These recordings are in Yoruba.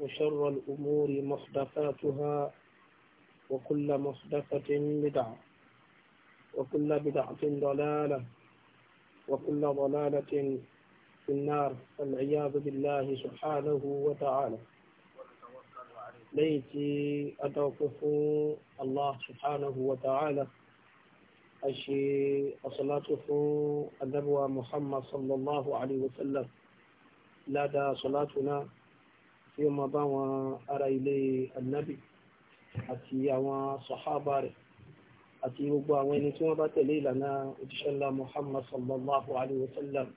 وشر الأمور محدثاتها وكل محدثة بدعة وكل بدعة ضلالة وكل ضلالة في النار والعياذ بالله سبحانه وتعالى ليتي أتوقف الله سبحانه وتعالى أشي أصلاته النبوة محمد صلى الله عليه وسلم لدى صلاتنا tí ó máa bá wọn ará ilé ànábì àti àwọn sọ̀hábà rẹ̀ àti gbogbo àwọn ẹni tí wọ́n bá tẹ̀lé ìlànà òjíṣẹ́ ńlá Muhammad sallallahu alayhi wa sallam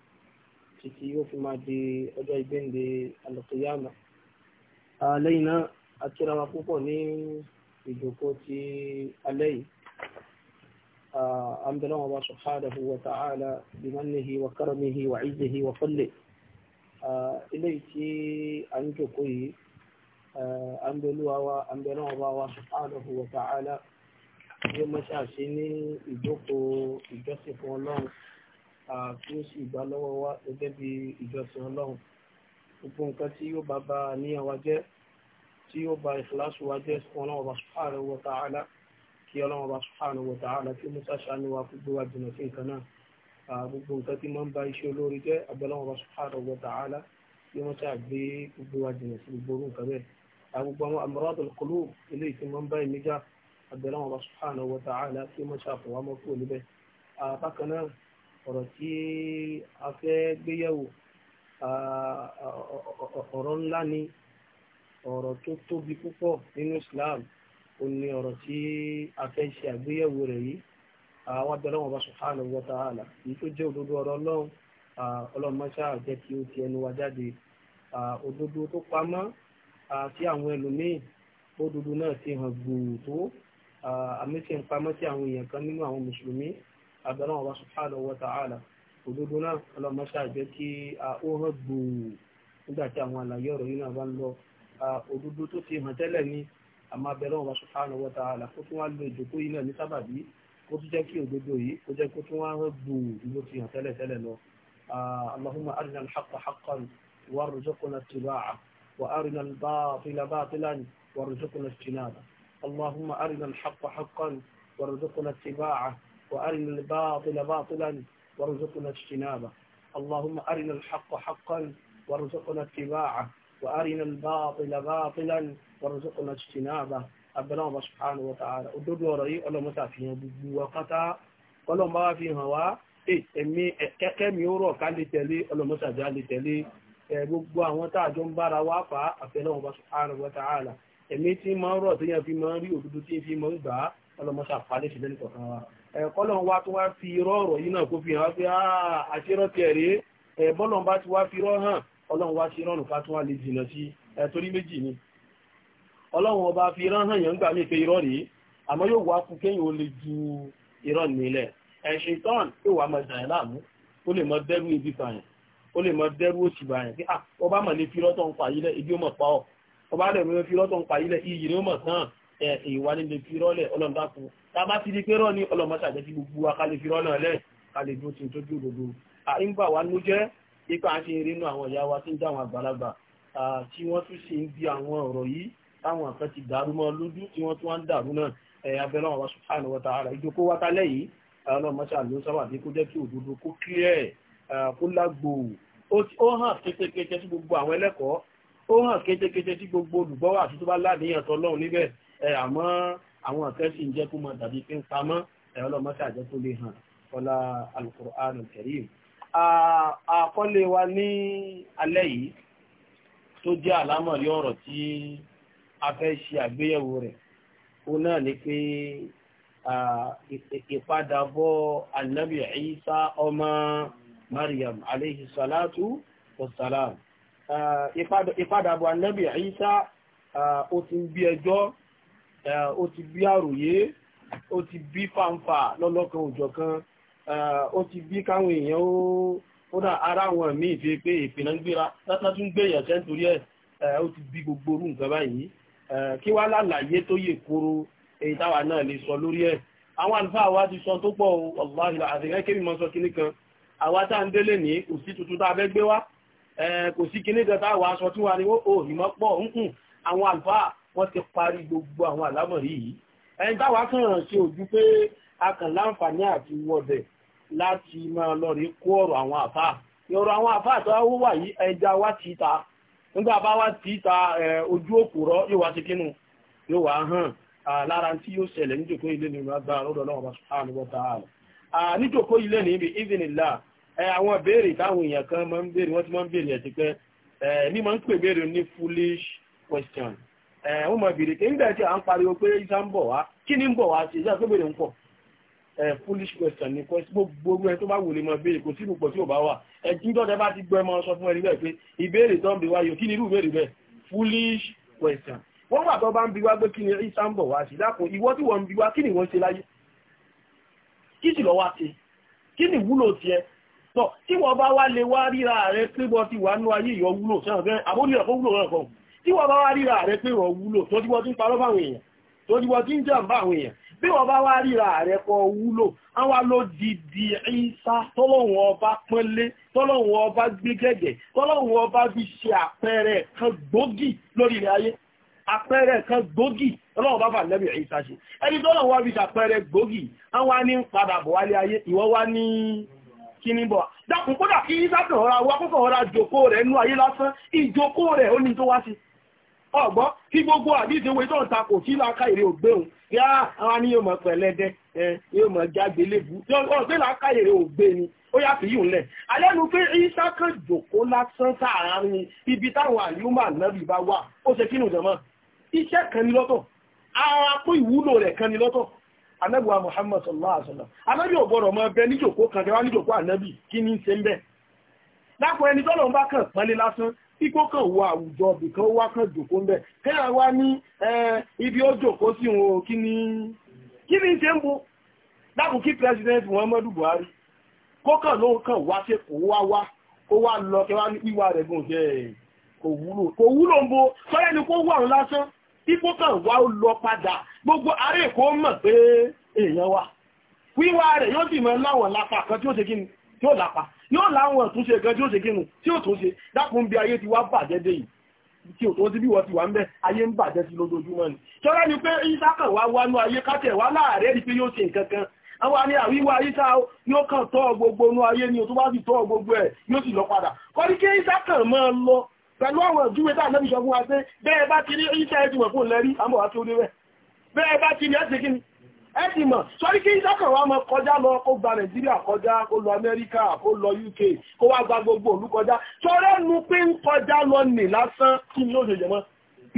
títí yóò fi máa di ọjọ́ ìgbéǹde alùpùpù lẹ́yìn náà akírawa púpọ̀ ní ìjòkó ti alẹ́ yìí àmbẹ̀lọ́wọ̀n wa subhanahu wa ta'ala bi mannihi wa karamihi wa izzihi wa fadlihi eléyìí tí a ń jòkó yìí à ń bẹ̀lúwa wa à ń bẹ̀rẹ̀ ọba wa subhanahu wa ta'ala bí ó mọ́ṣá ṣe ní ìjókòó ìjọsìn fún ọlọ́run kí ó sì gbà lọ́wọ́ wa gẹ́gẹ́ bí ìjọsìn ọlọ́run gbogbo nǹkan tí yóò bá ba níyàn wa jẹ́ tí yóò ba ìfìlásù wa jẹ́ fún ọlọ́run ọba subhanahu wa ta'ala kí ọlọ́run ọba subhanahu wa ta'ala kí ó mọ́ṣá ṣàánú wa gbogbo wa jìnnà sí nǹkan náà gbogbo nǹkan tí máa ń ba iṣẹ́ olóore jẹ́ abẹ́lẹ́wọ̀n subhanahu wa ta'ala tí wọ́n ṣáà gbé gbogbo wa jìnnà sí gbogbo orú nǹkan bẹ́ẹ̀ gbogbo àwọn amradul qulub eléyìí tí máa ń bá ẹ̀mí já abẹ́lẹ́wọ̀n subhanahu wa ta'ala tí wọ́n ṣáà fọwọ́ mọ́ kúrò níbẹ̀ bákan náà ọ̀rọ̀ tí a fẹ́ gbéyẹ̀wò ọ̀rọ̀ ńlá ni ọ̀rọ̀ tó tóbi púpọ̀ nínú Islam ó ní ọ̀rọ̀ tí a fẹ́ ṣe àgbéyẹ̀wò rẹ̀ yìí àwọn abẹ́rẹ́ wọn bá subhanahu wa ta'ala èyí tó jẹ́ òdodo ọ̀rọ̀ ọlọ́run ọlọ́run mọ́ṣá jẹ́ kí ó ti ẹnu wa jáde òdodo tó pamọ́ sí àwọn ẹlòmíín òdodo náà ti hàn gbòòrò tó àmísìn pamọ́ sí àwọn èèyàn kan nínú àwọn mùsùlùmí abẹ́rẹ́ wọn bá subhanahu wa ta'ala òdodo náà ọlọ́run jẹ́ kí ó hàn gbòòrò nígbà tí àwọn àlàyé ọ̀rọ̀ yìí náà bá ń lọ òdodo tó ti hàn tẹ́lẹ̀ ni àmọ́ abẹ́rẹ́ wọn bá subhanahu wa ta'ala ó tún wá lo ìjókòó yìí náà ní sábàbí kó tún jẹ́ kí òdodo yìí kó jẹ́ kó tún wá hàn gbòò ju bó ti hàn tẹ́lẹ̀ tẹ́lẹ̀ lọ اللهم أرنا الحق حقا وارزقنا اتباعه وأرنا الباطل باطلا وارزقنا اجتنابه اللهم أرنا الحق حقا وارزقنا اتباعه وأرنا الباطل باطلا وارزقنا اجتنابه اللهم أرنا الحق حقا وارزقنا اتباعه وأرنا الباطل باطلا وارزقنا اجتنابه abẹ́láwọn bá subhanahu wa ta'ala òdodo ọ̀rọ̀ yìí ọlọ́mọta àfihàn gbogbo wa pátá kọ́lọ́n bá wá fi hàn wá ẹ̀mí kẹ́mi ó rọ̀ ká lè tẹ̀lé ọlọ́mọta àjọ lè tẹ̀lé gbogbo àwọn tá ń bára wá fà á abẹ́láwọn bá subhanahu wa ta'ala tí máa ń rọ̀ tó yẹn fi máa ń rí òdodo tí fi máa ń gbà ọlọ́mọta àpálẹ̀ sílẹ̀ nìkọ̀ọ̀kan wá fi rọ́ọ̀rọ̀ ọlọ́run ọba fi rán hàn yàn ń gbà mí pé irọ́ rèé àmọ́ yóò wá fún kéyìn ó lè ju irọ́ nílẹ̀ ẹ̀ṣin tán yóò wá máa dàn láàmú ó lè mọ dẹ́rú ibi bàyàn ó lè mọ dẹ́rú òsì bàyàn pé à ah, ọba mà lè fi tó ń pa yílẹ̀ ibi ó mọ̀ pa ọ̀ ọba lè fi irọ́ tó ń pa yílẹ̀ iyì ni ó mọ̀ tán ẹ̀ ìwà ni lè fi irọ́ lẹ̀ ọlọ́run dákú tá a bá ti wa ká lè fi irọ́ náà lẹ̀ ká tí wọ́n tún ṣe ń bi àwọn ọ̀rọ̀ yìí táwọn kan ti dàrú mọ́ lójú tí wọ́n tún wá ń dàrú náà ẹ̀ abẹ́rẹ́ wọn wá subhanahu wa ta'ala ìjókòó wátálẹ̀ yìí ọlọ́mọṣà ló sábà ní kó jẹ́ kí òdodo kó clear kó lágbo ó hàn kétékété sí gbogbo àwọn ẹlẹ́kọ̀ọ́ ó hàn kétékété sí gbogbo olùgbọ́wọ́ àti tó bá láàdéyàn tọ́ lọ́hùn níbẹ̀ àmọ́ àwọn ọ̀kẹ́ sì ń jẹ́ kó mọ dàbí pé ń pamọ́ ọlọ́mọṣà jẹ́ tó lè hàn ọlá al-Qur'an al àkọlé wa ní alẹ́ yìí tó jẹ́ àlámọ̀rí ọ̀rọ̀ tí a fẹ́ ṣe àgbéyẹ̀wò rẹ̀ òun náà ni pé ìpadàbọ̀ anabi Isa ọmọ Maryam aleyhi salatu wasalam ìpadàbọ̀ anabi Isa ó ti bí ẹjọ́ ó ti bí àròyé ó ti bí fàǹfà lọ́lọ́kan òjọ̀kan ó ti bí káwọn èèyàn ó kódà ara àwọn míì fi pé ìpìnà gbéra látàtún gbèyàn sẹ́ńtórí ẹ̀ ó ti bí gbogbo orú nǹkan báyìí kí wá lálàyé tó yè kúrú èyí táwà náà lè sọ lórí ẹ̀ àwọn ti sọ tó pọ̀ ọ̀láhì àtìgá kébì mọ́ sọ kíní kan àwa tá ń délé ní kò sí tuntun tá a fẹ́ gbé wá kò sí kíní kan aṣọ tí wà ní ó ìmọ̀ pọ̀ àwọn gbogbo àwọn àlámọ̀rí yìí ẹni kàn ṣe pé a kàn láǹfààní àti wọ̀dẹ̀ láti máa lọ rí kó ọ̀rọ̀ àwọn àwọn ti ta nígbà bá wá tí ta ojú òpùrọ́ yóò wá sí kínú yóò wá hàn lára tí yóò ṣẹlẹ̀ níjòkó ilé ní agbára lọ́dọ̀ náà bá sùpáàmù wọ́ta ààrẹ níjòkó ilé ní ibi ìdínilá àwọn ìbéèrè táwọn èèyàn kan máa ń béèrè wọ́n ti máa ń béèrè ẹ̀ ti ní máa ń pè béèrè ní foolish question wọ́n máa béèrè pé nígbà tí à ń pariwo pé isa ń bọ̀ wá kí ni ń bọ̀ wá sí isa tó béèrè ń pọ̀ foolish question ni gbogbo ẹ tó bá wò lè máa béèrè kò sí ìrùpọ̀ tí ò bá wà ẹ̀tí dọ́dẹ bá ti gbọ́ ẹmọ sọ fún ẹni bẹ́ẹ̀ pé ìbéèrè tó ń bi wá yóò kí ni irú ìbéèrè bẹ́ẹ̀ foolish question wọ́n gbà tó bá ń bi wá pé kí ni isa ń bọ̀ wá sí dákun ìwọ tí wọ́n ń bi wá kí ni wọ́n ṣe láyé kí sì lọ wá ṣe kí ni wúlò tiẹ̀ tó tí wọ́n bá wá lè wá ríra rẹ pé wọ́n ti wà nú ayé ìyọ wúlò sẹ́wọ̀n fẹ́ àbónìyàn fún wúlò rẹ̀ kan bí wọ́n bá wá ríra ààrẹ pọ̀ wúlò àwọn alódìdí ìsá tọ́lọ́hun ọba pọ́nlé tọ́lọ́hun ọba gbé gẹ́gẹ́ tọ́lọ́hun ọba bí ṣe àpẹẹrẹ kan gbòógì lórí ilẹ̀ ayé àpẹẹrẹ kan gbòógì ọlọ́run bá fà lẹ́bí ìsá ṣe ẹni tọ́lọ́hun wá bí ṣe àpẹẹrẹ gbòógì àwọn ní padà bọ̀ wálé ayé ìwọ wá ní kíníbọ̀ dákun kódà kí ìsá ọgbọ́n kí gbogbo àdíjewé tó ń takò sí láká ògbéhùn tí àwọn ní yóò mọ̀ pẹ̀lẹ́dẹ́ yóò mọ̀ jágbe lébu ọ̀gbẹ́ làákàyè rẹ̀ ò gbé ni ó yà fi yìí ńlẹ̀ alẹ́nu pé isa kan jòkó lásán sáàárín ibi táwọn àyùmọ̀ ànábì bá wà ó ṣe kí nìjọmọ́ iṣẹ́ kan ní lọ́tọ̀ ara pé ìwúlò rẹ̀ kan ní lọ́tọ̀ ànábì wa Muhammad sallallahu alaihi wasallam ànábì ò gbọ́dọ̀ mọ ẹbẹ níjòkó kan kẹwàá níjòkó ànábì kí ní í ṣe ń bẹ lápò ẹni tọ́lọ́ ń bá kàn pọ́nlé lásán kíkó kan wo àwùjọ ibì kan wá kan jòkó ńbẹ kẹ́ra wá ní ibi ó jòkó sí wọn kí ni kí ni ṣe ń bo dákun kí president Muhammadu Buhari kó kàn ló kàn wá ṣe kó wá wá kó wá lọ kẹ́ wá ní wíwá rẹ̀ gùn jẹ́ kò wúlò kò wúlò ń bo sọ́yẹ́ ni kó wà ń lásán kíkó kan wá ó lọ padà gbogbo ará Èkó mọ̀ pé èèyàn wà wíwá rẹ̀ yóò sì mọ láwọn lápá kan tí ó ṣe kí ni tí ó lápá yóò láwọn ẹ̀túnṣe gan tí ó ṣe kínú tí ó tún ṣe ti wá bàjẹ́ dé yìí tí ò tó sí bí wọ́n ti wà ń bẹ́ ayé ń bàjẹ́ sí lójoojúmọ́ ni ni pé ìsákàn wá wá ayé kátẹ̀ wá ni pé yóò ṣe nǹkan kan àwọn ni àwíwá ìsá yóò kàn gbogbo inú ayé ni o tó bá sì tọ́ gbogbo ẹ̀ yóò lọ padà kí máa lọ pẹ̀lú àwọn ìjúwe tá fún wa pé bẹ́ẹ̀ bá ti ní ẹ̀ ẹ ti mọ̀ sọ́rí kí ìjọkàn wa mọ kọjá lọ kó gba nàìjíríà kọjá kó lọ amẹ́ríkà kó lọ uk kó wá gba gbogbo òlú kọjá sọ́rẹ́ nu pé ń kọjá lọ nì lásán kí ni yóò ṣèjọ mọ́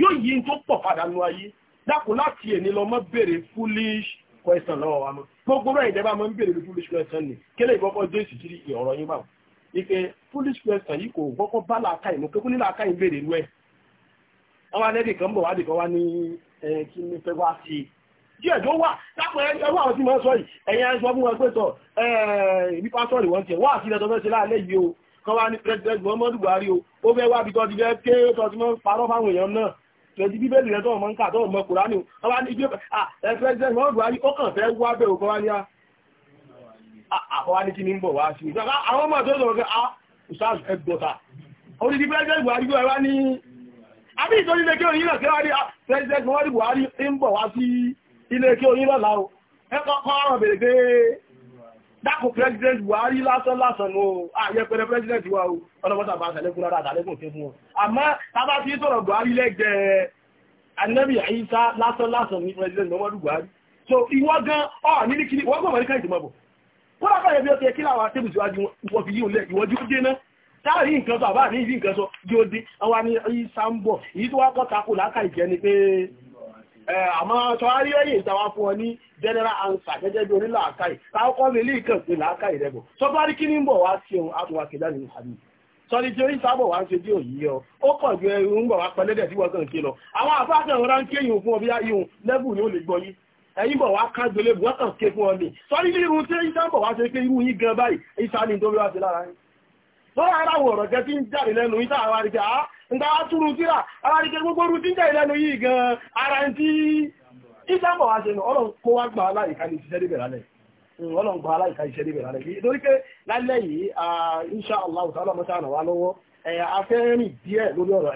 yóò yí tó pọ̀ padà nu ayé dákun láti èní lọ mọ́ béèrè foolish question lọ́wọ́ wa mọ́ gbogbo rẹ̀ ìjẹba mọ́ ń béèrè foolish question ni kélé ìkọ́kọ́ dé ìsìtìrì ọ̀rọ̀ yín báwọn ike foolish question yìí kò gbọ́kọ́ bá làákàyè mú kékun ní làákàyè béèrè nú ẹ̀ àwọn anẹ́bì kan ni fẹ́ wá sí díẹ̀ tó wà lápò ẹgbẹ́ àwọn tí wọ́n sọ yìí ẹ̀yìn àìsàn fún wọn pé tọ̀ ẹ̀ẹ́dì pásọ̀rì wọ́n tiẹ̀ wá sí ilẹ̀ tó fẹ́ ṣe láàlẹ́ yìí o kan wá ní president Muhammadu Buhari o ó fẹ́ wá bí tọ́ ti fẹ́ ké tọ́ ti mọ́ parọ́ fáwọn èèyàn náà tẹ̀sí bíbélì rẹ̀ tọ́wọ́ mọ́ ń kà tọ́wọ́ mọ́ Kùránì o wọ́n wá ní ibi ẹ̀ president Muhammadu Buhari ó kàn fẹ́ wá bẹ́ẹ̀ o kan wá ní àwọn ah, ah, ah, wá ní kí ni ń bọ̀ wá sí i àwọn ọmọ tó sọ̀rọ̀ pé a usas ẹgbọ̀ta orí ti president Buhari yóò wá ní àbí ìtọ́jú lè kí òyìnbó kí wá ní president Muhammadu Buhari ń bọ̀ wá sí i ilé kí oyin lọ́la o ẹkọ́kọ́ ọ̀rọ̀ bèèrè pé dákò president Buhari lásán lásán o ààyẹ pẹ̀lẹ̀ president wa o ọlọ́pọ̀tà bá sẹ̀lẹ́kùn lára àtàlẹ́kùn tí fún ọ àmọ́ tábà tí sọ̀rọ̀ Buhari lẹ́gbẹ̀ẹ́ Ànábì Ìsá lásán lásán ní president Muhammadu Buhari so ìwọ gan ọ nílí kiri wọ́n gbọ́n mọ̀ríkà ìdìmọ̀ bọ̀ kódà báyẹ̀ bí ó ti ẹ kí láwọn atébù síwájú wọ́n fi yíò lẹ̀ ìwọ́jú ó dé náà táàrí nǹkan sọ àbá ní ìdí nǹkan sọ jí ó dé àwọn ní ìsá ń bọ̀ èyí tó wá kọ́ takò láká ìjẹ́ ni pé àmọ́ sọ arí ẹ̀yẹ ìtawà fún ọ ní general answer gẹ́gẹ́ bí onílà àkàì káàkọ́ lè lè kàn pé làákàì rẹ̀ bọ̀ sọ bá rí kí ní bọ̀ wá sí ohun àtúwà kẹjá nínú àbí sọ́ni tí orí sábọ̀ wá ń ṣe dí òyí ọ ó kọ̀ ju ẹrù ń bọ̀ wá pẹ̀lẹ́dẹ̀ tí wọ́n kàn ké lọ àwọn àfáàkàn ọ̀rá ń ké yìí fún ọbí ayé òun lẹ́bù ni ó lè gbọ́ yìí ẹ̀yìn bọ̀ wá kájọlé wọ́n kàn ké fún ọ ní sọ́ni ní irun tí ń sábọ̀ wá ṣe pé irú yín gan báyìí ìsáni tó bí wá ṣe lára yín lọ́wọ́ ara wọ̀rọ̀ gẹ́ tí ń jáde lẹ́nu ìta àwọn àríkà ǹdá túrù síra ara rí gbogbo orú tí ìlẹ́nu yìí gan ara ń tí ìsáàbọ̀ wá ṣe nù kó wá gbà aláìka ní ìṣiṣẹ́ níbẹ̀ lálẹ́ hmm, ọlọ́run gbà aláìka ìṣiṣẹ́ níbẹ̀ lálẹ́ torí pé lálẹ́ yìí insha Allah ta'ala wa lọ́wọ́ afẹ́ díẹ̀ lórí ọ̀rọ̀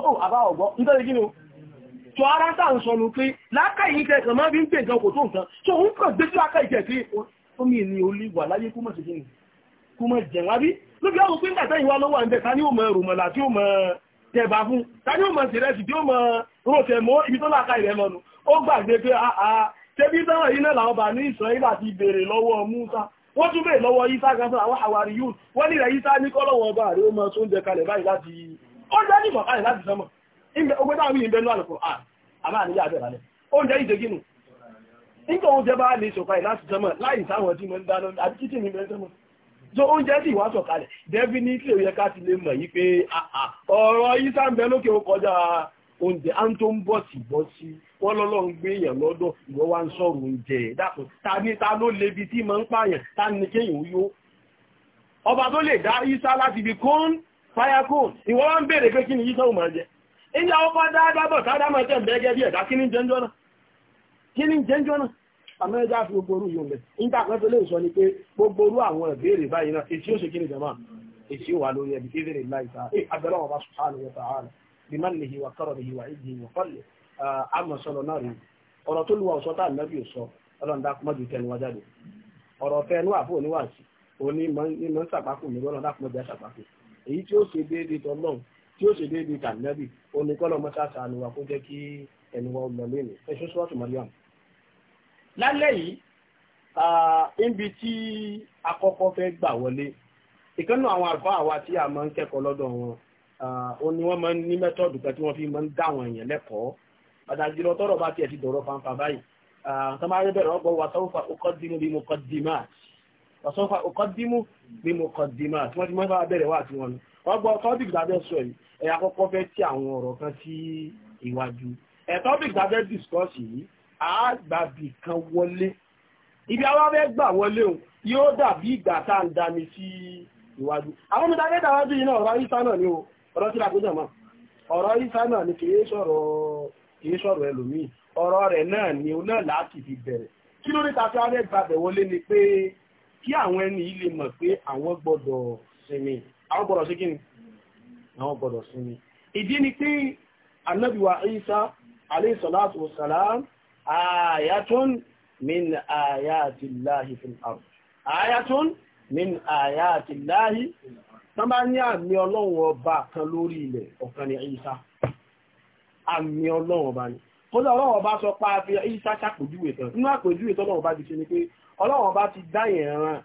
ó àbá ọ̀gbọ́ nítorí gínú tó ara sáà ń sọnù pé láká yìí tẹ́ ìtàn máa bí ń pè nǹkan kò sí ni ó lè wà láyé kúmọ̀ ṣèṣe nì kúmọ̀ jẹ̀wọ́n àbí lóbi ọ̀rùn pé nígbà tẹ́yìn wá lọ́wọ́ àǹdẹ̀ ta ni ó mọ ẹrù mọ̀lá tí ó mọ tẹ̀bà fún ta ni ó mọ sèrẹ́sì tí ó mọ rọ̀tẹ̀ mọ́ ibi tó láka ìrẹ́ mọ́nu ó gbàgbé pé àà tẹ́bí tẹ́wọ̀n yìí náà làwọn bà ní Ísírẹ́lì ti béèrè lọ́wọ́ Músà wọ́n tún béèrè lọ́wọ́ Ísà gan oúnjẹ ní ìmọ̀ká láti sọmọ̀ ogbé táwọn yìí bẹnu àlùkò à àmà àníyà àbẹ̀rẹ̀ oúnjẹ yìí dégínù nígbà oúnjẹ bá lè sọ̀kà láti sọmọ̀ láì sáwọn tí mo ń dáná àti títì mi bẹ́ẹ̀ sọmọ̀ so oúnjẹ sì wá sọ̀kalẹ̀ definitely ó yẹ ká ti lè mọ̀ yí pé ọ̀rọ̀ isa ń bẹ lókè ó kọjá oúnjẹ á ń tó ń bọ̀ sí bọ́ sí wọ́n lọ́lọ́ ń gbé èèyàn lọ́dọ̀ ìwọ wá ń sọ̀rọ̀ oúnjẹ dákun ta ọba tó lè dá isa láti ibi kún fayakun ko wá ń bèèrè pé kí ni yí sọ́wọ́ máa ndị ilẹ̀ ọkọ̀ dáadábọ̀ sádámọ̀ tẹ́ bẹ́gẹ́ bí ẹ̀dá kí ní jẹ́njọ́nà kí ní jẹ́njọ́nà amẹ́já fi gbogbo yóò mẹ́ gbogbo àwọn ìbéèrè báyìí náà ó ṣe jama wà lórí ẹbí kí èyí tí ó ṣe déédéé tọ́lọ́run tí ó ṣe déédéé tànẹ́bì oníkọ́lọ́ mọ́sáàsá ni wa kó jẹ́ kí ẹni wa lọ lónìí ẹṣin sọ́ọ̀tù mariam. lálẹ́ yìí níbi tí akọ́kọ́ fẹ́ gbà wọlé ìkànnà àwọn àlùfáà wa tí a máa ń kẹ́kọ̀ọ́ lọ́dọ̀ wọn ó ní wọ́n máa ń ní mẹ́tọ́ọ̀dù kan tí wọ́n fi máa ń dá àwọn èèyàn lẹ́kọ̀ọ́ pàtàkì jùlọ tọ́rọ̀ bá tiẹ̀ ti dọ̀rọ̀ fanfa báyìí tọ́mọ́ ayébẹ̀rẹ̀ ọgbọ́n wa sọ́wọ́fà ó kọ́ dínú bí mo kọ́ dì máa ọ̀sọ́fà ọkọ̀dímú ní mo kọ̀dímá tí wọ́n ti mọ́ bá bẹ̀rẹ̀ wà tí wọ́n ní ọgbọ́n tọ́bí ìdábẹ́ sọ yìí ẹ̀yà kọ́kọ́ fẹ́ tí àwọn ọ̀rọ̀ kan sí ìwájú ẹ̀ tọ́bí ìdábẹ́ discuss yìí àgbàbì kan wọlé ibi àwọn abẹ́ gbà wọlé o yóò dàbí ìgbà tá à ń dami sí ìwájú àwọn ọmọdé abẹ́ dáwájú yìí náà ọ̀rọ̀ ìsá náà ni o ọ̀rọ̀ tí làkójọ mọ́ ọ̀rọ̀ ìsá náà ni kìí sọ̀rọ̀ ẹlòmíì ọ̀rọ̀ rẹ̀ náà ni o náà láti fi bẹ̀rẹ̀ kí ló fi abẹ́ gbàbẹ̀ wọlé ni pé kí àwọn ẹni yìí lè mọ̀ pé àwọn gbọ́dọ̀ sinmi àwọn gbọ́dọ̀ sí kíni àwọn gbọ́dọ̀ sinmi ìdí ni pé anábìwà Isa alayhi salatu wassalam ayatun min ayati Allahi fil ard ayatun min ayati Allahi tán bá ní àmì ọlọ́run ọba kan lórí ilẹ̀ ọ̀kan ni Isa àmì ọlọ́run ọba ni kódà ọlọ́run ọba sọ pa fi Isa ṣàpèjúwe tán inú àpèjúwe tọ́lọ́run ọba ti ṣe ni pé ọlọ́wọ́n bá ti dá yẹn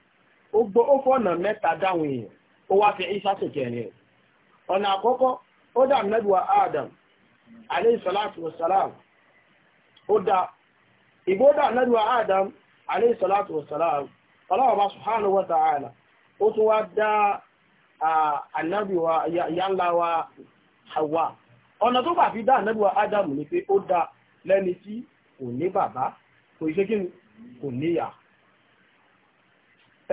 ó gbọ́ mẹ́ta dáhùn èèyàn ó wá fi isa sókè rẹ̀ ọ̀nà àkọ́kọ́ ó dá nẹ́bùwà adam alayhi salatu wa ó dá ìgbó dá adam alayhi salatu ọlọ́wọ́n bá subhanahu wa ta'ala ó tún wá dá hawa ọ̀nà tó bá fi dá adam ni pé ó dá lẹ́ni tí kò ní bàbá kò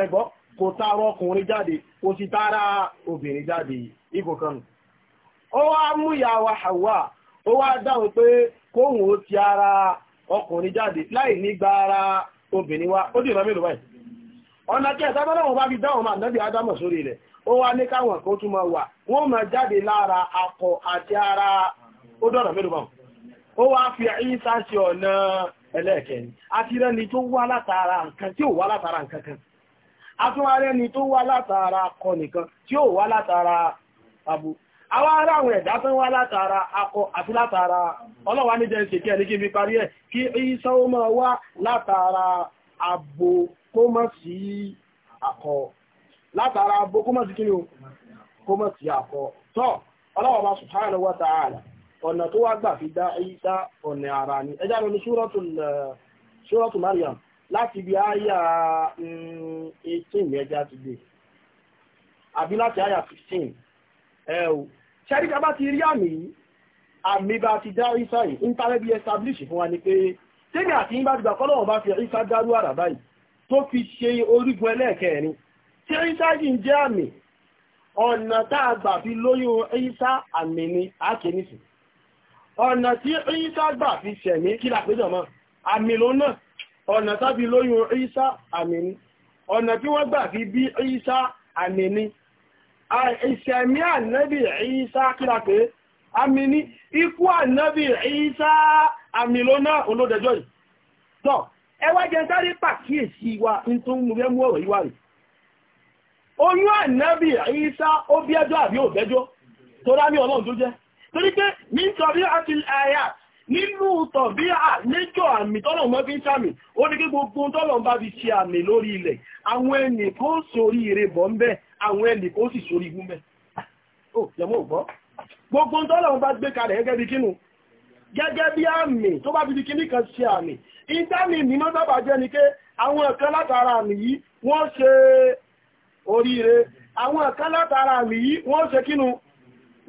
ẹgbọ́ kò tààrọ ọkùnrin jáde kò sì tààrà obìnrin jáde ipò ó wá mú Hawa ó wá dáhùn pé kóhùn ó ti ara ọkùnrin jáde láì ní ara obìnrin wa ó dìrọ mélòó báyìí ọ̀nà kí ẹ̀sá tọ́lọ́wọ́ bá fi dáhùn máa nẹ́bí adámọ̀ sórí rẹ̀ ó wá ní káwọn kan tún máa wà wọ́n máa jáde lára akọ àti ara ó dọ̀rọ̀ mélòó ó wá fi ọ̀nà ẹlẹ́ẹ̀kẹ́ni àti tó wá látara nǹkan tí ò wá látara atúnwárẹ́ ni tó wá látara akọ nìkan tí ó wá látara abo àwọn ará àwọn ẹ̀dá tó wá látara akọ àti látara ọlọ́wà ní jẹ́ ìṣèkí ẹni kí n fi parí ẹ̀ kí iṣẹ́ ó máa wá látara abo kó má sí akọ látara abo kó má sí kíni o kó má akọ tọ́ ọlọ́wà bá subhanahu Maryam láti ibi àyà mm, eighteen ẹja ti dé àbí láti àyà fifteen ẹ o ṣẹ́rí ká bá ti rí àmì yìí àmì bá ti dá ìsá yìí ń tàbí bí establish fún wa ni pé tẹ́bí àti yín bá ti gbà kọ́lọ́wọ́ bá fi ìsá dárú àrà báyìí tó fi ṣe orígun ẹlẹ́ẹ̀kẹrin tí ìsá yìí ń jẹ́ àmì ọ̀nà táà gbà fi lóyún ìsá àmì ni àkínísì ọ̀nà tí ìsá gbà fi ṣẹ̀mí kí làpéjọ mọ́ àmì ló ọ̀nà tábí lóyún Ìsá àmì ni ọ̀nà tí wọ́n gbà fi bí Ìsá àmì ni ìṣẹ̀mí ànábì Ìsá kíra pé àmì ni ikú ànábì Ìsá àmì olódẹjọ́ yìí tọ́ ẹwà sáré pàkíyèsí wa tó ń mú oyún Ìsá ó bí nínú tọ̀bí àlejò àmì tọ́lọ̀ mọ́ fi ń sàmì ó ní kí gbogbo tọ́lọ̀ bá fi ṣe àmì lórí ilẹ̀ àwọn ẹnì kó sórí ire bọ̀ ń bẹ́ àwọn ẹnì kó sì sórí igun bẹ́ ó yẹmọ́ ògbọ́ gbogbo tọ́lọ̀ bá gbé kalẹ̀ gẹ́gẹ́ bí kínú gẹ́gẹ́ bí àmì tó bá fi di kíní kan ṣe àmì ìdáni ní mọ́ sábà jẹ́ ni pé àwọn ẹ̀kan látara àmì yìí wọ́n ṣe oríire àwọn ẹ̀kan látara àmì yìí wọ́n ṣe kínú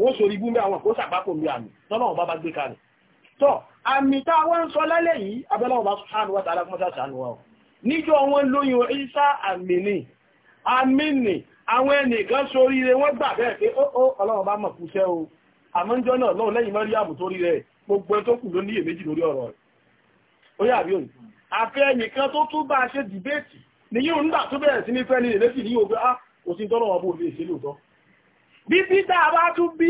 wọ́n sórí igun bẹ́ àwọn kó sàgbákò mi àmì tọ́lọ̀ bá bá gbé kalẹ̀ tọ́ àmì tá wọ́n sọ lálẹ́ yìí abẹ́lọ́wọ́ bá subhanahu wa ta'ala kọmọ́sá sàánú wa níjọ wọn lóyún Ìsá àmì ni àmì ni àwọn ẹnìkan sórí rẹ̀ wọ́n gbà bẹ́ẹ̀ pé ó ó ọlọ́wọ́ bá mọ̀ kúṣẹ́ o àmọ́jọ́ náà lọ́wọ́ lẹ́yìn Màríàmù tó rí rẹ̀ gbogbo ẹ tó kù ló níyè méjì lórí ọ̀rọ̀ rẹ̀ ó yà bí òní àfẹ́ ẹnìkan tó tún bá ṣe dìbẹ́ẹ̀tì ni yíò ń gbà tó bẹ̀rẹ̀ sí ní fẹ́ ní ìrẹ́sì ní ògbé á ah, òsìntọ́lọ́wọ́ bó lè ṣe lóòótọ́ bí bí tá a bá tún bí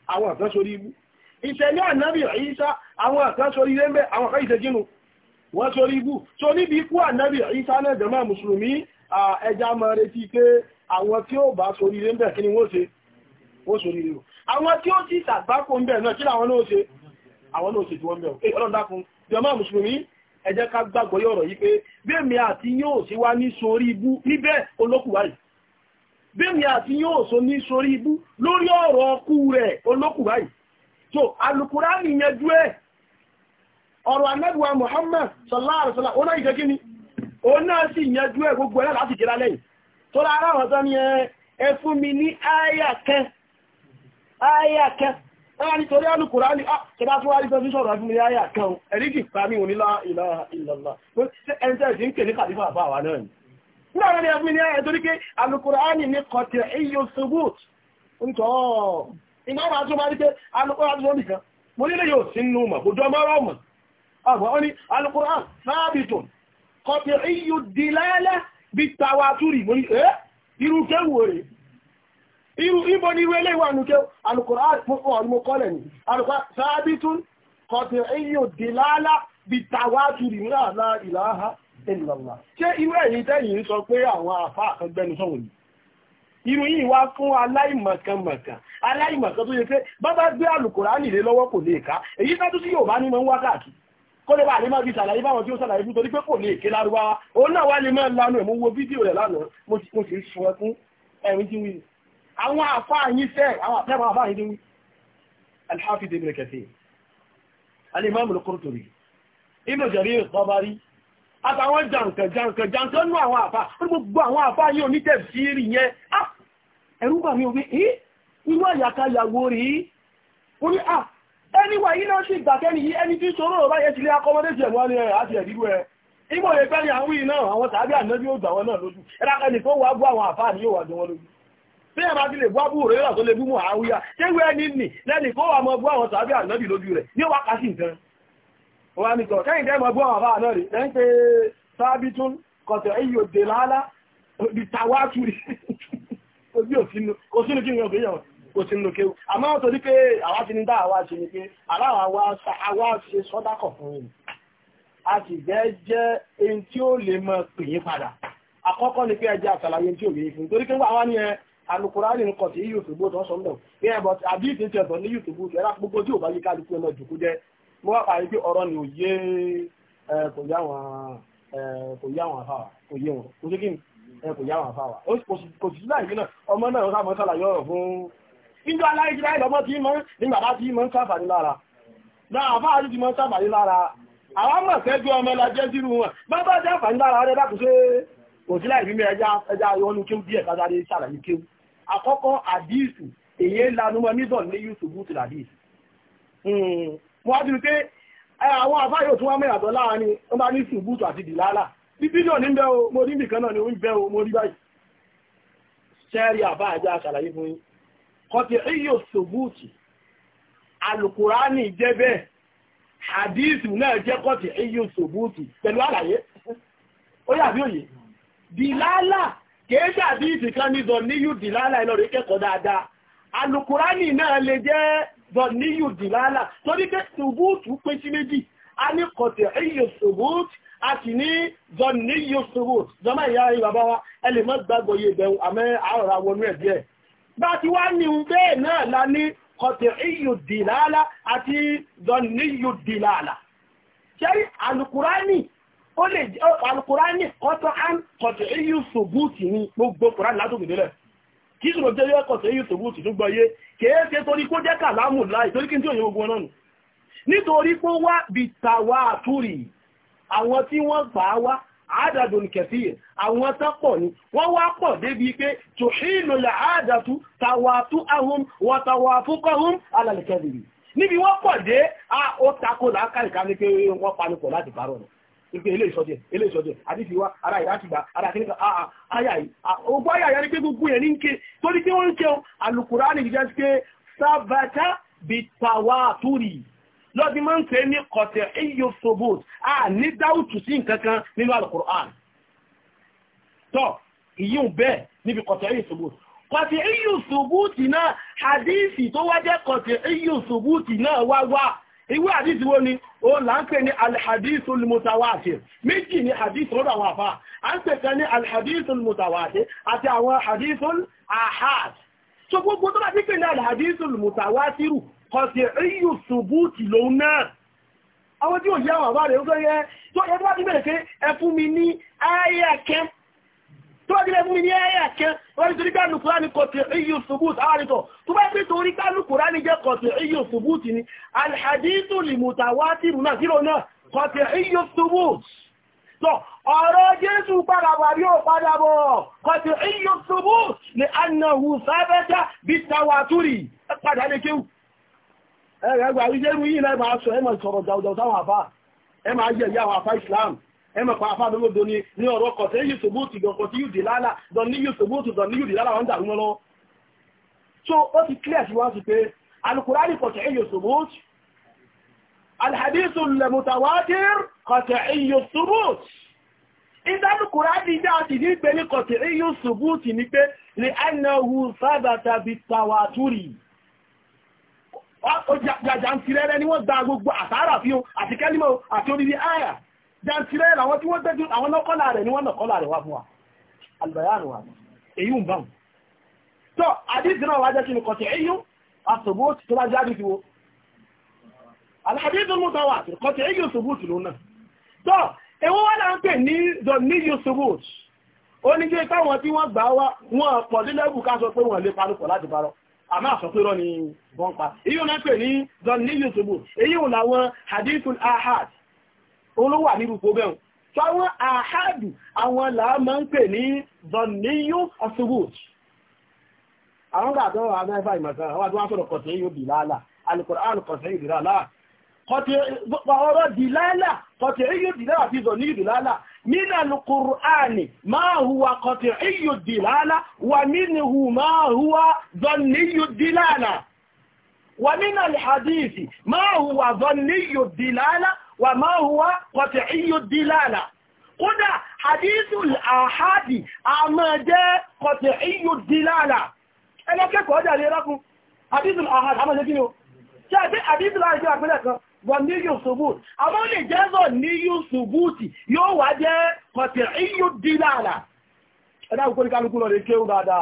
àwọn àkán sórí ibú ìṣẹ̀lẹ̀ ànábì Ìsá àwọn àkán sórí ilé ń bẹ́ àwọn àkán ìṣẹ́jínú wọ́n sórí ibú tó níbi ikú ànábì Ìsá náà jẹ́mọ́ mùsùlùmí ẹja máa retí pé àwọn tí ó bá sórí ilé ń bẹ̀ kí ni wọ́n ṣe ó sórí ilé àwọn tí ó sì sàgbákò ń bẹ̀ náà kí làwọn náà ṣe àwọn náà ṣe tí wọ́n bẹ̀ bẹ́ẹ̀ni àti yóò so ní sórí ibú lórí ọ̀rọ̀ ọkú rẹ̀ olókù báyìí so alukurani yanjú ẹ̀ ọ̀rọ̀ anẹ́bùwa Muhammad sallallahu alaihi wasallam oná ìjẹ́ kíni sì ẹ̀ gbogbo ẹ̀ láti jẹ́ lálẹ́ tó lára àwọn ni alukurani láàrin ẹgbẹ́ ní ẹ̀ torí pé alukùránì ní kọ̀tẹ̀ iyo subut ntọ́ iná máa tún bá rí pé alukùránì ló nìkan mo nílé yóò sí nínú mọ̀ kò dọ́mọ́rọ̀ mọ̀ ọgbọ̀n ó ní alukùránì sábìtùn kọ̀tẹ̀ iyo dìlálẹ̀ bí tawatúrì mo ní ẹ́ irú kéwù rẹ̀ ìlọ́lá ṣé irú ẹ̀yin tẹ́yìn ń sọ pé àwọn àfa àkọgbẹ́nu sọ̀rọ̀ ni irú yìí wá fún aláìmọ̀kànmọ̀kàn aláìmọ̀kàn tó yẹ pé bábá gbé àlùkòránì lé lọ́wọ́ kò lè ká èyí tó tún sí yóò bá ní mọ́ ń wá káàkiri kó lè bá lè máa fi ṣàlàyé báwọn tí ó ṣàlàyé fún torí pé kò lè ké lárúbáwá òun náà wá lè máa lanu ẹ̀ mo wo fídíò rẹ̀ lánàá mo sì mo sì sọ fún ẹ̀rín tí wí àwọn àfáà yín sẹ́ àwọn àtẹ́wọn àfáà yín tí wí alhafi dèmìrẹ̀kẹ̀tẹ̀ àtàwọn jàǹkàn jàǹkàn jàǹkàn ní àwọn àfà gbogbo àwọn àfà yóò ní tẹ̀síìrì yẹn ẹ̀rú bà mí òfin ẹ́ irú àyàkáyàwó rí ó ní à ẹni wà yí náà sì gbàkẹ́ni yí ẹni tí sọ́rọ̀ ọ̀rọ̀ báyẹ̀ sílé akọmọdéṣẹ̀ wọ́n ní ẹ̀ àti ẹ̀dígbò ẹ̀ ìgbò ìgbẹ́ ni àwọn iná àwọn tàbí ànábí ó gbà wọn náà lójú ẹ̀rákẹ́ni tó wà bú àwọn àfáà ní yóò wà jọ wọn lójú bí ẹ̀bá ti lè bú àbú rẹ̀ rà tó lè bú mọ̀ àwúyá ṣé wẹ́ẹ́ ní nì lẹ́nì kó wà wọ́n ní tọ̀ kẹ́yìn tẹ́mọ̀ gbọ́ àwọn àná rí ẹ́ ń pé sábítún kọ̀tẹ̀ iyo dè lálá bí tàwátúrí kò sínú kí n yọ̀gbé yàn kò sínú kéwù àmọ́ tó ní pé àwa ti ní dá àwa ṣe ni pé aláwa wa ṣe sọ́dákọ̀ fún yìí a sì jẹ́ jẹ́ ẹni tí ó ni pé ẹ jẹ́ àṣàlàyé tí ò yé fún torí pé wà wá ní mo wá pàdé pé ọ̀rọ̀ ni ò yé kò yá wọn kò yá wọn àfàwà kò yé wọn kò sí kí ni kò yá wọn àfàwà kò sí sílá ìgbé náà ọmọ náà ó sábà sàlàyé ọ̀rọ̀ fún níjọ́ aláìsíláì lọ́mọ tí mọ́ ní bàbá tí mọ́ ń sáfàní lára náà àfáà ti mọ́ ń sáfàní lára àwọn mọ̀ sẹ́jú ọmọ la jẹ́ sírú wọn bàbá sáfàní lára rẹ̀ dákùn sí kò sí láì fímẹ́ ẹja ẹja ìwọnú kéwú díẹ̀ kájáde sàlàyé kéwú àkọ́kọ́ àdíìsù èyí lanúmọ́ nígbọ̀n ní yusuf bùtù àdíìsù hmm. mo wá pé àwọn àfáyò tí wọ́n mú ìyàtọ̀ láàrin wọ́n bá ní ṣùgbùtù àti dìlálà náà ní bẹ́ o mo rí nìkan náà ni ó o mo rí báyìí ṣẹ́rí àbá àjá àṣàlàyé fún yín kọtí ṣùgbùtù alukurani jẹ́ bẹ́ẹ̀ hadithu náà jẹ́ kọtí ṣùgbùtù pẹ̀lú àlàyé ó yà bí òye kìí ní zọ níyù dáadáa alukurani náà jẹ́ bọ̀ ní yùdìláàlà torí pé ṣubúùtù pín sí méjì a ní kọ̀tẹ̀ ẹ̀yẹ ṣubúùtù a sì ní zọ̀n ní yóò ṣubúùtù zọ́mọ̀ ìyá ayé bàbá wa ẹ lè mọ́ gbàgbọ́ yé bẹ̀rù àmẹ́ àrọ̀ra wọnú ẹ̀ díẹ̀ bá ti wá ní bẹ́ẹ̀ náà la ní kọ̀tẹ̀ ẹ̀yẹ dìláàlà àti zọ̀n ní yóò dìláàlà ṣẹ́rí alukurani ó lè alukurani kọ́tọ̀ kọ̀tẹ̀ ẹ̀yẹ ṣubúùtù ní gbogbo kùrán látòkè délẹ̀ kí ìṣòro jẹ́ yẹ́kọ̀ tó yìí tòbú tìtú gbọ́yé kèéṣe torí kó jẹ́ kàlámù láì torí kí n tí òye ogun náà nù nítorí pé wá bí tàwa àtúrì àwọn tí wọ́n gbà wá àádàdò nìkẹ̀sí àwọn tán pọ̀ ni wọ́n wá pọ̀ débi pé tòṣìlò lè àádàtú tàwàtú ahun wà tàwàtú kọhun alàlẹ̀kẹ̀dìrì níbi wọ́n pọ̀ dé ó takò láàkàríkà ní pé wọ́n panupọ̀ láti parọ́ ìpé ilé ìṣọ́jẹ̀ ilé ìṣọ́jẹ̀ àdífi wá ara ìrátìgbà ara kìníkà àà àyà yìí ogun àyà yẹn ni pé gbogbo yẹn ní ń ké tó ní pé wọ́n ń kéun alukurani jẹ́ pé sábàtà bí tàwátúrì lọ́dí máa ń pè ní kọ̀tẹ̀ iyo sobot a ní dáútù sí nǹkan kan nínú alukuran tọ́ ìyíùn bẹ́ẹ̀ níbi kọ̀tẹ̀ iyo sobot kọ̀tẹ̀ iyo sobot náà hadisi tó wá kọ̀tẹ̀ iyo sobot náà wá wá ìwé àdísì wo ni o là ń pè ní alhadisul mutawatir méjì ni hadith lọ́dọ̀ àwọn àfá à ń pè kan ní alhadisul mutawatir àti àwọn hadisul ahad so gbogbo tó bá ti pè ní alhadisul mutawatiru kọ̀sì ríyù ṣubútì lòun náà àwọn tí ò yá wà bá rẹ̀ ó fẹ́ yẹ tó ẹgbẹ́ bá ti bẹ̀rẹ̀ pé ẹ fún mi ní ayẹ́kẹ́ tó bá jílẹ̀ fún mi ní ẹ̀yà kẹ́ wọ́n ní torí kánù kúránì kọ̀tì iyù ṣubúùtì àárítọ̀ tó bá pín torí kánù kúránì jẹ́ kọ̀tì iyù ṣubúùtì ni alhadithu limutawatiru náà zero náà kọ̀tì iyù ṣubúùtì sọ ọ̀rọ̀ jésù padà wà yóò padà bọ̀ kọ̀tì iyù ṣubúùtì ni annahu sábẹ́ta bí tawaturi padà lè ẹmọ̀ pa afábẹ́lódò ni ní ọ̀rọ̀ kọ̀ tẹ́ yóò tòbóòtù ìgbọ̀nkọ̀ tí yóò dì lálà dọ̀ ní yóò tòbóòtù dọ̀ ní yóò dì lálà wọ́n dàrú mọ́ so ó ti clear sí wọ́n sí pé alukurari kọ̀ tẹ́ yóò tòbóòtù alhadisu lẹ́mùtàwádìr kọ̀ tẹ́ yóò tòbóòtù ìdálùkùrádì dá ti ní pé ní kọ̀ tẹ́ yóò tòbóòtù ni pé ní ẹnàwó sábàtà bí tàwátúrì ó jàjà ń tirẹ́rẹ́ ni wọ́n gba gbogbo àtàrà fi jantirẹ́ làwọn tí wọ́n tẹ́jú àwọn nọ́kọ́lá rẹ̀ ni wọ́n nọ́kọ́lá rẹ̀ wá fún wa albayanu wa èyí ń báhùn tó àdíjì náà wájẹ́ kí ni kọ̀tí èyí àṣòbó tó bá jáde fi wo alhadidun mutawatir kọ̀tí èyí ṣubú tìlú náà tó ewu wọ́n náà ń pè ní the new ṣubú ó ní jẹ́ táwọn tí wọ́n gbà wá wọn pọ̀ nílẹ́bù ká sọ pé wọ́n lè parúkọ̀ láti parọ́ àmá àsọpẹ́rọ ni wọ́n pa èyí wọn pè ní the new ṣubú èyí wọn làwọn hadithul ahad olówà nínú fóbẹ̀hùn fáwọn àhádù àwọn làá máa ń pè ní zọ̀níyó asubut àwọn gbàtọ́ àgbẹ́fà ìmọ̀sán àwọn àti wọ́n sọ̀rọ̀ kọ̀tẹ́ yóò bì láàlà alukọ̀rán kọ̀tẹ́ yóò bì láàlà ọ̀rọ̀ bì láàlà kọ̀tẹ́ yóò bì láàlà àti zọ̀níyó bì láàlà nínú alukọ̀rán máa huwa kọ̀tẹ́ yóò bì láàlà wà nínú máa huwa zọ̀níyó bì láàlà wà nínú alhadisi máa huwa zọ̀níyó bì wà máa huwa kọ̀tẹ̀ iyo dílàlà kódà hadithul ahadi a máa jẹ́ kọ̀tẹ̀ iyo dílàlà ẹlẹ́kẹ́kọ̀ọ́ jàre rákun hadithul ahadi a máa jẹ́ kí ni o ṣe àti hadithul ahadi àpẹẹlẹ̀ kan wà ní yóò ṣubúùtì àmọ́ ó lè jẹ́ zọ ní yóò ṣubúùtì yóò wá jẹ́ kọ̀tẹ̀ iyo dílàlà ẹ̀dá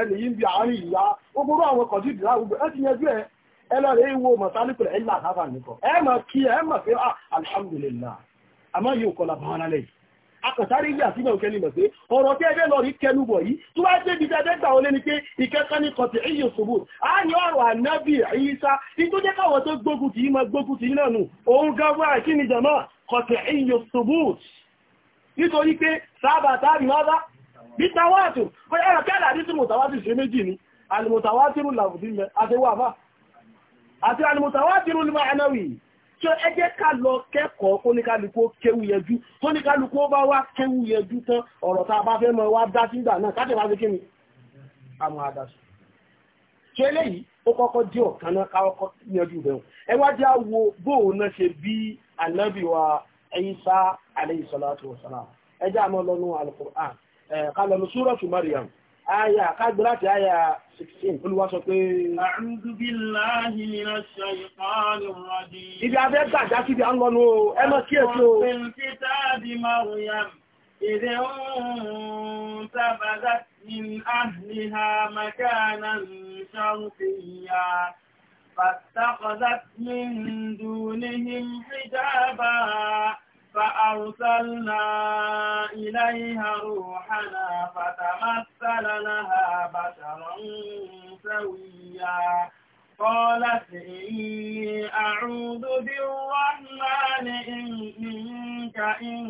ẹni yìí ń bi àárín ìyá gbogbo àwọn kọ̀dí ìdílá gbogbo ẹ ti yanjú ẹ ẹ lọ rẹ wo mọ̀sálíkùlẹ̀ ẹ̀ láà sáfà nìkan ẹ mọ̀ kí ẹ mọ̀ pé ah, alhamdulillah àmọ́ yóò kọ́ làbọ̀n alẹ́ yìí ilé àti ìgbàwò kẹ́lì mọ̀ ọ̀rọ̀ tí ẹgbẹ́ lọ rí kẹnu bọ̀ yìí tó wá jẹ́ ibi tẹ́gbẹ́ gbà wọlé ni pé ìkẹ́kọ́ ní kọ̀tì ìyè ṣòro a ní ọ̀rọ̀ ànábì ìyíṣá tó jẹ́ káwọn tó gbógun tì í gbógun tì í òun gánwà kí ni jẹ̀mọ́ kọ̀tì ìyè ṣòro nítorí pé sábà táàrí mọ́ra bí tàwátù ẹ̀rọ kẹ́lá ní tí mùtàwátù ṣe méjì ni alìmùtàwátìrù làbùdímẹ̀ àti wàfà àti alìmùtàwátìrù ní ma'anáwì tí ó ẹjẹ́ ká lọ kẹ́kọ̀ọ́ kóníkálukú kéwú yẹjú kóníkálukú bá wá kéwú yẹjú tán ọ̀rọ̀ tá a bá fẹ́ mọ́ wá dá sí ìgbà náà káṣẹ̀ wá sí kí ni àmọ́ àdásù tí eléyìí ó kọ́kọ́ dé ọ̀kan salatu wa salam ẹ jẹ́ al-Qur'an Eh, kálọ̀lù súrọ̀tù Maryam aya kágbìláti aya 16 Olúwa sọ pé a'udhu billahi minash shaytanir rajim ibi abẹ́ gbàjá síbi à ń lọ́nu o ẹ mọ́ kíyèsí o إذ انتبذت من أهلها مكانا شرقيا فاتخذت من دونهم حجابا فأرسلنا إليها روحنا فتمثل لها بشرا سويا قالت إني أعوذ بالرحمن منك إن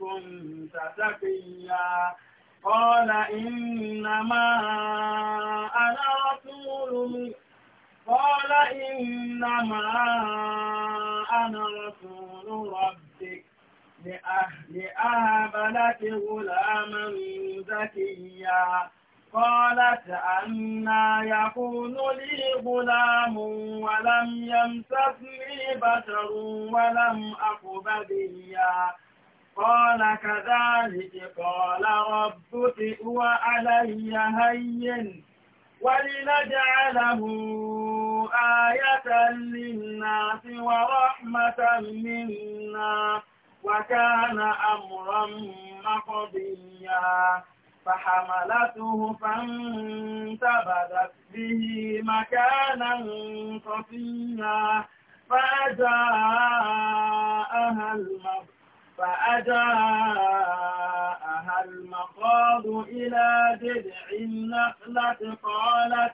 كنت تقيا قال إنما أنا رسول قال إنما أنا رسول ربك لأهبلت غلاما زكيا قالت أنا يكون لي غلام ولم يمسسني بشر ولم أك بديا قال كذلك قال ربك هو علي هين ولنجعله آية للناس ورحمة منا وكان أمرا مقضيا فحملته فانتبذت به مكانا قصيا فأجاءها المبت فأجاءها المخاض إلى جذع النخلة قالت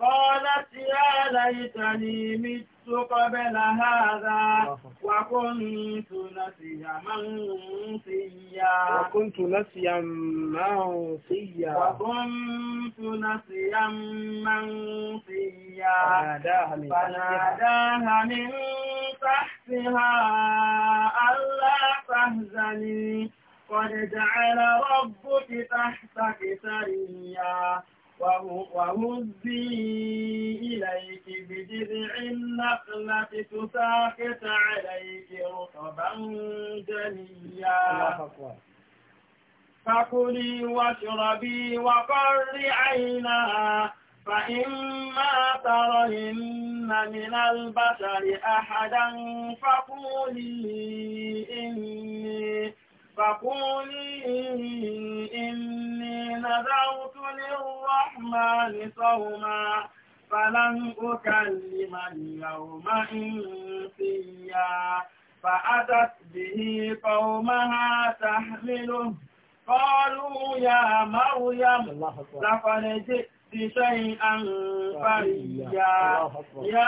قالت يا ليتني مت قبل هذا وكنت نسيا منسيا وكنت نسيا منسيا وكنت نسيا منسيا فناداها من تحتها ألا تهزني قد جعل ربك تحتك سريا وهزي إليك بجذع النخلة تساقط عليك رطبا جنيا فكلي واشربي وقري عينها فإما ترين من البشر أحدا فقولي إني فقولي إني نذرت للرحمن صوما فلن أكلم اليوم إنسيا فأتت به قومها تحمله قالوا يا مريم لقد جئت شيئا فريا يا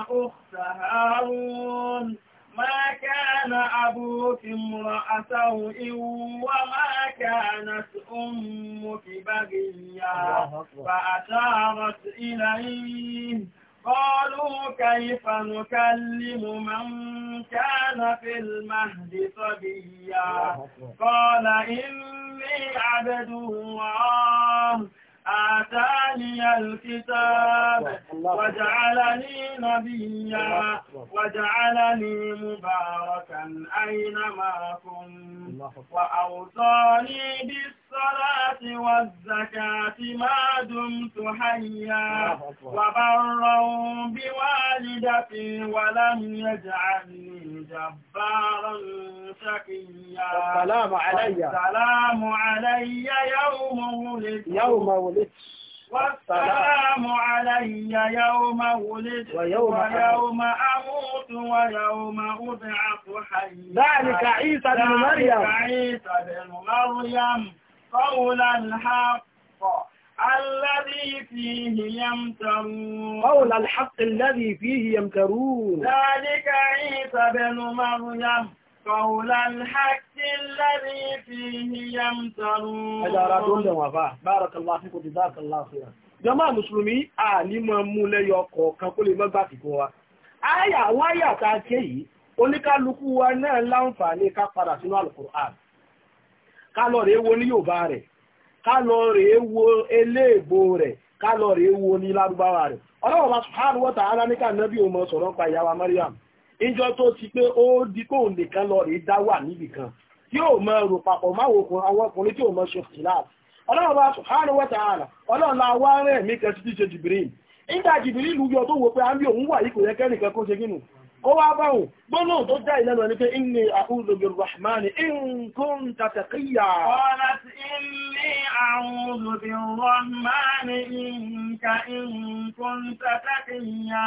أخت هارون ما كان أبوك امرأ سوء وما كانت أمك بغيا فأشارت إليه قالوا كيف نكلم من كان في المهد صبيا قال إني عبد الله آتاني الكتاب وجعلني نبيا وجعلني مباركا أينما كنت وأوصاني بالصلاة والزكاة ما دمت حيا وبرا بوالدتي ولم يجعلني جبارا شقيا السلام علي السلام علي يوم ولدت يوم ولدت والسلام علي يوم ولدت ويوم, ويوم أموت ويوم أبعث حيا ذلك عيسى بن مريم عيسى بن مريم قول الحق الذي فيه يمترون قول الحق الذي فيه يمترون ذلك عيسى بن مريم قول الحق الذي فيه يمترون هذا أرادون لهم بارك الله فيكم جزاك الله mùsùlùmí a ní máa mú lẹ́yọ kọ̀ọ̀kan kó lè mọ́gbà kìkún wa àyà wáyà ta ké yìí oníkálukú wa náà ká padà sínú ká lọ rèé wo ní rẹ̀ ká lọ rèé wo rẹ̀ ká lọ rèé wo ní rẹ̀ ìjọ tó ti pé ó di kó nìkan lọ rí dá kan tí ó mọ rò papọ̀ máwo kun àwọn ọkùnrin tí ó mọ ṣe fìlàf ọlọ́run bá subhanahu wa ta'ala la wá rẹ̀ mí kan títí ṣe jìbìrìn nígbà jìbìrìn lù yọ tó wò pé àmì òun wà yìí kẹ́nìkan kó أعوذ بالرحمن منك إن كنت تقيا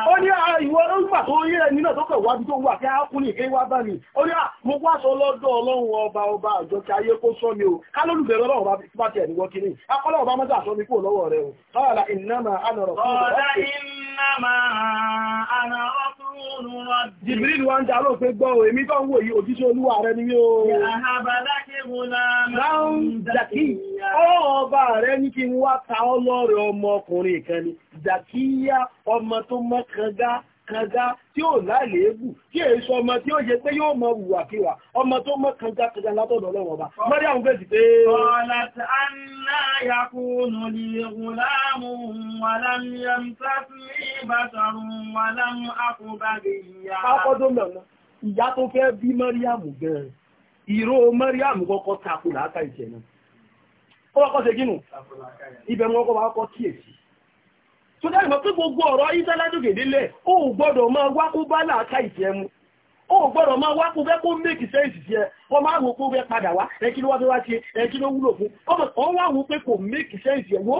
ó ní ah, ìwọ ọgbà tó yẹ ẹni náà tó kẹ̀ wá bí tó wà kí á kún ní ìkéwà bá mi ó ní ah, mo wá sọ lọ́dọ̀ ọlọ́run ọba ọba àjọ kí ayé kó sọ mi o ká lólùbẹ̀rẹ̀ ọlọ́run ọba tí bá tiẹ̀ ní wọ́kiri akọ́lọ́ ọba mọ́tà sọ mi kúrò lọ́wọ́ rẹ o sọ́ọ̀lá ìnáma ànàrọ̀ fún ọ̀rọ̀ Jìbìrìlù wa ń jà ló pé gbọ́ èmi tó ń wò yí òjíṣẹ́ olúwa rẹ ni mí o. Àhàbàdákẹ́ ọba rẹ ní kí wá ta ọlọ́rẹ̀ ọmọkùnrin kan ni dàkíyá ọmọ tó mọ kanga kanga tí ó láìléébù tí èyí sọ ọmọ tí ó yẹ pé yóò mọ wùwàkiwà ọmọ tó mọ kanga kanga látọ̀dọ̀ ọlọ́run ọba mọ́rí àwọn fèsì pé. ìyá tó fẹ́ bí gan-an ìró kọ́kọ́ takò náà. ọkọ̀ ṣe gínú ibẹ̀ wọn kọ́ wá kọ́ kíyèsí tó dárí mọ́ pé gbogbo ọ̀rọ̀ ìsẹ́lájòkè délẹ̀ ó gbọ́dọ̀ máa wá bá láàká ìfẹ́ mu ó gbọ́dọ̀ máa wá kó ẹ wọ́n máa wò padà wá ló wá fẹ́ wá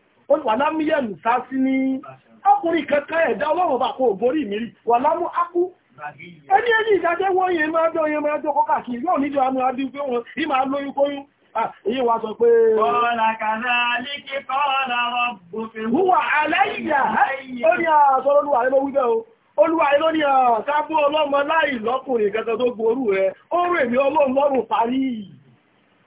wàlámíyàn sásí ní ọkùnrin kankan ẹ̀dá ọlọ́run bá kó ògbórí mi rí wàlámú enyi ẹni ẹni ìdájẹ́ wọ́n yẹn máa jọ yẹn máa jọ kọ́ káàkiri yóò níjọ àmú adí wọn máa lóyún kóyún ah, wa sọ pé Qala kadhalika ní ah, o ah, ọlọ́mọ láì lọ́kùnrin kẹta tó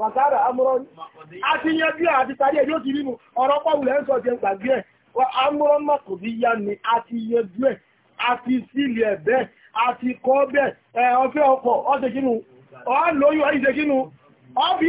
wàkàrà amúrọ́n àti yanjú àti yóò ti nínú ọ̀rọ̀ pọ̀wùlẹ̀ ń sọ gbàgbé ẹ̀ amúrọ́n má kò bí ya ni àti yanjú ẹ̀ àti sílì ẹ̀ bẹ́ẹ̀ àti kọ́ bẹ́ẹ̀ ọ̀fẹ́ ọkọ̀ ọ̀ṣẹ̀kínú ọ̀ṣẹ̀kínú ọ̀bí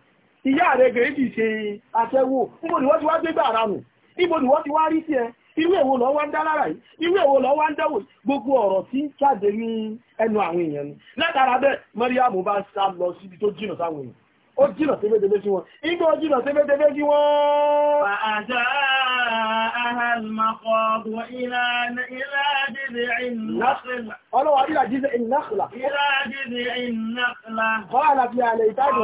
ìyá rẹ̀ gẹ̀ẹ́ ti ṣe àtẹ́wò níbo ni wọ́n ti wá gbé gbà ara nù níbo ni wọ́n ti wá rí sí ẹ irú èwo gbogbo ọ̀rọ̀ tí ń jáde ní ẹnu àwọn Mariam bá sá lọ síbi tó jìnnà sáwọn èèyàn ó jìnà sí méjèlé sí wọn igbó jìnà sí méjèlé sí wọn fàájá ahàlmàkọ̀ọ̀dù ìlàdìdì ìnáxìlá kọ́lá fi àlè ìtàdù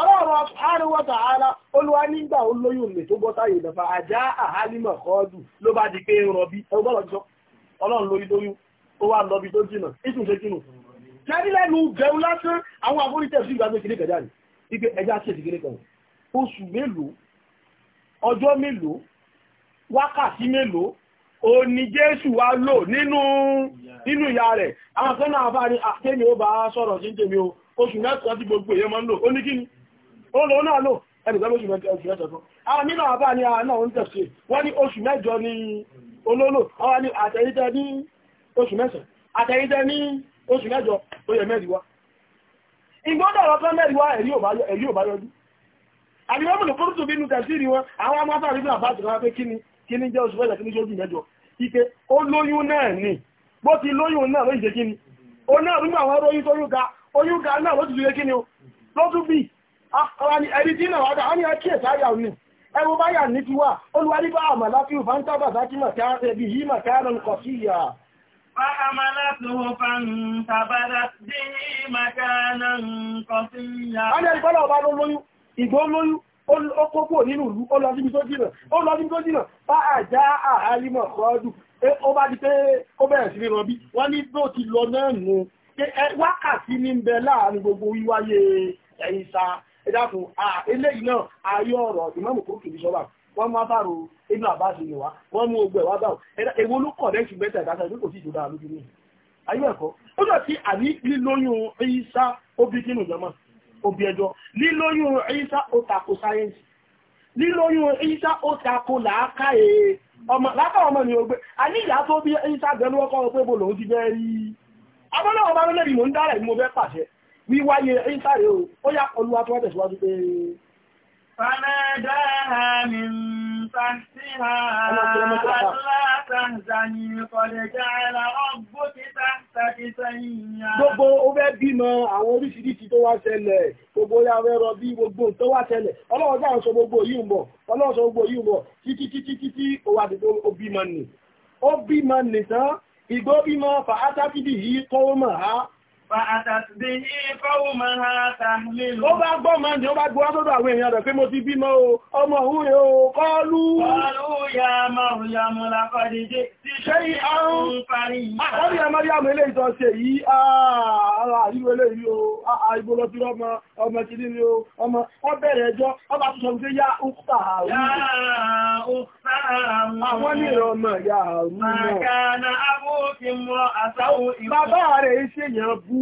Ọlọ́run àárín wọ́ta ara olúwa nígbà olóyún lè tó bọ́ta ìdàfà àjá àhálímọ̀ kọ́ọ̀dù ló bá di pé rọ̀bí ẹgbọ́lọ̀ jọ ọlọ́run lórí lóyún ó wá lọ́bi tó jìnà ìtùn ṣe jìnà kẹ́rí lẹ́nu jẹun lásán àwọn àforíṣẹ́ sí ìgbàgbé kìíní kẹjá rẹ̀ wípé ẹja ṣe ìdíkìíní kan oṣù mélòó ọjọ́ mélòó wákàtí mélòó òní Jésù wá lò nínú nínú ìyá rẹ̀ àwọn kan náà bá ní àkémi ah, ó bá sọ̀rọ̀ sí tèmi o oṣù mẹ́sàn-án tí gbogbo èèyàn máa ń lò ó ní kíni ó lò náà lò ẹnìkan lóṣù mẹ́sàn-án àwọn nínú àbá ni àwọn náà ah, ń tẹ̀sí wọ́n ní oṣù mẹ́jọ ni olóòlò ọwá ní àtẹ̀yíjẹ́ ní oṣù mẹ́sàn àtẹ̀yíjẹ́ ní oṣù mẹ́jọ ó yẹ mẹ́rìíwá ìgbọ́dọ̀ ọ̀rọ̀ kan mẹ́rìíwá ẹ̀rí ò bá yọjú àdìmọ́mùnù kúrú tó bínú tẹ̀síìrì wọn àwọn amọ́sàrí fún àbájọ wọn pé kíni kíni jẹ́ oṣù mẹ́jọ kíni jẹ́ oṣù mẹ́jọ ike ó lóyún náà ni bó ti lóyún náà ló ń ṣe kíni ó náà nígbà àwọn olóyún tó yúga oyún ga náà ló ti ṣe kíni o ló tún bí ah, ẹni tí náà wá dá á ní akíyèsáyà òní ẹwọ báyà ní ti wà olùwárí bá àmà láti ò fáńtà bàbá tí ẹbí yìí mà káàrọ̀ ń kọ̀ sí ìyà. Fa àmàlà tó fáńtà bàbá tí mà káàrọ̀ ń kọ̀ sí ìyà. Wọ́n yẹ ìgbọ́lọ̀ ọba ló lóyún, ìgbó lóyún, ó kó kúrò nínú ìlú, ó lọ síbi tó jìnà, ó lọ síbi sí ẹ̀dàkùn eléyìí náà ayé ọ̀rọ̀ ìmáàmù kò kìí sọ́wà wọ́n mú abáàrò inú àbáṣe ni wá wọ́n mú ogbẹ̀ wá báwò èwo ló kọ̀ lẹ́sùn mẹ́ta ìdáṣà ìdókò sí ìjọba àlójú ní ayé ẹ̀kọ́ ó jọ sí àní lílóyún ìyíṣà obi kínú jọmọ obi ẹjọ lílóyún ìyíṣà ó tako sáyẹ́ǹsì lílóyún ìyíṣà ó tako làákàyè ọmọ làákàyè ọmọ ni ogbe àní ìyá tó bí ìyíṣà gẹnu ọkọ ọgbẹ́ bò lòún ti bẹ́ẹ̀ rí abọ́lọ́wọ́ bá lọ́lẹ́rì mò ń dárẹ̀ ni wíwáyé ìsàrè o ó yá olúwa tó wọ́n tẹ̀síwájú pé. فناداها من تحتها ألا تحزني قد جعل ربك تحتك سيا Gbogbo ó fẹ́ bímọ àwọn oríṣiríṣi tó wá ṣẹlẹ̀, gbogbo ya fẹ́ rọ bí gbogbo tó wá ṣẹlẹ̀, ọlọ́run sáà sọ gbogbo yìí ń bọ̀, sọ gbogbo yìí ń títí títí títí ó wá ti tó bímọ nì. Ó bímọ nì tán, ìgbó bímọ fàátàkìdì yìí kọ́wọ́ mọ̀ á, Ó bá gbọ́ máa ní ó bá gbọ́ sọ́dọ̀ àwọn èèyàn rẹ̀ pé mo ti bímọ o, ọmọ òun rẹ̀ o, kọlu. Kọlu ya Màríàmù lápàdéjé ya Màríàmù ilé ìtọ́ ti ní o, ọmọ ọ bẹ̀rẹ̀ ẹjọ́, ọ bá tún sọ ya Ukta Harun. Ya Ukta Harun. Àwọn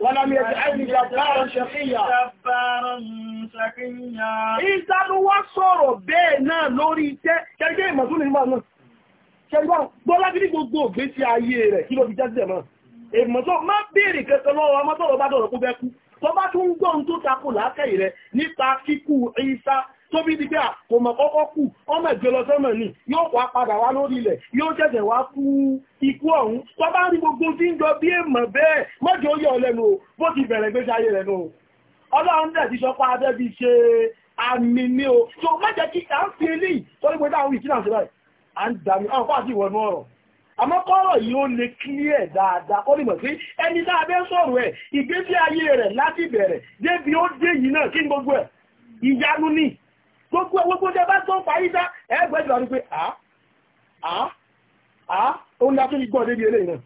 ولم يجعلني جبارا شقيا ìdánú wá sọ̀rọ̀ bẹ́ẹ̀ náà lórí iṣẹ́ kẹgbẹ́ ìmọ̀tún ní máa náà ṣẹgbọ́n gbọ́lá bí ní gbogbo ògbésí ayé rẹ̀ kí ló fi jẹ́ sílẹ̀ náà èmọ̀tún má béèrè kẹta lọ́wọ́ ọmọ tọ́rọ dọ̀rọ̀ kó bẹ́kú tó tún gbọ́n tó takò lákẹ́ rẹ̀ nípa kíkú ìsá tó bí dídá kò mọ̀ kọ́kọ́ kù ọmọ ìgbé lọ sọ́mọ̀ ni yóò wá padà wá lórí ilẹ̀ yóò jẹ́jẹ̀ wá kú ikú ọ̀hún tó bá rí gbogbo tí ń jọ bí èèmọ̀ bẹ́ẹ̀ mọ́jọ ó yọ lẹ́nu bó ti bẹ̀rẹ̀ gbé sáyé rẹ̀ nù ọlọ́run dẹ̀ ti sọ pé abẹ́ fi ṣe àmì ní o so má jẹ́ kí à ń fi eléyìí tó ní pé táwọn ìtìlá ṣe báyìí à ń dàmí àwọn fáàtì ìwọ̀nù ọ̀rọ̀ àmọ́ kọ́rọ̀ yìí ó lè clear dáadáa kọ́ nímọ̀ sí ẹni dáadẹ́ sọ̀rọ̀ ẹ̀ ìgbésí ayé rẹ̀ láti bẹ̀rẹ̀ débi ó dé yìí náà kí gbogbo ẹ̀ ìyanu ni gbogbo gbogbo tẹ bá tó parí dá ẹgbẹ́ ìgbà wípé àá àá àá òun la tó ní gbọ́ débi eléyìí náà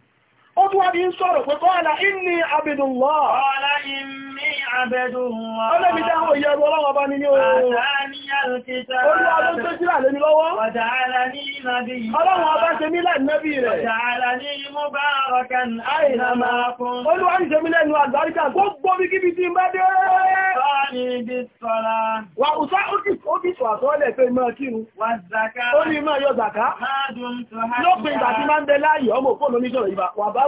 ó tún wá bí ń sọ̀rọ̀ pé kọ́ àlà inni abdullah ọ̀lá inni abdullah ọlọ́bí dáhùn ìyẹ̀rù ọlọ́wọ́ bá ní ní oòrùn olúwa ló tó sílà lé mi lọ́wọ́ ọlọ́wọ́ bá ṣe mílẹ̀ nẹ́bí rẹ̀ olúwa ní ṣe mílẹ̀ nù àgbáríkà gbogbo bí kíbi tí mẹ́ dé wà ùsá ó kì sọ àtọ́lẹ̀ pé mọ́ kírun ó bá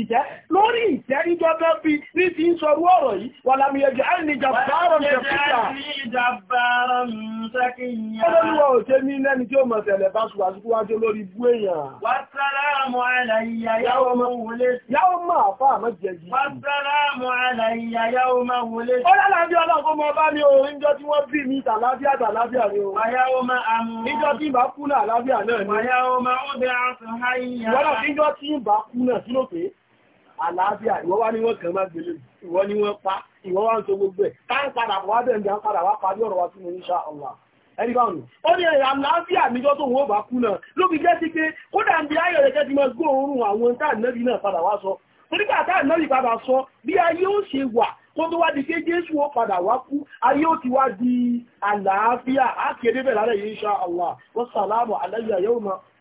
ìtẹ́ lórí ìtẹ́ ìjọba bí ní ti ń sọrú ọ̀rọ̀ yìí wà lámì ẹjọ́ àìní jàbáàrọ̀ jẹ́fíkà olóríwọ̀ òṣè ní lẹ́ni tí ó mọ̀ tẹ̀lẹ̀ bá ṣùgbàṣùkú wájú lórí bú èèyàn wàtàlámù àlàyé yàwó máa wọlé yàwó máa fà àmọ́ jẹ́jì wàtàlámù àlàyé yàwó máa wọlé ó lálàájú ọlọ́gbọ́n mọ́ bá ní ohun ìjọ tí wọ́n bí ní tàlàáfíà tàlàáfíà ni ohun àyàwó máa àmú ìjọ tí ìbá kú náà àlàáfíà náà ni àyàwó máa ó bẹ́ àtúnháyìyà àlàáfíà ìwọ wá ní wọ́n kàn máa gbèlè ìwọ ní wọ́n pa ìwọ wá ń so gbogbo ẹ̀ ká ń padà wá bẹ̀rẹ̀ ní wá parí wa sínú Allah ẹni bá ọ̀nà ó ní ẹ̀yà àlàáfíà níjọ́ tó wọ́n bá kú náà lóbi jẹ́ sí pé kódà ń bí ayọ̀ rẹ̀ kẹ́ sọ nẹ́bí padà sọ bí ayé ó ṣe wà tó di pé jésù ó padà wá kú wa salamu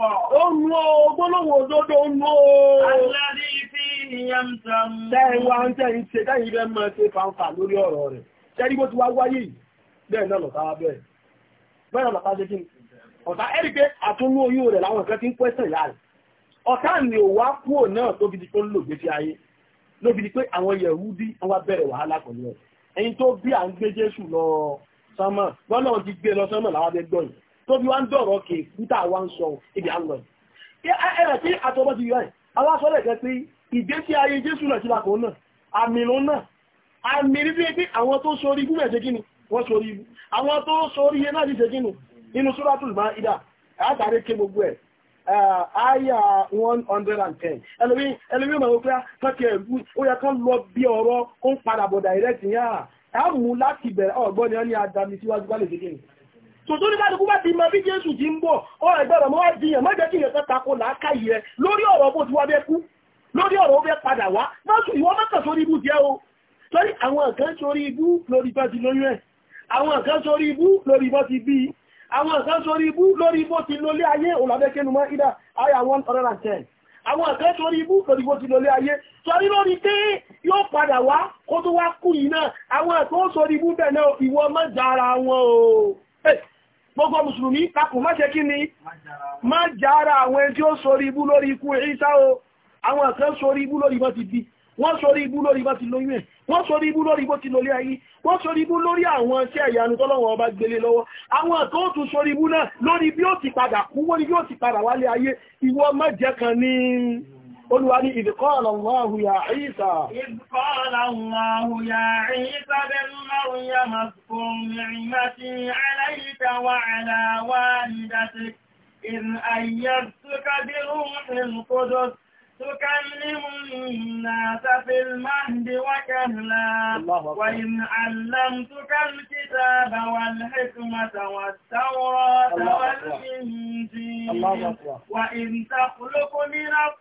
Ó nú ogbólówó òdòdó nú ooo. Alẹ́rí fi ìyẹn tàn. Tẹ́ wá ń tẹ́ ń ṣe dáyìí rẹ̀ mọ́ ṣe fàǹfà lórí ọ̀rọ̀ rẹ̀. Tẹ́rí bó ti wá wáyé yìí, bẹ́ẹ̀ náà lọ̀tá wá bẹ́ẹ̀. Bẹ́ẹ̀ lọ̀tá ṣe kí ni? Ọ̀tá ẹ̀rí pé àtúnú oyún rẹ̀ láwọn nǹkan ti ń pẹ́sàn ìyá rẹ̀. Ọ̀tá ni ò wá kúrò náà tó fi di pé ń lò gbèsè ayé. Ló fi di pé àwọn Yẹ̀húdí wọ́n wá bẹ̀rẹ̀ wàhálà pẹ̀lú ẹ̀. Ẹyin tó bí à ń gbé Jésù lọ sánmọ̀, wọ́n náà ti gbé lọ sánmọ̀ tó fi wá ń dọ̀rọ̀ kè fúta wá ń sọ ibi àlọ́ ẹ̀rẹ̀ tí àtọ́bọ́ ti yọ ẹ̀ aláṣọ́lẹ̀ kẹ́ pé ìgbésí ayé jésù náà ti lakò náà àmì ló náà àmì rí pé àwọn tó sórí gúnmẹ̀ ṣe kí ni wọ́n sórí ibu àwọn tó sórí iye náà ti ṣe kí ni nínú suratul maida látàrí ké gbogbo ẹ̀ àyà 110 ẹlòmí ẹlòmí ọmọ òkúra kọ́kẹ́ ẹ̀rú ó yẹ kán lọ bí ọ̀rọ̀ ó ń padà bọ̀ direct yá àmú láti bẹ̀rẹ̀ ọ̀gbọ́n ni wọ́n ní adami síwájú bá lè ṣe kí ni tòtò nígbà tó bá ti mọ bí jésù ti ń bọ̀ ọ̀rọ̀ ìgbọ́rọ̀ mọ́ dìyàn mọ́jẹ́ kí ìyẹ̀kẹ́ tako làákàyè rẹ lórí ọ̀rọ̀ bó ti wá bẹ́ kú lórí ọ̀rọ̀ ó bẹ́ padà wá mọ́sù ìwọ́n mọ́kàn sórí ibú jẹ́ o sórí àwọn kan sórí ibú lórí bọ́ ti lóyún ẹ̀ àwọn kan sórí ibú lórí bọ́ ti bí àwọn kan sórí ibú lórí bó ti lólé ayé òlàbẹ́kẹ́nu mọ́ ìdá àyà 110 àwọn kan sórí ibú lórí bó ti lólé ayé sórí lórí pé yóò padà wá kó tó wá kú yìí náà àwọn kan sórí ibú bẹ̀ náà ìwọ mọ́ jára wọn o gbogbo mùsùlùmí takùn má kí ni má jára àwọn ẹni tí ó ibú lórí ikú ìsá o àwọn kan sorí ibú lórí bọ́ ti bí wọ́n sorí ibú lórí bọ́ ti lóyún ẹ̀ wọ́n sorí ibú lórí bó ti lólé ayé wọ́n sorí ibú lórí àwọn iṣẹ́ ìyanu tọ́lọ́wọ́ ọba gbélé lọ́wọ́ àwọn kan ó tún sorí ibú náà lórí bí ó ti padà kú wọ́n ni bí ó ti padà wálé ayé ìwọ má jẹ́ kan ní Olúwa ní idh qala Allahu ya Isa. Idh qala Allahu ya Isa ibn Maryam udhkur ni'mati 'alayka wa 'ala walidatik idh ayyadtuka bi ruhil qudus تكلم الناس في المهد وكهلا وإن علمتك الكتاب والحكمة والتوراة والإنجيل وإن تخلق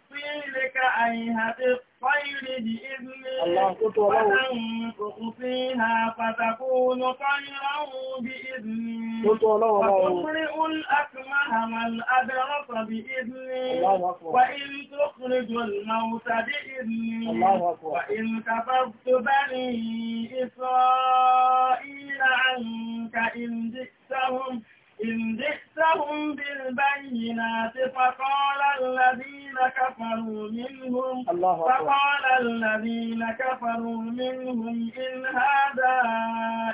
تفصيلك أيهة الطير بإذنه وتنفخ فيها فتكون طيرا بإذنه وتقرئ الأكمه والأبرص بإذنه وإن تخرج الموت بإذنه وإن كفرت بني إسرائيل عنك إن جئتهم إن جئتهم بالبينات فقال الذين كفروا منهم الله فقال الذين كفروا منهم إن هذا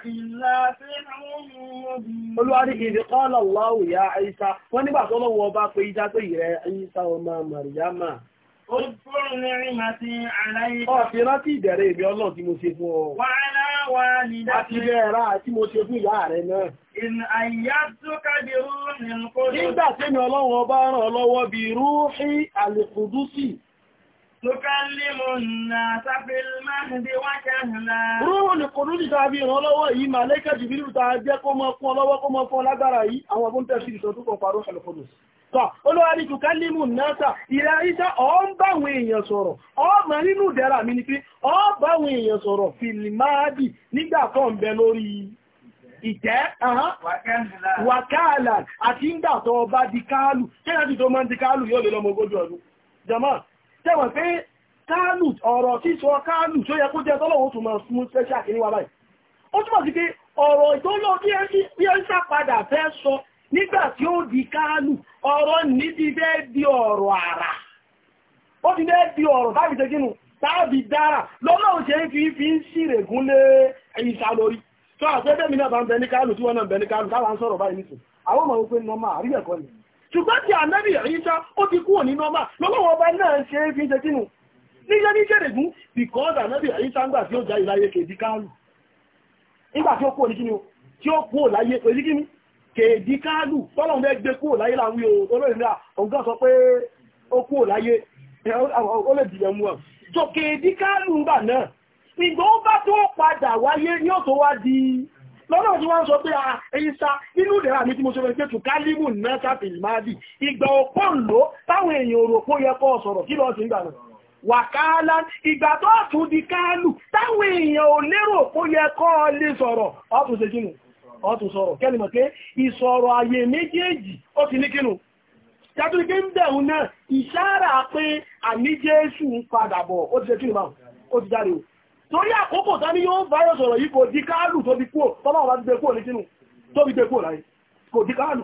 إلا سحر مبين Olúwarí ìdí قال الله يا عيسى wọ́n الله وباقي lọ́wọ́ bá عيسى وما pé Ọ̀fí rántí ìbẹ̀rẹ̀ ìbẹ̀ ọlọ́run tí mo ṣe fún ọ. Wà láwà ní dájú. Àti bẹ́ẹ̀rá tí mo ṣe fún ìyá rẹ̀ náà. Ìnàyà tó kábí rú nínú kó lọ. Nígbà tí mi ọlọ́run ọba ràn lọ́wọ́ bí rúhí àlùkùdúsì. Rúhùn kòrò ní tàbí ìrànlọ́wọ́ yìí máa lẹ́kẹ́ jù bí jẹ́ kó mọ́ fún ọlọ́wọ́ kó mọ́ fún ọlágbára yìí àwọn ọgbọ́n tẹ́sí ìṣọ́tún kan parọ́ ṣàlùkọ́dùsì. tọ́ olówá ní tukẹ́ náà ìrẹ́ ìṣẹ́ èèyàn sọ̀rọ̀ nínú dẹ́ra mi ni pé ọ èèyàn sọ̀rọ̀ fìlìmáàdì lórí ìtẹ́ wàkàlà àti ń gbà di káàlù kéèyàn tó máa di káàlù yóò lè lọ́mọ ogójì ọdún jọmọ́ tẹ́wọ̀n pé káàlù ọ̀rọ̀ sísọ káàlù tó yẹ kó tó máa báyìí ó sí pé ọ̀rọ̀ nígbà tí ó di káálù ọ̀rọ̀ níbi bẹ́ẹ̀ di ọ̀rọ̀ àrà ó ti bẹ́ẹ̀ di ọ̀rọ̀ tábí tẹ́ gínú tábí dára lọ́nà òṣè fi fi ń ṣìrègún lé ìṣà lórí tó àgbẹ́bẹ̀mí náà bá ń bẹ ní káálù tí wọ́n náà bẹ ní káálù táwa ń sọ̀rọ̀ báyìí nìsín àwọn ọmọ ni ṣùgbọ́n tí ànábì ìṣá ó ti kúrò ní nọmọ lọ́lọ́wọ́ ọba náà ṣe é fi ń ṣe kínú níṣẹ́ ní kèèdí káàlù tọ́lọ̀ mẹ́ gbé kúrò láyé láwí olóòrìnlá ọ̀gá sọ pé ó kúrò láyé ó lè dìyẹ̀ mú ọ̀ tó kèèdí káàlù ńgbà náà ìgbà ó bá tó padà wáyé ní ó tó wá di lọ́nà tí wọ́n sọ pé àìsá inú ìdẹ̀rà mi tí mo sọ pé tù kálímù náà sáfìlì máa dì ìgbà òpó ń lò táwọn èèyàn òrò kó yẹ kọ́ sọ̀rọ̀ kí lọ́ọ̀sì ń gbà wàkálá ìgbà tó tún di káálù táwọn èèyàn ọ̀tún sọ̀rọ̀ kẹ́lìmọ̀ pé ìsọ̀rọ̀ ayé méjèèjì ó ti ní kínú yàtúrí pé ń bẹ̀rún náà ìṣára pé àní ń padà bọ̀ ó ti ṣe kí ó ti o torí àkókò tání yóò virus ọ̀rọ̀ yìí kò di káàlù tó bí kúò ti kúò ní kínú tó bí gbé kúò láyé kò káàlù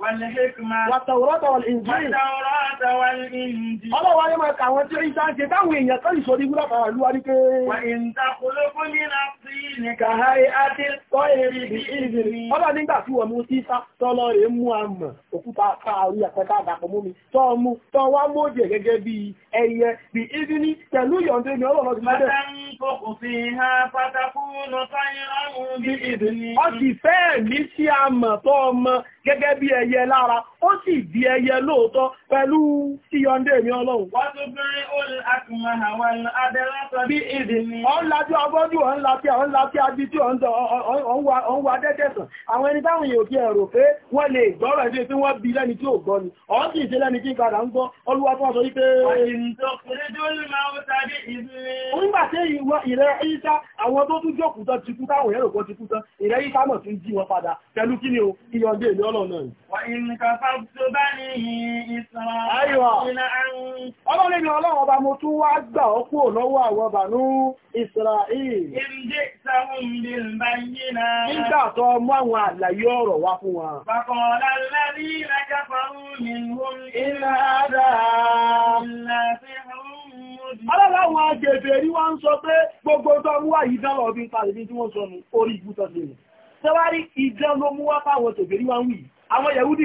Wàtàwòrátà wà l'Injìl. Ọlọ́wà ní máa kàwọn tí ó ìta ṣe táwọn èèyàn kan ìṣòrí gúrà bàwà lúwà ní pé. Wà ìntàkùlókú ní láti ní kàhárí àti tọ́ èrì bí ìrìnrì. Ọlọ́ nígbà tí wọ́n mú sí tọ́lọ rẹ̀ mú àmà òkúta káàrí àpẹta àdàpọ̀ mú mi. Tọ́ mú tọ́ wá mọ́jẹ̀ gẹ́gẹ́ bí ẹyẹ bí ìrìnrì pẹ̀lú yọ̀ndé ni ọlọ́lọ́ ti mọ́jẹ̀. Ọ gẹ́gẹ́ bí ẹyẹ lára ó sì di ẹyẹ lóòótọ́ pẹ̀lú kíyọ̀ndé mi ọlọ́run. wọ́n tó bẹ̀rẹ̀ ó lè àtùmọ̀ àwọn abẹ́rẹ́ sọ bí èdè mi. ọ̀n lajú ọgbọ́jú ọ̀n lápí ọ̀n lápí abití ọ̀n wa dẹ́dẹ̀ sàn àwọn ẹni táwọn èèyàn kí ẹ̀rọ pé wọ́n lè gbọ́rọ̀ ẹ̀dẹ́ tí wọ́n bí lẹ́ni tí ò gbọ́ ni ọ̀n sì ṣe lẹ́ni tí padà ń gbọ́ olúwa tó sọ wípé. nígbà tí ìwọ ti kú táwọn èèyàn ti kú tán ìrẹ́ ìta tún jí wọn padà pẹ̀lú kí ni o ìyọ̀ndé ìlú ọlọ́run náà. wà Ọlọ́run ni ọlọ́run ọba mo tún wá gbà ọ́ kúrò lọ́wọ́ àwọn Banu Israel. Ìdí sáhùn bí n bá yí náà. Nígbà tó mú àwọn àlàyé ọ̀rọ̀ wá fún wa. Bàkọ̀ọ̀lá lẹ́rí ìrẹ́jẹ́ fọ́rún mi hún ilẹ̀ wọ́n ń wì. Àwọn Yẹ̀húdí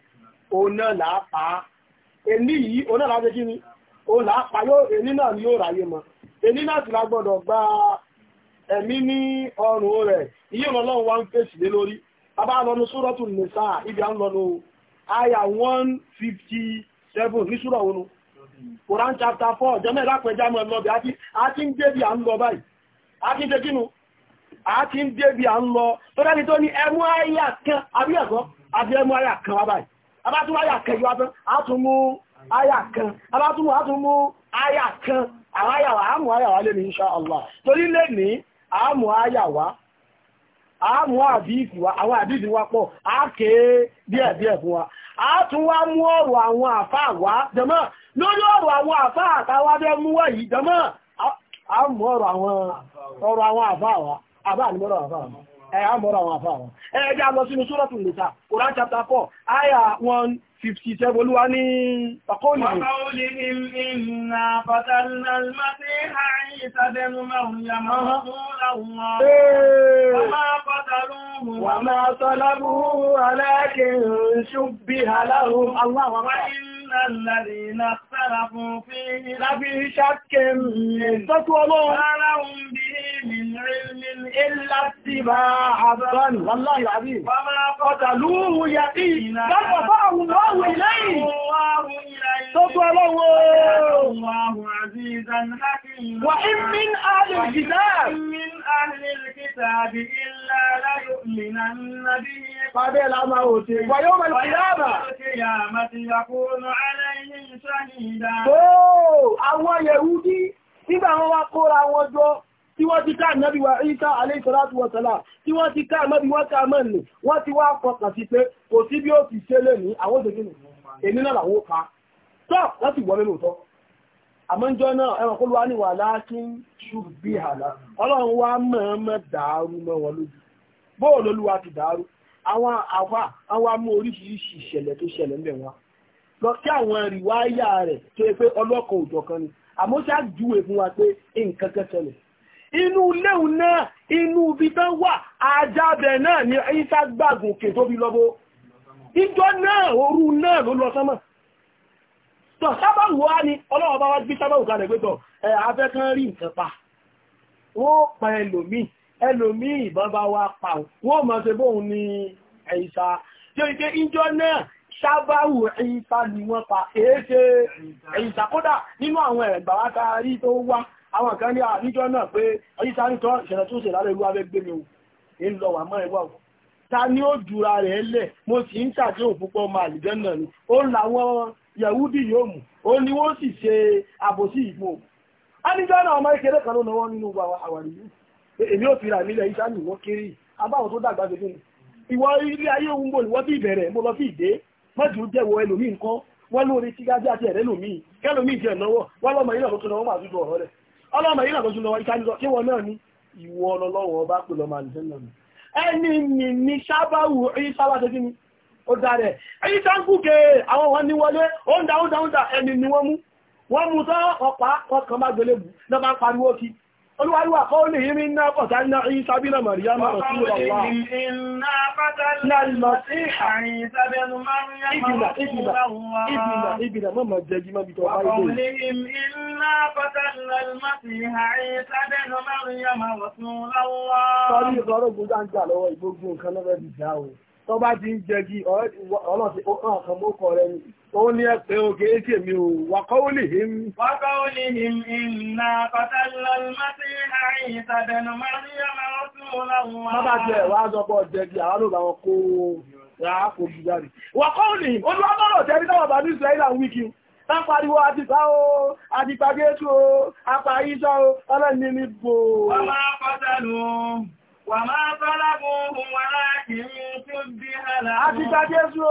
ọ̀nà pa eni yi ona làápa kí ni ó làápa yóò eni na ni yóò ráyé ma eni na si la gbọ́dọ̀ gba ẹ̀mí ni ọrùn rẹ iye ọlọ́run wa ń le lori lórí bàbá lọ́nu sórọ́tù nìsà ibi à ń one fifty seven Quran chapter lọ báyìí àti ń dé kínú àti kan abátúmú àyà kan yíwá tán kan abátúmú átúmú àyà kan àwọn àyàwá àmú àyàwá lè ní insha Allah torí lè ní àmú àyàwá àmú àbíìfì wa àwọn àbíìfì wa pọ̀ àké díẹ̀ díẹ̀ fún wa a wá mú ọ̀rọ̀ àwọn àfáà wá jẹmọ́ lórí ọ̀rọ̀ àwọn àfáà àtàwà mú yìí àwọn àbá ẹ̀ àmọ́rọ̀ wọn ẹ̀ ẹ̀já lọ sínú súrọ̀tù nìta Quran chapter four aya one fifty seven olúwa ní ọkọ́ọ̀lì. wọ́n kọ́ olè ní ìnà pàtàkì Lábí ṣákẹ́ mi. Tọ́tú ọlọ́run. Rárá bí من علم إلا اتباع أبدا والله العظيم وما قتلوه يقينا بل رفعه الله إليه صدق الله عزيزا حكيما وإن من أهل الكتاب من أهل الكتاب إلا ليؤمنن به قبل موته ويوم القيامة يكون عليهم شهيدا أوه أوه يهودي Nígbà wọn wá kóra wọn jọ tí wọ́n ti ká ànábì wa Ìsá alayhi salatu wa salam tí wọ́n ti ká ànábì wọ́n ká mọ́ nù wọ́n ti wá fọkàn sí pé kò sí bí ó ti ṣe lè ní àwọn òṣèlú nù èmi náà làwọn pa tọ́ wọ́n sì wọlé lóòótọ́ àmọ́jọ́ náà ẹwọ̀n lọ sí àwọn ìrìwáyà rẹ̀ tó yẹ pé ọlọ́kan òjọ̀kan ni àmọ́ ṣáà fún wa pé nǹkan kan inú léwu náà inú ibi tán wà ajábẹ̀ náà ni isa gbàgùn kè tóbi lọ́bọ́ ìjọ náà òru náà ló lọ sánmà tọ̀ sábàwù wá ni ọlọ́wọ́ bá wá gbé sábàwù kalẹ̀ pé tọ̀ ẹ̀ afẹ́ kan rí nǹkan pa wọ́n pa ẹlòmíì ẹlòmíì ìbọn bá wá pa wọ́n mọ̀ ṣe bóun ni ẹ̀yíṣà tí ó ike ìjọ náà ṣábáwù ẹ̀yíṣà ni wọ́n pa èéṣe ẹ̀yíṣà kódà nínú àwọn ẹ̀gbà wákàrí tó wá àwọn kan ní àníjọ́ náà pé ọjí sáré tọ́ ìṣẹ̀lẹ̀ tó ṣe lálẹ́ ìlú mi ń lọ wà mọ́ ta ni ó jura rẹ̀ lẹ̀ mo sì ń tàbí òun púpọ̀ náà ni ó ń làwọn yahudi yóò mú ó ní wọ́n sì ṣe àbòsí ìfún òun àníjọ́ náà ọmọ ìkéré kan ló náwọ́ nínú àwàrí yìí èmi ò fi rà nílẹ̀ ni ìwọ́ kéré abáwọn tó dàgbà ni ọlọ́mọ yìí làkọ́jú lọ́wọ́ ìkàlùkọ́ tí wọ́n náà ní ìwọ ọlọ́lọ́wọ́ bá pè lọ́mọ àlùjẹ́nà mi ẹni mi ní sábàwù ẹyí sábà tó kí ni ó darẹ̀ ẹyí sáńkù ke àwọn wọn ní wọlé ó ń da ó ń da ó ń da ẹni ni wọ́n mú wọ́n mú tán ọ̀pá ọkàn bá gbélébù náà bá pariwo kí olúwàríwà kọ́ lè yìí iná pọ̀tà iná ìsábínà maryama rasulullah ìbìnà mọ́mọ̀ jẹjí mọ́bí tó bá ilé Sọ́rí ìgbọ́rọ̀ gbogbo ń jà lọ́wọ́ ìgbógun kan lọ́rẹ́ ìjà o tó bá ti ń jẹgi ọlọ́sìn ó kàn kan mọ́kọ̀ rẹ̀ ni ó ní ẹ̀pẹ́ oge éjì mi ò wàkọ́wọ́lì him wàkọ́wọ́lì him iná pàtàlọ́lọ́mọ́sí àárín ìtàdẹ̀nà mọ́ríyàmọ́ ọ̀tún ọlọ́run wá. bá jẹ́ wàá zọ́bọ̀ jẹgi àwọn ló bá wọn kó ráàkó gidari wàkọ́wọ́lì him olúwàbọ̀rọ̀ tẹ́rí náà bá ní israẹli àwọn wíkì tán pariwo àdìpá o àdìpá gẹ́tù o àpá ìṣọ́ o ọlọ́ni ní bò. wọ́n Wà máa bálágún ohun aláàkìrín tí ó bí hàlà. A ti ta Jésù o,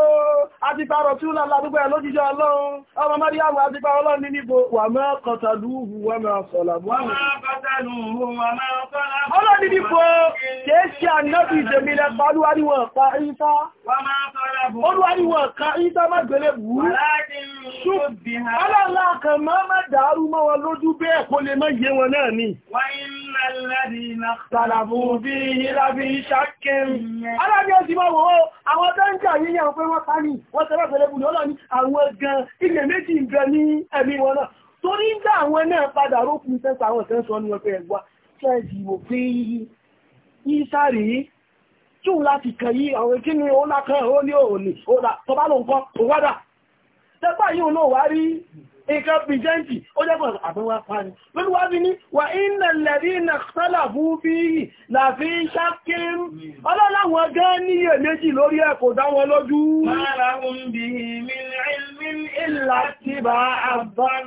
a ti ta Rọ̀túlà ládúgbò ẹ̀ lójíjọ Ọlọ́run, ọmọ Mọ́ríyàwó a ti pa Ọlọ́run ní níbo, wà máa kọtàlú ohun wà máa sọ̀làbù. Wà máa kọtàlú ohun wà máa sọ̀làbù. Ọlọ́run ní níbo, kèé ṣe الذين اختلفوا فيه لفي شك alábí ó ti mọ́ wọ́n àwọn tó ń jà yíyàn pé wọ́n ká ní wọ́n tẹ́lá pẹ̀lẹ́bù ní ọlọ́ni àwọn gan ilẹ̀ méjì ń bẹ ní ẹ̀mí wọn náà torí ń dá àwọn náà padà rókùn tẹ́sà àwọn tẹ́ ní ọpẹ́ ẹ̀gbá ṣẹ́ẹ̀sì ni ó lákàn ó ní òní ó dà tọ́bá lóǹkan òwádà tẹ́pà yìí nǹkan pìjẹ́ǹtì ó jẹ́ pẹ̀lú àbúwá parí lórí wá bí ní wà iná lẹ́rí iná sọ́là fún bí i láti ṣákín ọlọ́láwọn gẹ́ níyè méjì lórí ẹ̀ kò dá wọn lójú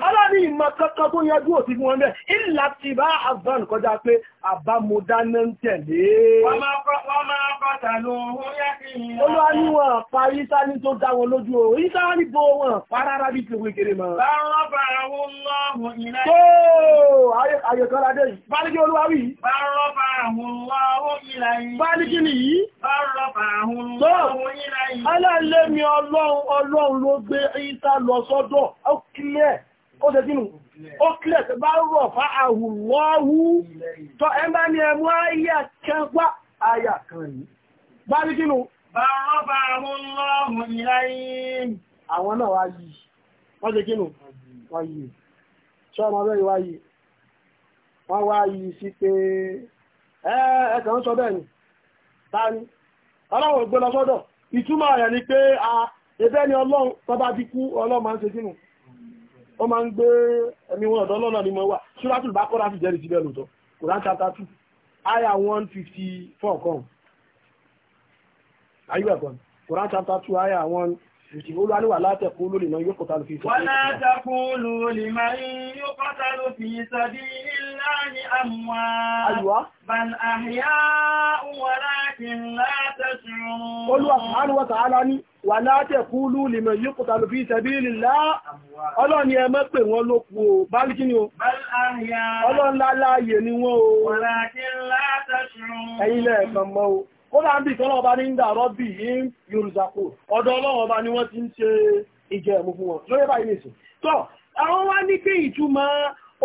ọlọ́ni ìmọ̀ kankan tó yẹjú òsì fún wọn bẹ́ẹ̀ àbọ̀n àbámọ̀dáná ń tẹ̀lé. Wọ́n máa pàtà lóòrùn yá kí ìyá. Olúwa ní wọn pa Yísá ní tó dá wọn lójú o, Yísá ní bó wọn pa rárá bí kèrè kèrè mọ́. Báwọn bá àwọn lọ́hùn ilẹ̀. Tó ayọ̀kọ́lá dé yìí. Bá ó ṣe sínú ó kílẹ̀ tó bá rọ̀ fá àhùwọ́wú tọ́ ẹgbá ní ẹmú ayà kan wá ayà kan yìí bá rí sínú bá rọ́ bá mú lọ́rùn ìlàyìn àwọn náà wá yìí wọ́n ṣe kínú wá yìí ṣọ́mọ bẹ́ẹ̀ wá yìí ìtumọ̀ rẹ̀ ni pé ẹ̀bẹ́ ni ọlọ́run tọba díkú ọlọ́run máa ń ṣe sínú ó máa ń gbé ẹni wọn ọ̀dọ́ lọ́nà ni mo wà ṣúrátùl Bákọ́rà sì jẹ́rìí síbẹ̀ lóòótọ́ Quran chapter two aya one fifty four kan ayé ẹ̀kọ́ ni Quran chapter two aya one fifty olú aníwà látẹ̀kúlù lè máa yóò kọ́ta lù fi sàbí. wọ́n látẹ̀kúlù lè máa yóò kọ́ta lù fi sàbí láàyè àmúwá. àyùwá. bal àhíyá wọ́n láti látẹ̀sùn. olúwa sàánú wọ́n sàánú ní wà látẹ̀ kúlú lìmọ̀ yíkù tàbí fi sẹ̀bílì láà ọlọ́run ni ẹ má pè wọ́n ló kú o bálíkí ni o ọlọ́run láláyè ni wọ́n o ẹ̀yin lẹ́ẹ̀kan mọ́ o ó bá ń bí ìtọ́lọ́ ọba ní ìdá rọ́bì yìí yorùzàkó ọ̀dọ̀ ọlọ́run ọba ni wọ́n ti ń ṣe ìjẹ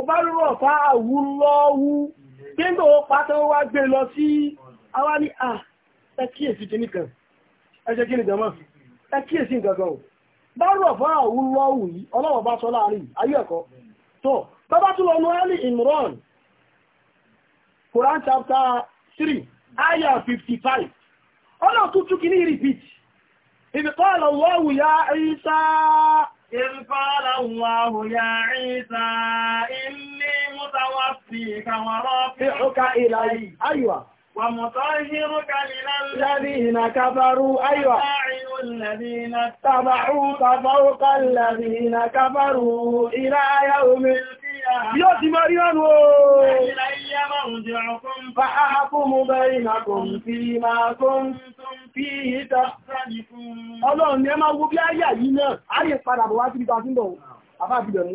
fa àwúlọ́wú pínlẹ̀ pátá wá gbé lọ sí àwọn ní à ah, ẹ kíyèsí ẹ kíyèsí gangan o bá rọ̀ àwọn lọ́wù yìí ọlọ́wọ̀ bá sọ láàrin ayé ẹ̀kọ́ tó bàbá tún lọ Imran Quran chapter three ayah fifty five ọlọ́wọ̀ tún kí ní repeat ya Isa إذ قال الله يا ومطهرك للذين كفروا أيوة الذين اتبعوك فوق الذين كفروا إلى يوم القيامة يا مريم إلي مرجعكم فأحكم بينكم فيما كنتم فيه تختلفون Ọlọ́run ni ẹ máa wo bí ayé yìí náà, ayé padà bọ̀ wá sí ibi tó a ti ń bọ̀, àbá àbìdọ̀ ní.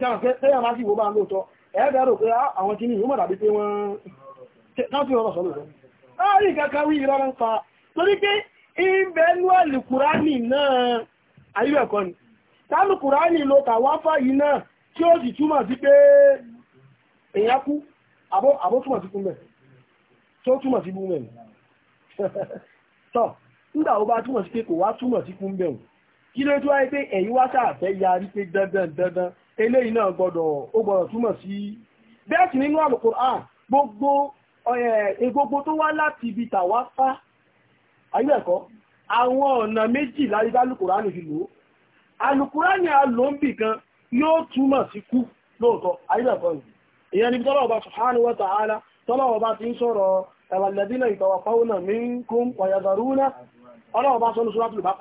tẹ́yà máa sì wó bá ń lóòtọ́ ẹ̀ẹ́dẹ̀ rò pé ah, àwọn kìíní ìlú mọ̀dàbí pé wọ́n káàkiri ọ̀rọ̀ sọ lóòtọ́ láàrín kankan wí ìrọ́rọ̀ ń pa torí pé ìbẹ̀nú àlùkùránì náà ayúbẹ̀kọ́ ni tálùkùránì ló tàwáfà yìí náà tí ó sì túmọ̀ sí pé èèyàn kú àbó túmọ̀ sí kúnbẹ̀ tó túmọ̀ sí búmẹ̀ tọ́ nígbà ó bá túmọ̀ sí pé kò wá túmọ̀ sí kúnbẹ̀ kí ló tó wáyé pé ẹ̀yin wá sáà fẹ́ yarí pé dandan dandan eléyìí náà gbọ́dọ̀ ó gbọ́dọ̀ túmọ̀ sí bẹ́ẹ̀ sì nínú al gbogbo egbogbo tó wá láti ibi tàwáfá ayúbẹ̀kọ́ àwọn ọ̀nà méjì láríbá fi lò al ni kan yóò túmọ̀ sí kú lóòótọ́ ayúbẹ̀kọ́ yìí ìyẹn níbi tọ́lọ̀ ọba ti sọ̀rọ̀ ẹ̀wàlẹ́dínà ọlọ́ọ̀bá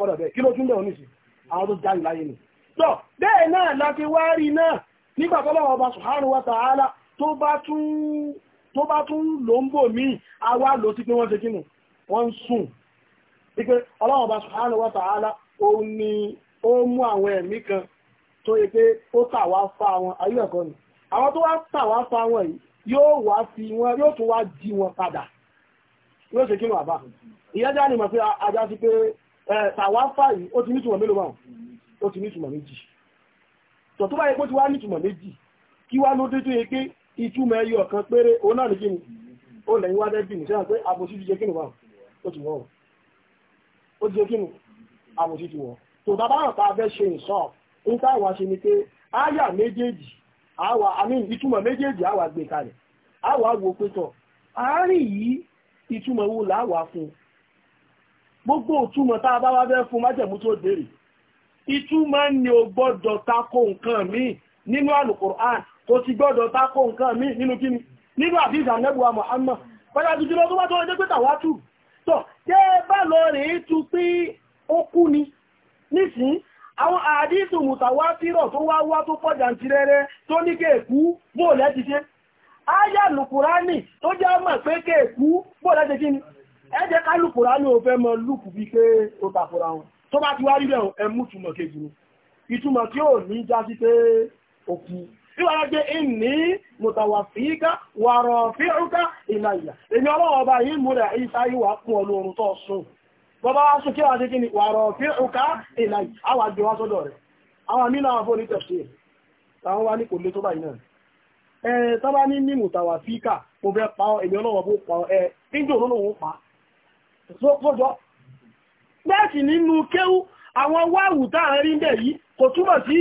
tọ́ bẹ́ẹ̀ náà láti wá rí náà nígbà tọ́lọ́wọ́ ọba subhanahu wa ta'ala tó bá tún lò ń bò míì àwa lò sí pé wọ́n ṣe kínú wọ́n sùn wípé ọlọ́wọ́ ọba subhanahu wa ta'ala ó ní ó mú àwọn ẹ̀mí kan tó yẹ pé ó tà wá fa wọn ayé ẹ̀kọ́ ni àwọn tó wá tà wá fa wọn yìí yóò wá fi wọn yóò tún wá jí wọn padà yóò ṣe kínú àbá ìyájá ni mọ̀ pé ajá sí pé tàwáfà yìí ó ti nítumọ̀ mélòó báwọn ó ti ní ìtumọ̀ méjì tọ̀ tó bá pé ti wá ní ìtumọ̀ méjì kí wá ló dé yẹ pé ìtumọ̀ ẹyọ kan péré òun náà ní ni ó lẹ́yìn wá dẹ́bì ní sẹ́wọ̀n pé àbòsí ti jẹ́ kí ni wà ó ti wọ́n ó ti jẹ́ kí ni àbòsí ti wọ́n tó bàbá hàn tá a fẹ́ ṣe ìsọ́ ń táwọn ṣe ni pé áyà méjèèjì àwa àmì ìtumọ̀ méjèèjì àwa gbé kalẹ̀ àwa wò pé tọ̀ àárín yìí ìtumọ̀ wo làwa fún gbogbo ìtumọ̀ tá a bá wá fẹ́ fún májẹ̀mú tó béèrè ìtumọ̀ ni o gbọ́dọ̀ tako nǹkan mi nínú alukur'an kò ti gbọ́dọ̀ tako nǹkan mi nínú kíni nínú àfíìsà nẹ́bùwà Muhammad pẹ̀lú àjùjúlọ tó bá tó ẹjẹ́ pẹ́ta wá tù tọ́ tẹ́ bá lọ rèé tu pé ó kú ni nísìn àwọn àdísù mùtàwátírọ̀ tó wá wá tó pọ̀ jàǹtìrẹrẹ tó ní kéèkú bóòlẹ́ ti ṣe lùkùránì tó mọ lùkù bí pé ó tó bá ti wá rí rẹ̀ ẹmú kejì ìtumọ̀ tí ó ní já pé òkú níwára gbé ìní mùtàwàfííká wàrọ̀ fíúká ìlàyà èmi ọlọ́wọ́ yìí múrẹ̀ ìsá ìwà pún ọlọ́run tó sùn bọ́bá wá sún kí wá sí kí ni wàrọ̀ fíúká ìlàyà àwà jẹ́ wá sọ́dọ̀ rẹ̀ àwọn àwọn tẹ̀sí wá ní kò lé tó tọ́bá ní ní mo bẹ́ẹ̀sì nínú kéwú àwọn wáwù táà rí ń bẹ̀ yìí kò túmọ̀ sí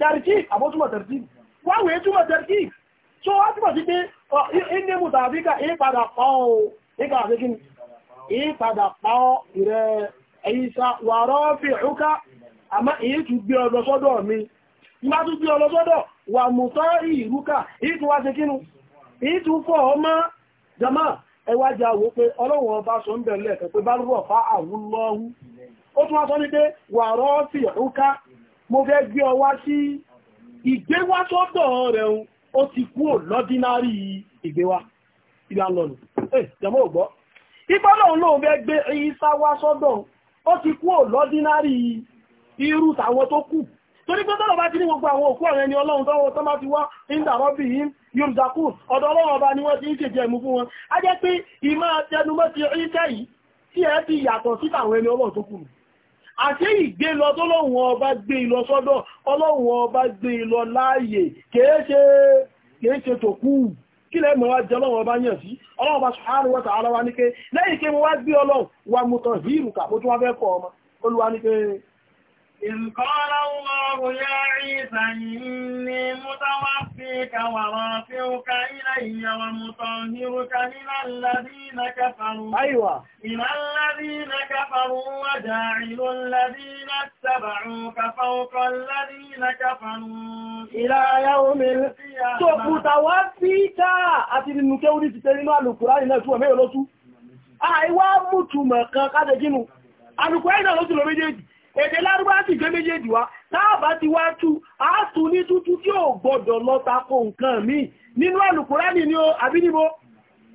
tẹ̀rìtì àbótúmọ̀ tẹ̀rìtì wáwù yẹn tẹ̀rìtì tó wá túmọ̀ sí pé ilé mùtà àfíkà ìpadà pa ọ́ ìgbà fi ama mi wà mùtọ́ ẹwájá wo pé ọlọ́wọ̀n ọba sọ ń bẹ̀rẹ̀ lẹ́ẹ̀kẹ́ pé bá rọ̀ ó tún wá sọ ní pé wà rọ́ sí mo fẹ́ gbé ọwa sí ìgbéwá sọ́dọ̀ rẹ̀ ó ti kú lọ́dínárì ìgbéwá ipá lọ́hún eh, fẹ́ gbé sọ́dọ̀ ó ti kú lọ́dínárì irú tàwọn tó kù torí pé tọ́lọ̀ bá ti ní gbogbo àwọn òkú ọ̀rẹ́ ni ọlọ́run tọ́wọ́ tọ́ máa ti wá ìndàrọ́bì yìí yorùdákù ọ̀dọ̀ ọlọ́run ọba ni wọ́n ti ń ṣèjẹ ìmú fún wọn a jẹ́ pé ìmá tẹnumọ́ ti ríṣẹ́ yìí tí ẹ ti yàtọ̀ sí àwọn ẹni ọlọ́run tó kùnù àti ìgbé lọ tọ́lọ́run ọba gbé ìlọ sọ́dọ̀ ọlọ́run ọba gbé ìlọ láàyè kèéṣe tòkú إذ قال الله يا عيسى إني متوفيك ورافعك إلي ومطهرك من الذين كفروا أيوة من الذين كفروا وجاعل الذين اتبعوك فوق الذين كفروا إلى يوم القيامة So متوفيك àti nínú kéwú ti tẹ́rí náà lùkùrá ìlẹ̀ ìtúwẹ̀ mẹ́rin lọ́tú. Àìwá mútùmọ̀ kan kájẹ̀ jínú. Àlùkùrá ìlẹ̀ lọ́tú lọ méjèèjì èdè lárúbá sì gbé méjèèjì wá táàbá ti wá tú àátú ní tútú tí ò gbọdọ̀ lọ tako nǹkan míì nínú àlùkùránì ni ó àbínibó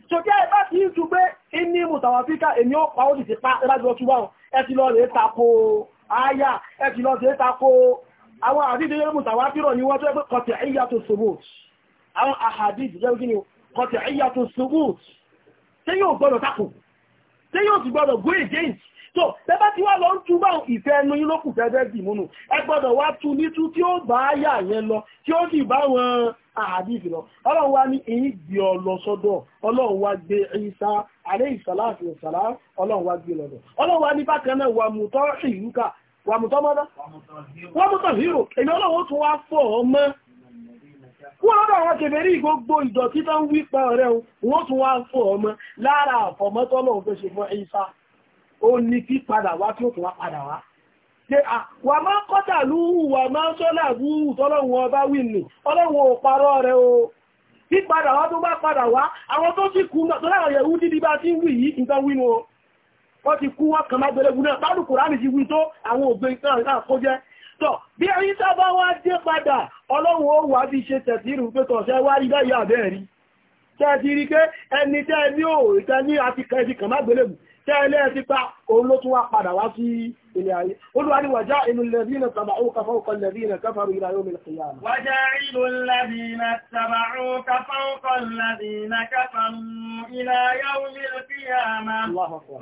sókè ẹ̀bá ti ń tú pé inú mùtàwàfíkà èmi ó pa ó sì ti pa ẹbájú ọtú wáhùn ẹ ti lọ rèé tako àyà ẹ ti lọ rèé tako àwọn àdídé yẹn mùtàwàfírọ̀ ni wọ́n tó ẹgbẹ́ kọtẹ̀ ẹ̀yà tó subut àwọn àhàdídì jẹ́ kí ni kọtẹ̀ ẹ̀yà tó subut tí yóò gbọdọ̀ tako tí yóò sì gbọdọ̀ go against tó tẹ́bá tí wá lọ ń túbà ìfẹ́ ẹnu yín ló kù fẹ́fẹ́ dì múnú ẹ gbọ́dọ̀ wá tu nítú tí ó bá yà yẹn lọ tí ó sì bá wọn àdìsí lọ ọlọ́run wá ní èyí gbé ọ lọ sọ́dọ̀ ọlọ́run wá gbé Ìsá alayhi salatu wa salam ọlọ́run wá gbé lọ́dọ̀ ọlọ́run wá ní bákan náà wà mùtọ́ ìlúkà wà mùtọ́ mọ́dá wà mùtọ́ hírò èyí ọlọ́run tún wá fọ̀ ọ mọ́ wọ́n lọ́dọ̀ àwọn kèfèrí gbogbo ìdọ̀tí tó ń wípa ọ̀rẹ́ wọn tún wá fọ̀ ọ mọ́ lára àfọ̀mọ́tọ́lọ́run fẹ́ ṣe fún Ìsá ó ní kí padà wá tí ó tún wá padà wá ṣe wà máa kọ́tà lúhù wà máa sọ́là lúhù tọ́lọ́wọ́ ọba wì ní ọlọ́wọ́ òparọ́ rẹ̀ o tí padà wá tó bá padà wá àwọn tó sì kú náà tó láwọn bá ti ń wì ti kú wọn kàn náà bá lùkù ráàmì ti tó àwọn ògbé bí sábà dé tẹ́ẹ̀lẹ́ ti pa òun ló tún wá padà wá sí ilé ayé olúwa ni wàjá inú lẹ́bínà tàbàáwò kafáwòkọ lẹ́bínà káfàrò ìlà yóò mìíràn kìyà mọ́ wàjá inú lẹ́bínà tàbàáwò kafáwòkọ lẹ́bínà káfàrò ìlà yóò mìíràn kìyà mọ́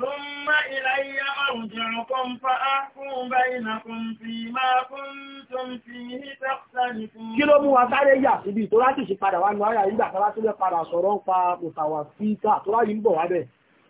lọ́mọ ìlàyà àrùjẹ̀rùkún fa'ákún báyìnàkún fi máa kún tún fi hítàkùn kí ló mú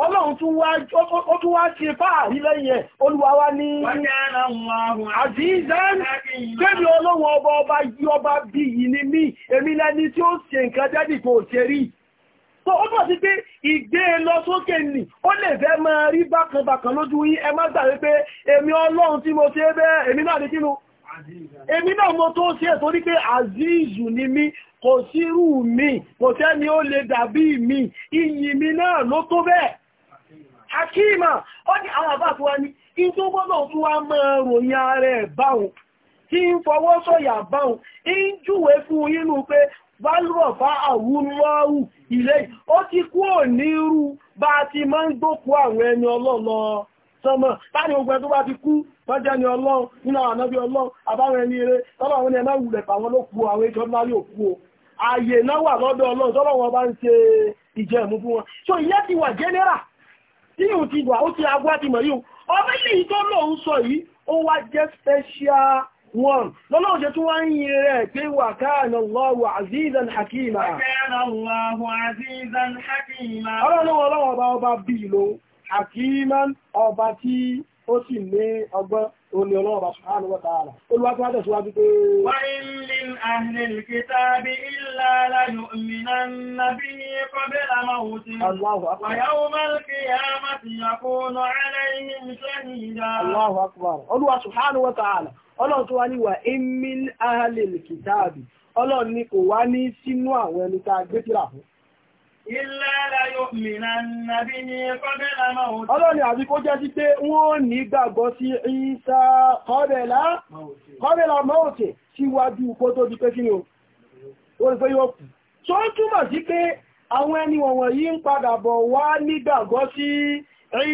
ọlọ́run tún wá ṣe fáàrí lẹ́yìn ẹ̀ olúwa wá ní àjíìzán tẹ́bí ọlọ́run ọba ọba yí ọba bí yìí ní mí èmi lẹ́ni tí ó ṣe nǹkan jẹ́dì kò ṣe rí tó ó bọ̀ sí pé ìgbé e lọ sókè nì ó lè fẹ́ máa rí bákanbàkan lójú yín ẹ má gbà wípé èmi ọlọ́run tí mo ṣe bẹ́ẹ̀ èmi náà ní kínú èmi náà mo tó ṣe torí pé àzíìzù ni mí kò sírù mi kò sẹ́ni ó lè dàbí mi iyì mi náà ló tó bẹ́ẹ̀ hakima ó ní àwọn àbá ni wá ní in tó gbọ́dọ̀ tó wá máa ròyìn ààrẹ báhùn tí ń fọwọ́ sọ̀yà báhùn in fún inú pé ilé ó ti kú ò ní irú bá ti máa ń gbókú àwọn ẹni ọlọ́lọ́ bá ti kú tọ́jẹ́ ni ọlọ́run nínú àwọn ànábí ọlọ́run àbáwọn ẹni eré àwọn pàwọn ló kú àwọn o ààyè náà so ìyẹ́ ti wà tí yóò ti wà ó ti agbá ti mọ̀ yóò ọmọ ilé ìtọ́ lóòun sọ yìí ó wá jẹ́ special one lọ́lọ́wọ́ jẹ́ tí wọ́n ń yìn rẹ̀ pé wà kana Allahu azizan hakima ọlọ́wọ́ ọlọ́wọ́ ọba ọba bí ìlò hakiman ọba tí ó sì ní ọgbọ́n òní ọlọ́ọ̀bà ṣùgbọ́n àwọn tààrà olúwàtí wájẹ̀ síwájú pé wọ́n lè àhìlì kìtàbí ìlà aláyò nàbí ní kọbílà máa Ọlọ́ni àti kó jẹ́ sí pé wọ́n ní gbàgbọ́ sí ìsá kọ́bẹ̀lá mọ́ọ̀tẹ̀ síwájú kó tó di pé kí ni ó rí pé yóò kù. Tó túmọ̀ sí pé àwọn ẹni wọ̀nwọ̀n yí ń padà bọ̀ wá ní gbàgbọ́ sí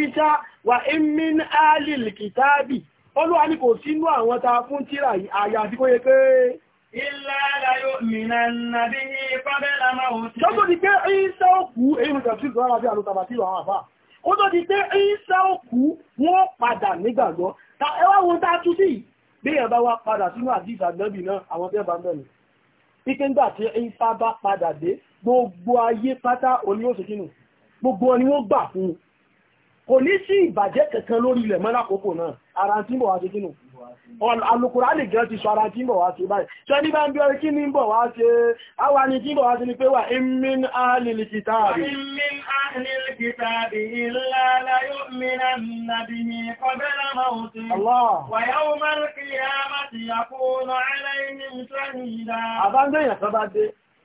ìsá wà ìmín alìlì kìtàbì. Olúwa ní kò sínú àwọn ta fún tíra yìí, àyàfi Tọ́tọ́ di pé Ìsá òkú, èyí mú tẹ̀sí ìgbọ́n Ó tọ́ di pé Ìsá òkú wọ́n padà nígbàgbọ́. Ta ẹwà wọn tá tú sí bí ẹ̀ bá wá padà sínú àdìs àgbẹ́bì náà àwọn tẹ́ bá ń bẹ̀rẹ̀. Ike ń gbà tí Ìsá bá padà dé, gbogbo ayé pátá oní òṣèkínù. Gbogbo ni wọ́n gbà fún. Kò ní sí ìbàjẹ́ kankan lórí ilẹ̀ mọ́ lákòókò náà, ara ń tí mọ̀ wá ṣe kínú. alùkùránì gan ti sọ ara tí ń bọ̀ wá sí báyìí ṣe ní bá ń bí ọrí kí ní ń bọ̀ wá ń bọ̀ wá sí pé wà ìmìn alìlìkìtàbí ìmìn alìlìkìtàbí ìlà mìíràn nàbí wà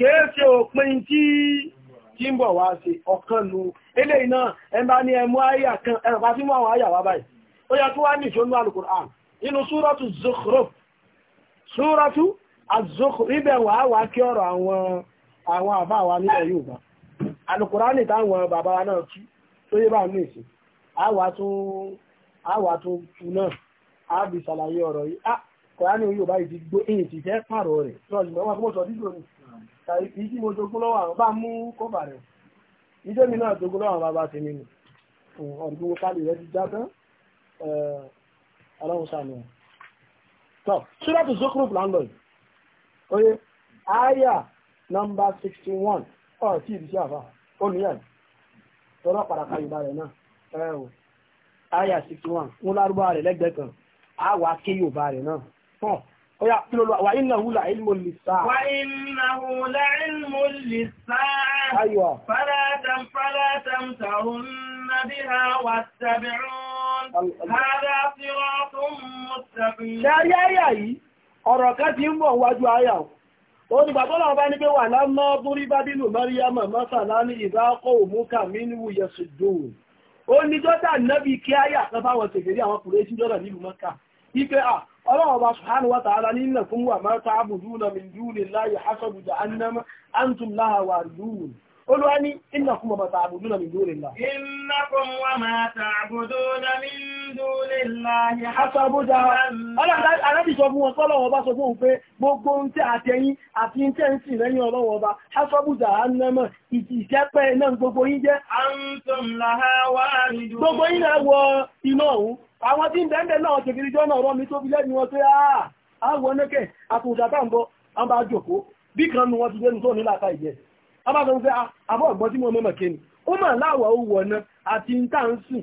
kìí ṣe òpin tí tí ń bọ̀ wá ṣe ọ̀kan nù eléyìí náà ẹ bá ní ẹmú àyà kan ẹ̀rọ̀pá tí mú àwọn àyà wá báyìí ó yẹ kí wá ní ìṣonú Al-Qur'an súrọ́tù Zukhruf súrọ́tù az ibẹ̀ wà á wá kí ọ̀rọ̀ àwọn àbá wa nílẹ̀ Yorùbá Al-Qur'an ní táwọn bàbá wa náà tú tó yé bá ní ìsìn àwa tún àwa tún tu náà á bì ṣàlàyé ọ̀rọ̀ yìí ah Kùránì Yorùbá yìí ti gbó tàbí kìí tí mo jogún lọ́wọ́ àwọn bá mú kọ́bà rẹ̀ ìjọ mi náà jogún lọ́wọ́ àwọn bàbá ti nínú ọ̀dún mo kálí rẹ̀ ti já tán ọlọ́run sàmì ẹ̀ tọ́ ṣúlọ́tù Zukhruf landlord oye aya nọmba sixty one ọ̀ tí ìdí sí àfà ó níyàn tọ́lọ́ pàdàkà yorùbá rẹ̀ náà ẹ̀ o aya sixty one ń lárúbá rẹ̀ lẹ́gbẹ̀ẹ́ kan á wà ké yorùbá rẹ̀ náà Oya kí ló lọ, wà iná húlà ilmù lìsá. Wà iná húlà ilmù lìsá. Ayọ̀. Fàlátàm fàlátàm tàrún nàbí ha wà tàbírún. Hádá sírátún mustaqim. Ṣárí ayà yìí, ọ̀rọ̀ ká ti ń bọ̀ wájú ayà. Ó ní bàbọ́lá ọba ní pé wà lámọ́ búrí bá bínú Mẹ́ríyàmà mọ́sàlá ní ìdákọ̀ òmúkà mínú yẹsùdùn. Ó ní jọ́dá nábì kí ayà kan fáwọn tèfèrí àwọn kùrẹ́sí jọ́dá nílùú Mọ́kà ike a ah, ọlọ́wọ́ bá subhanahu wa ta'ala ní ilẹ̀ fún wa mẹ́ta àbùdú na mìjú lè láyé hasabu da annama an tún láhàwà lúwùn olúwa ní ìnàkùnmọ̀ mẹ́ta àbùdú na mìjú lè láyé Gbogbo yín náà wọ iná ọ̀hún, àwọn tí ń bẹ̀ẹ̀bẹ̀ náà ti fi jọ́ náà rọ́ mi tó fi lẹ́nu wọn tó yáà, ah, àwọn onẹ́kẹ̀ àkùnṣàtà ń bọ́, a bá jòkó, bí kan nù wọn ti lẹ́nu tó nílà àbájọ́ pé ah, àbọ̀ ọ̀gbọ́n tí mo mọ́mọ̀ kéni ó mọ̀ láwọ̀ owó ọ̀nà àti ń tà ń sùn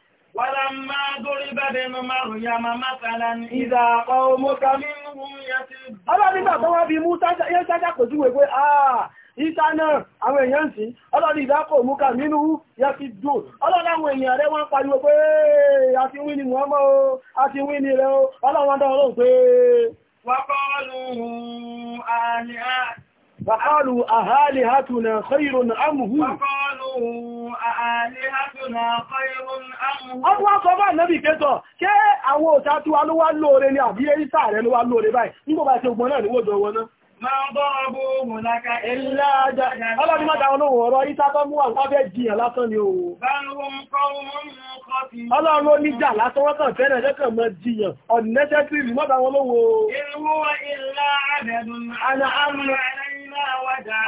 ولما ضرب ابن مريم مثلا إذا قومك منهم يسجدون Ọlọ́run nígbà tó wọ́n fi mú Yẹ́sájá kò júwe pé àà ìta náà àwọn èèyàn sí, ọlọ́run ìdákò mú nínú yẹ́sí dùn. Ọlọ́run àwọn èèyàn rẹ̀ wọ́n pariwo pé a ti wí ni o, a ti wí o, فقالوا أهالهتنا خير أم هو فقالوا أهالهتنا خير أم هو ọwọ́ sọ bá nẹ́bì kẹtọ̀ kí àwọn òta tí wà ló wá lóore ní àbí ẹ́rísà rẹ̀ ló wá lóore báyìí nígbò bá ti ogun náà níwò jọ wọn náà máa bọ́ ọbọ̀ òun láka ilẹ̀ ajá ọlọ́dún mọ́ta olóhùn ọ̀rọ̀ ìta tó mú àwọn ọbẹ̀ jìyàn lásán ni òun ọlọ́run oníjà lásán wọ́n kàn fẹ́rẹ̀ lẹ́kàn mọ́ jìyàn unnecessary mọ́ta olóhùn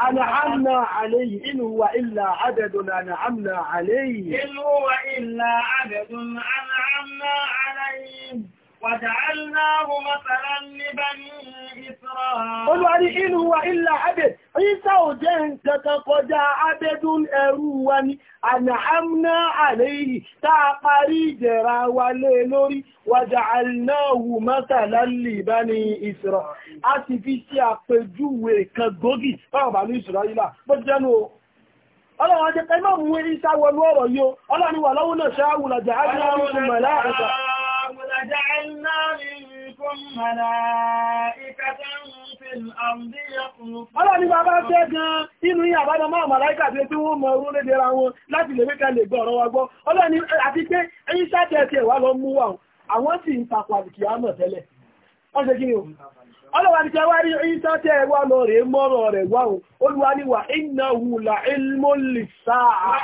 أنعمنا عليه إن هو إلا عدد أنعمنا عليه إن هو إلا عدد أنعمنا عليه وجعلناه مثلا لبني إسرائيل Olúwarí inú wa ilá abẹ, ìsá ò jẹ́ ǹkankan kọjá abẹ́dún ẹrú wa ni, ànà àmúná àléyìí táa parí ìjẹ̀ra wa lé e lórí, وجعلناه مثلا لبني إسرائيل. A sì fi ṣe àpèjúwe kan gbógì fáwọn bàbá Ìsìráílà, bó jẹ́nu o. Ọlọ́run jẹ́ pẹ́ mọ́ mú ìsá wọnú ọ̀rọ̀ لجعلنا منكم ملائكة في الأرض يخلفون Ọlọ́run ni bàbá ṣẹ́ gan inú yí àbádọ́ máa màláìkà tí tí wọ́n mọ̀ orú lédè ra wọn láti lè wékà lè gbọ́ ọ̀rọ̀ wa gbọ́. Ọlọ́run eh, àti pé ẹyí sáàtẹ̀ ẹ̀tẹ̀ wà lọ mú àwọn tí ń takò àmọ̀ tẹ́lẹ̀. ọlọ́wà ní kẹwàá rí ìta tẹ́ ẹwà lọ rẹ̀ mọ́rọ̀ rẹ̀ wá o olúwa ní wà innahu la ilmun lissa'a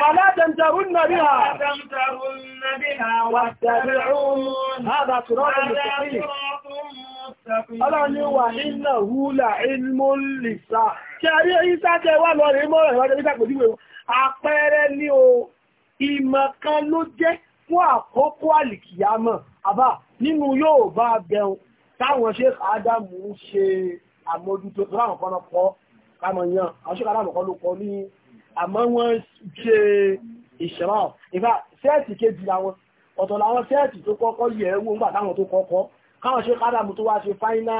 fala tamtarunna biha hadha siratun mustaqim ọlọ́ni wà iná húlà ilmú lìsá wà lọ rí mọ́rọ̀ ìwájẹ́ ní sàpòdíwẹ̀ àpẹẹrẹ ní o ìmọ̀ kan ló nínú yóò bá bẹun táwọn ṣe ádámù ń ṣe àmójútó tó láwọn kan kọ́ kámọ̀ yàn àwọn ṣe ádámù kan ló kọ́ ní àmọ́ wọ́n ṣe ìṣẹ̀rọ̀ ìfà sẹ́ẹ̀tì kejì làwọn ọ̀tọ̀ làwọn sẹ́ẹ̀tì tó kọ́kọ́ yẹ̀ ẹ́ wò ńgbà táwọn tó kọ́kọ́ káwọn ṣe ádámù tó wá ṣe fáínà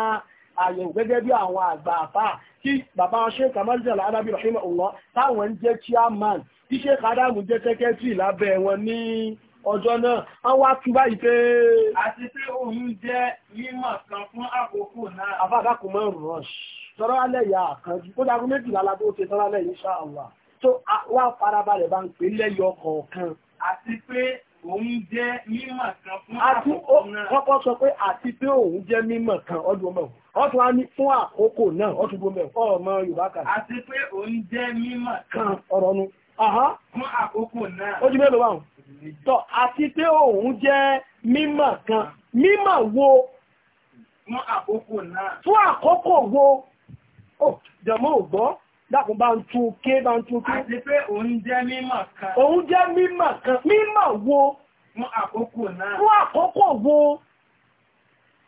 àyẹ̀wò gẹ́gẹ́ bí àwọn àgbà àfà tí bàbá ṣe kàmọ́lìjẹ̀ ládábí rahimahullah táwọn ń jẹ́ chairman tí ṣe kàdámù jẹ́ secretary lábẹ́ wọn ní ọjọ́ náà wọ́n wá tú báyìí pé. àti pé òun jẹ́ mímọ̀ kan fún àkókò náà. àfáàdá kò mọ̀ rush sọ̀rọ̀ alẹ́ ìyá àkànjú kó dágún méjìlá alábó ṣe sọ̀rọ̀ alẹ́ insha Allah tó wá farabalẹ̀ bá ń pè lẹ́yọ kọ̀ọ̀kan. àti pé òun jẹ́ mímọ̀ kan fún àkókò náà. wọ́n kọ́ sọ pé àti pé òun jẹ́ mímọ̀ kan ọdún ọmọ wọ́n tún wá ní fún àkókò náà ọdún ọmọ Yorùbá kan. àti pé òun jẹ́ mímọ̀ kan ọ̀rọ̀ nu. fún àkókò náà. ó jí mélòó báwọn tọ́ àti pé òun jẹ́ mímọ̀ kan mímọ̀ wo fún àkókò wo jọmọ́ ògbọ́ dákùn bá ń tún ké bá ń tún ké àti pé òun jẹ́ mímọ̀ kan òun jẹ́ mímọ̀ kan mímọ̀ wo fún àkókò náà fún àkókò wo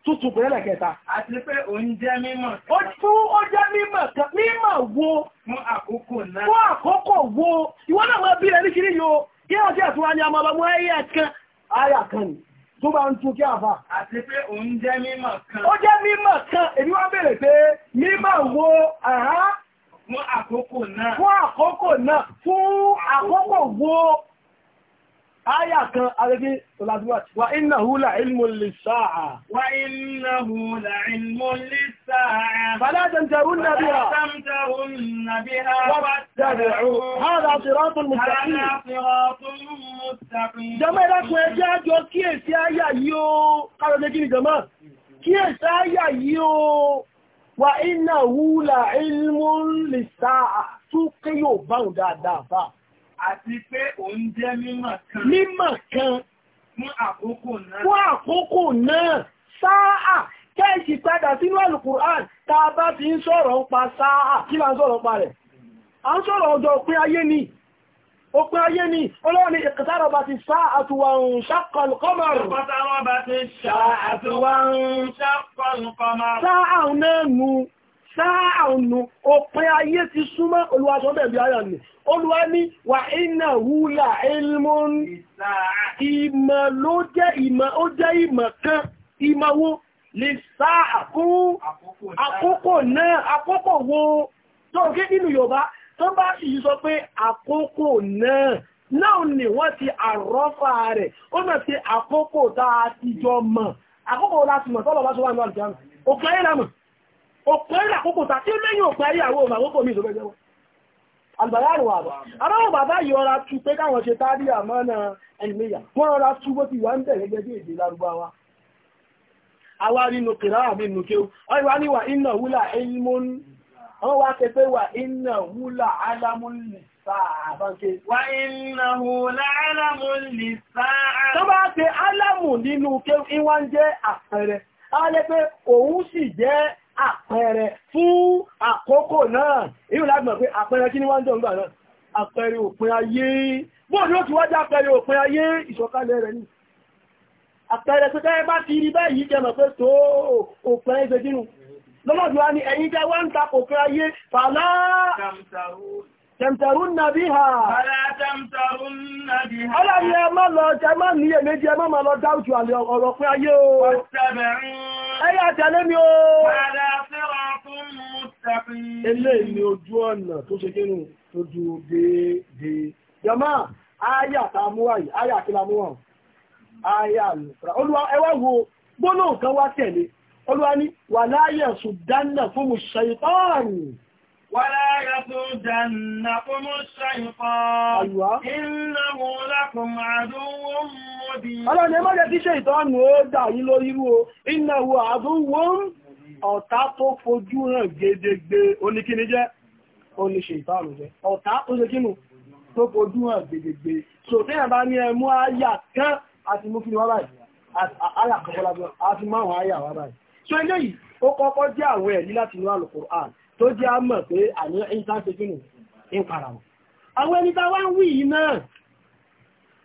tútù pẹ̀lẹ̀ kẹta. Àti pé òun jẹ́ mímọ̀ kan. fún ó jẹ́ mímọ̀ kan. Mímọ̀ wo? Fún àkókò náà. Fún àkókò wo? Ìwọ náà máa bí ẹni kiri yo kí ó jẹ́ tún wá ní ọmọ ọmọ ẹ̀yà kan ayà kan ni tó bá ń tún kí àfà àti pé òun jẹ́ mímọ̀ kan ó jẹ́ mímọ̀ kan èmi wá bèèrè pé mímọ̀ wo àhá fún àkókò náà fún àkókò wo آية كان هذا في الأدوات وإنه لعلم للساعة وإنه لعلم للساعة فلا تمتعون بها فلا تمتعون بها واتبعوا هذا صراط المستقيم هذا صراط المستقيم جماعة الأخوة يا جو كيس يا يو قالوا لكني جماعة كيس يا يو وإنه لعلم للساعة سوقي وبان دادا فا àti pé òun jẹ́ mímọ̀ kan mímọ̀ kan fún àkókò náà fún àkókò náà sáà kẹ́ẹ̀sì padà sínú Al-Qur'an tá a bá ti ń sọ̀rọ̀ ń pa sáà kí là ń sọ̀rọ̀ pa rẹ̀ a ń sọ̀rọ̀ ọjọ́ òpin ayé ni òpin ayé ni ọlọ́ni ìkẹtàrọ̀ bá ti sáà àtúwà ń ṣàkọlùkọmọ̀rù sáà náà nù sáà nù òpin ayé ti súnmọ́ olúwa sọ bẹ̀bí ayà nì olúwa ní wà iná húlà ilmùn ìmọ̀ ló jẹ́ ìmọ̀ ó jẹ́ ìmọ̀ kan ìmọ̀wó lè sáà àkókò náà àkókò wo tó ń ké nínú Yorùbá tó bá sì sọ pé àkókò náà náà ni wọ́n ti àrọ́fà rẹ̀ ó náà ti àkókò tá a ti jọ mọ̀ àkókò láti mọ̀ tọ́lọ̀ bá sọ wà ní àlùjáàmù òkè ayé lámọ̀ òpin rẹ̀ àkókò tà tí ó lẹ́yìn òpin ayéyàwó òun àkókò mi ìlúgbẹ́ jẹ́wọ́ albayaru wa aráwọ̀ bàbá yìí ọra tú pé káwọn ṣe tárí wọ́n ti wà ń bẹ̀rẹ̀ gẹ́gẹ́ èdè lárúbáwá àwa nínú kìrá wa níwà iná wúlà ẹyìnmọ́n wọ́n wá kẹ pé wà iná wúlà alámúlì sáàbánké wà iná wúlà alámúlì sáà tó bá pe alámù nínú ké ìwọ́n jẹ́ àpẹẹrẹ á òun sì jẹ́ àpẹẹrẹ fún àkókò náà inú lágbọ̀n pé àpẹẹrẹ kí ni wọ́n ń jọ ń gbà náà àpẹẹrẹ òpin ayé bóòdì ó ti wájá àpẹẹrẹ òpin ayé ìṣọ̀kalẹ̀ rẹ̀ ni àpẹẹrẹ tó tẹ́rẹ bá ti rí báyìí jẹ́ mọ̀ pé tó òpin ẹgbẹ̀dínú lọ́mọ̀dúnwá ni ẹ̀yìn jẹ́ wọ́n ń tapò kí ayé fàlá tẹ̀mtẹ̀rún nàbí ha ọlá ni ẹ má lọ ṣe má ní èméjì ẹ má má lọ dáútù àlẹ́ ọ̀rọ̀ pé ayé o ẹyà tẹ̀lé mi o ilé ni ojú ọ̀nà tó ṣe kínú tó ju dédé yọmá ayà tààmúwàyí ayà kí olúwa ẹwà wo gbóná nǹkan wá tẹ̀lé olúwa ní wà láyẹ̀ ولا يصدنكم الشيطان إنه لكم عدو مبين Ọlọ́run ni mọ́jẹ̀ tí ṣe ìtọ́nù ó dà yí lórí rú o, إنه عدو ọ̀tá tó fojú hàn gédégbé oníkíní jẹ́, oníṣe ìtọ́nù jẹ́. Ọ̀tá tó ṣe kínú So tí ẹ̀bá ní ẹmú ayà kán àti mú kíni wá báyìí, ayà So eléyìí, ó kọ́kọ́ jẹ́ àwọn ẹ̀rí Al-Qur'an tó jẹ́ a mọ̀ pé àní ìta ṣe kínú ń para wọn. Àwọn ẹni tá wá ń wí yìí náà,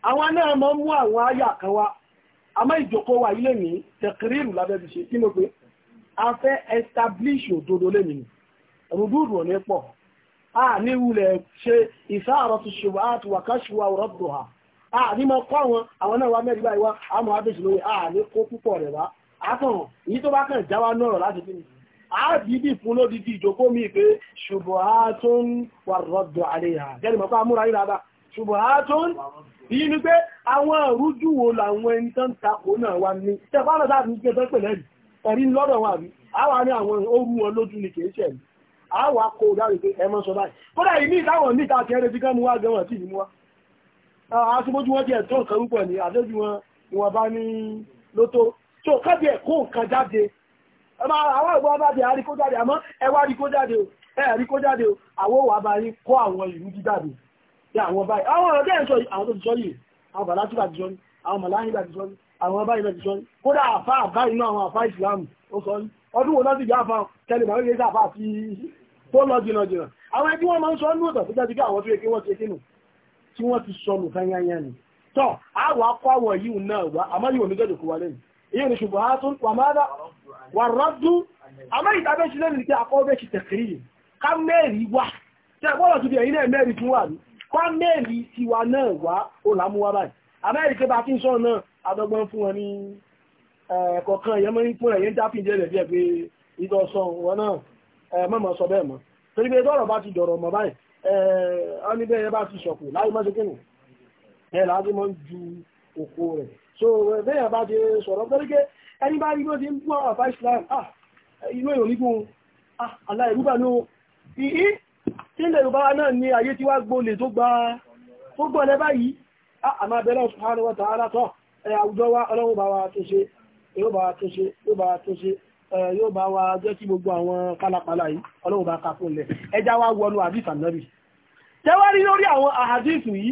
àwọn náà mọ́ mú àwọn ayà kan wá, àmọ́ ìjòkó wà ilé ní tẹ̀kìrìrù lábẹ́bí ṣe kí ló pé a fẹ́ establish òdodo lẹ́nu ni, rùdúrù ò ní pọ̀. A ní wulẹ̀ ṣe ìsáàrọ̀ àádìídì fún lódìdí ìjòkó mi pé ṣubuhatun wà rọ́dọ̀ àríyà jẹ́rì mọ̀ pé amúra yìí rárá ṣubuhatun yìí ni pé àwọn ìrújú wo làwọn ẹni tán takò náà wà ní tẹ́fàánà sáàbí ní pẹ́ẹ́ pẹ̀lẹ́ rí ẹ̀rí lọ́dọ̀ wà rí àwa ní àwọn ni kìí ṣẹ̀ rí àwa kó o dáre pé ẹmọ sọ báyìí kódà ìní ìtàwọn níta ti ẹrẹ ti kánú wá gan àwọn ìgbọ́ jáde àrí kó jáde àmọ́ ẹwà rí kó jáde o ẹ̀rí kó jáde o àwọn òwà bá yín kọ́ àwọn ìlú jíjáde bí àwọn báyìí àwọn ọ̀rọ̀ dẹ́ẹ̀ sọ àwọn tó ti sọ yìí àwọn bàlátìbà ti sọ ní àwọn màláhìbà ti sọ ní àwọn báyìí bá ti sọ ní kódà àfá àbá inú àwọn àfá ìsìlámù ó sọ ní ọdún wo lọ́sì jáfa tẹ́lẹ̀ màá rí sáfà àti tó lọ jìnà jìnà àwọn ẹbí wọn máa ń sọ ní ọ̀tọ̀ tó jáde bí àwọn tó yẹ kí wọ́n ti kínú tí wọ́n ti sọnù fẹ́yányá ni tọ́ àwọn akọ àwọn yìí náà wá àmọ́ yìí ò ní jẹ́jọ́ ìyẹn ṣubuhatun wà mada wà rọ́dú àmọ́ ìtàbẹ́ ṣe lẹ́nu pé àkọ́ọ́bẹ́ ṣe tẹ̀kìrì ká mẹ́rin wá tẹ́ gbọ́dọ̀ tó bí ẹ̀yìn náà mẹ́rin tún wà ní ká mẹ́rin tiwa náà wá ó làmúwá báyìí amẹ́ríkà bá kí n sọ náà adọ́gbọ́n fún wọn ní ẹ̀kọ̀kan èèyàn mọ́ fún ẹ̀yẹn dápín jẹ́ rẹ̀ so eh, bẹ́ẹ̀ bá ti sọ̀rọ̀ pẹ́lẹ́gẹ́ ẹni bá rí ló ti ń bú àfá islam ah inú èyàn nígun ah aláìrúbà ló ìhí tí ilẹ̀ yorùbá náà ní ayé tí wá gbólè tó gba tó gbọ́lẹ̀ báyìí ah àmà bẹ̀rẹ̀ subhanahu wa ta'ala tọ́ ẹ àwùjọ wa ọlọ́run bá wa tó ṣe yóò bá wa tó ṣe yóò bá wa tó ṣe yóò bá wa jẹ́ kí gbogbo àwọn kálapàlà yìí ọlọ́run bá ka fún ilẹ̀ ẹja wa wọnú àdìs ànábì tẹ́wárí lórí àwọn àdìs yìí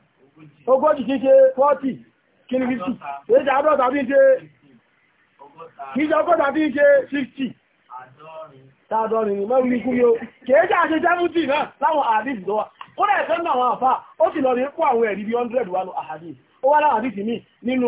ogójì kí ṣe 40 kí ní 50 àádọ́ta bí ṣe kí ṣe ọgọ́ta bí ṣe 60 tààdọ́rin mẹ́rin ikú yóò kèéjì àṣẹ 70 náà láwọn àdìsì lọ́wà ó rẹ̀ fẹ́ náà wọn àfá ó sì lọ rí pọ̀ àwọn ẹ̀rí bí 100 wà ní ó wá láwọn àdìsì nínú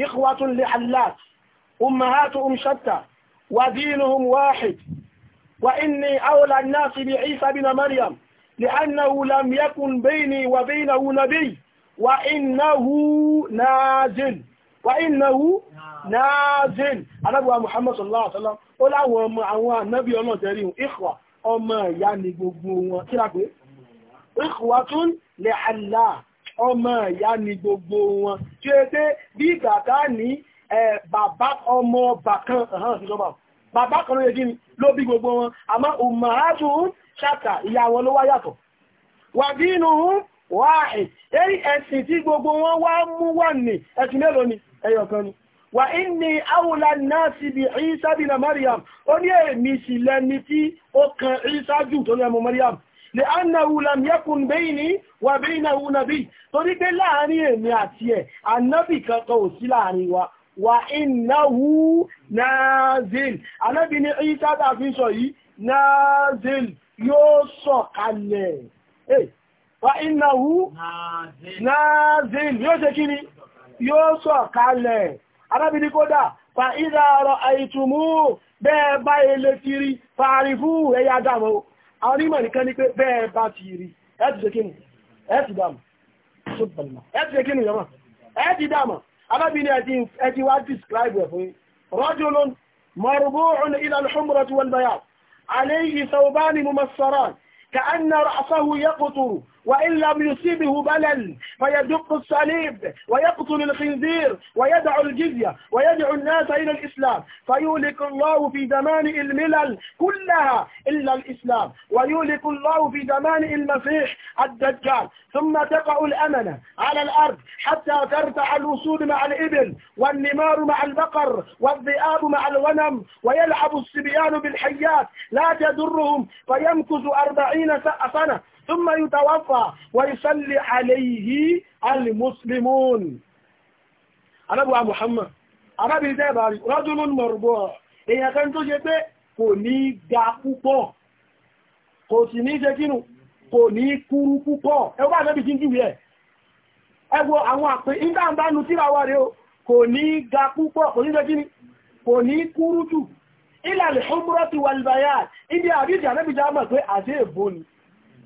إخوة لحلات أمهاتهم شتى ودينهم واحد وإني أولى الناس بعيسى بن مريم لأنه لم يكن بيني وبينه نبي وإنه نازل وإنه نازل alábùwà Muhammad sallallahu alaihi wasallam ó láwọn ọmọ àwọn ànábì ọlọ́tẹ̀rí ìkọ̀ ọmọ ìyá ni gbogbo wọn kí lápé ìkọ̀wà tún lè àlá ọmọ ìyá ni gbogbo wọn tí ó dé bí bàbá ní bàbá ọmọ bàkan bàbá kan ló yẹ ni ló bí gbogbo wọn àmọ́ òmàátù ṣàtà ìyá wọn ló wá yàtọ̀ wà dínú wà ẹ̀ ẹ̀sìn tí gbogbo wọn wá mú wà ní ẹ̀sìn mélòó ni ẹyọ kan ni wà inni awla nasi bi Isa bin Maryam ó ní èmi sì lẹ́ni tí ó kan Isa jù tó lẹ́mọ Maryam lè ánà ulam yẹ́kùn bẹ́yìn ní wà bẹ́yìn àwọn nàbí torí pé láàrin èmi àti ẹ̀ ànábì kankan ò sí láàrin wa wà ìnáwó nazil ànábì ní ìyíká tá a fi ń sọ yìí nazil yóò sọ kalẹ̀ wà ìnáwó nazil yóò ṣe kí ni yóò sọ kalẹ̀ ànábì ní kódà fa ìdá àìtùmú bẹ́ẹ̀ bá ilé kiri fa àrífú ẹ̀yà dámọ́ àwọn onímọ̀ nìkan ní pé bẹ́ẹ̀ bá ti rí ẹ ti dẹ́kínù ẹ ti dàmù ẹ ti dẹ́kínù yọmọ ẹ ti dàmù alábìnrin ẹ ti wá describe ẹ̀ fún yín rajulun marbu'un ila al-humrati وإن لم يصيبه بلل فيدق الصليب ويقتل الخنزير ويدع الجزية ويدعو الناس إلى الإسلام فيولك الله في زمان الملل كلها إلا الإسلام ويولك الله في زمان المسيح الدجال ثم تقع الأمنة على الأرض حتى ترتع الوسود مع الإبل والنمار مع البقر والذئاب مع الغنم ويلعب الصبيان بالحيات لا تدرهم فيمكث أربعين سنة ثم يتوفى ويصلي عليه المسلمون alábùwà muhammad arábìnrin tẹ́ ìbárí rọ́dúnmùn mọ̀rùbọ̀ èyàn kan tó ṣe pé kò ní ga púpọ̀ kò sì ní ṣe kínú kò ní kúrú púpọ̀ ẹgbà tẹ́bì tí ń jù yẹ ẹgbọ́ àwọn àpẹ ìdáǹbánu tírawa rẹ̀ kò ní ga púpọ̀ kò ní ṣe kínú kò ní kúrú jù ilẹ̀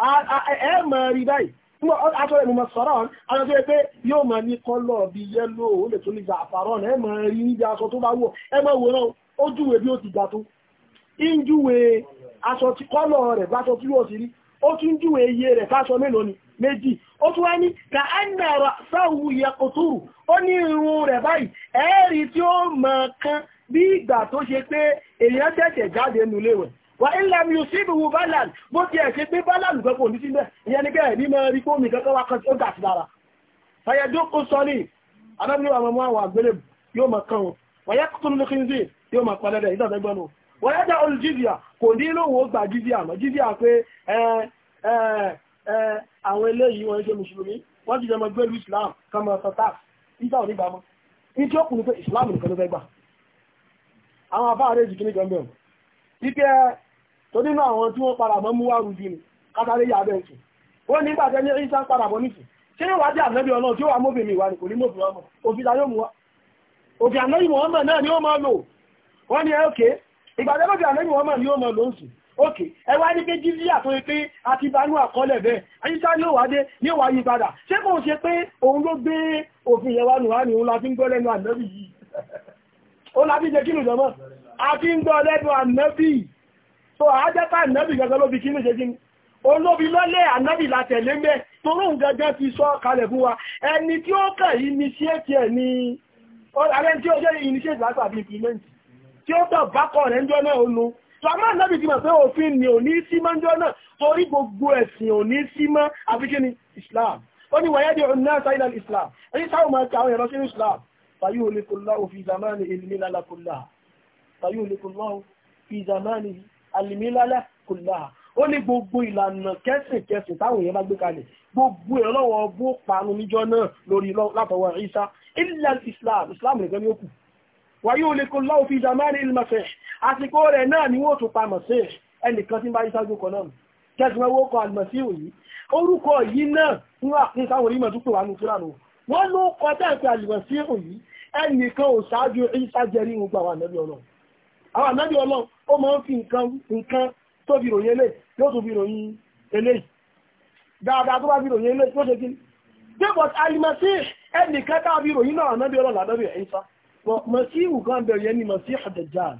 ẹ mọ̀ rí báyìí nígbà atọ́rẹ̀ mi mọ̀ sọ̀rọ̀ ọ̀n ma pé yóò mọ̀ ní kọ́lọ̀ bíi yẹ́lò ó lè ní zàfàrọ̀n ẹ níbi aṣọ tó bá wọ̀ ẹ ó júwe bí ó ti gbà tó ń aṣọ tí kọ́lọ̀ rẹ̀ báṣọ tí yóò sì rí ó ni ka a na yaqturu ó ní irun rẹ̀ báyìí ẹ̀ẹ́rì tí ó mọ̀ kan bí ìgbà tó ṣe pé èèyàn tẹ̀tẹ̀ jáde nulẹ̀ wẹ̀ wà ilẹ̀ mi ò síbi wù bálàn bó ti ẹ̀ ṣe pé bálàn gbogbo ní síbẹ̀ ìyẹn ni bẹ́ẹ̀ ní mọ rí fóònù kankan wá kan ó gà sí dára fàyẹ̀dó kó sọ ní adábílẹ̀ àwọn ọmọ àwọn àgbélé yóò mọ kàn wọn wàyẹ kúkúrú ní kíńsì yóò mọ pẹlẹdẹ ìdọ̀dẹ́gbọ́n nù wàyẹ dá olù jizia kò ní lóun ó gbà jizia islam kọmọ sọtáà ìjà ò ní gbà mọ́ ní islam nìkan ló fẹ́ gbà àwọn afáàrẹ́ ìjìkí ní tó nínú àwọn tí wọ́n padà bọ́ mú wá rújú ni kátàrí yà bẹ́ẹ̀ sí ó ní ìgbà tẹ́lẹ̀ ìṣá padà bọ́ nìsí ṣé yóò wá dé ànábì ọlọ́run tí ó wà móbìnrin ìwà ni kò ní móbìnrin ọmọ òfin ni ó máa lò wọ́n ní ókè ni ó máa lò ń sùn ókè ẹ wá ní pé jíríà tó yẹ pé a ní kò ṣe pé òun òfin yẹn wá nù ń gbọ́ lẹ́nu ànábì so àájẹ́pá ànábì gẹ́gẹ́ ló fi kí ní ṣe gíní olóbi lọ́lẹ̀ ànábì látẹ̀lé mẹ́ torún gẹ́gẹ́ ti sọ kalẹ̀ fún wa ẹni tí ó kẹ̀ initiate ẹ̀ ní ọ̀rẹ́ tí ó jẹ́ initiate láti àbí implement tí ó tọ̀ bákọ̀ rẹ̀ ń jọ náà olú so ni ò ní sí mọ́ Islam ó ní wàyẹ́ di Islam ẹni sáwọn máa Islam fàyí olùkùnlá òfin zamani ìlú nílá lákùnlá fàyí olùkùnlá òfin zamani alìmílálẹ̀ kò láà ó ní gbogbo ìlànà kẹsìn kẹsìn táwọn èèyàn bá gbé kalẹ̀ gbogbo ìrànlọ́wọ́ bó parun níjọ́ náà lórí látọwọ́ Ìsá ilẹ̀ Islam Islam nìkan ni ó kù wàyí ò lè kó láwọ́ fi jamani ilmọ̀sẹ̀ àsìkò rẹ̀ náà ni wọ́n tún pa mọ̀sẹ̀ ẹnìkan tí ń bá Ìsá jókòó náà kẹsìn owó kan àlùmọ̀sí òyí orúkọ yìí náà ń wà fún sáwọn onímọ̀ tó pè ní fúlànà wọ́n ló kọ́ tẹ́ẹ̀kẹ́ àlùmọ̀sí òyí ẹnìkan ò ṣáájú Ìsá jẹ́rí gbogbo àwọn ànábì Ọlọ́run ó máa ń fi nǹkan tó fi ròyìn eléyìí yóò tún fi ròyìn eléyìí dáadáa tó bá fi ròyìn eléyìí tó ṣe kí débọ̀t alimasi ẹnìkan tá a fi ròyìn náà nábì ọlọ́lá nábì ẹ̀yìnsá masihu kan bẹ̀rẹ̀ yẹn ni masihu dajjal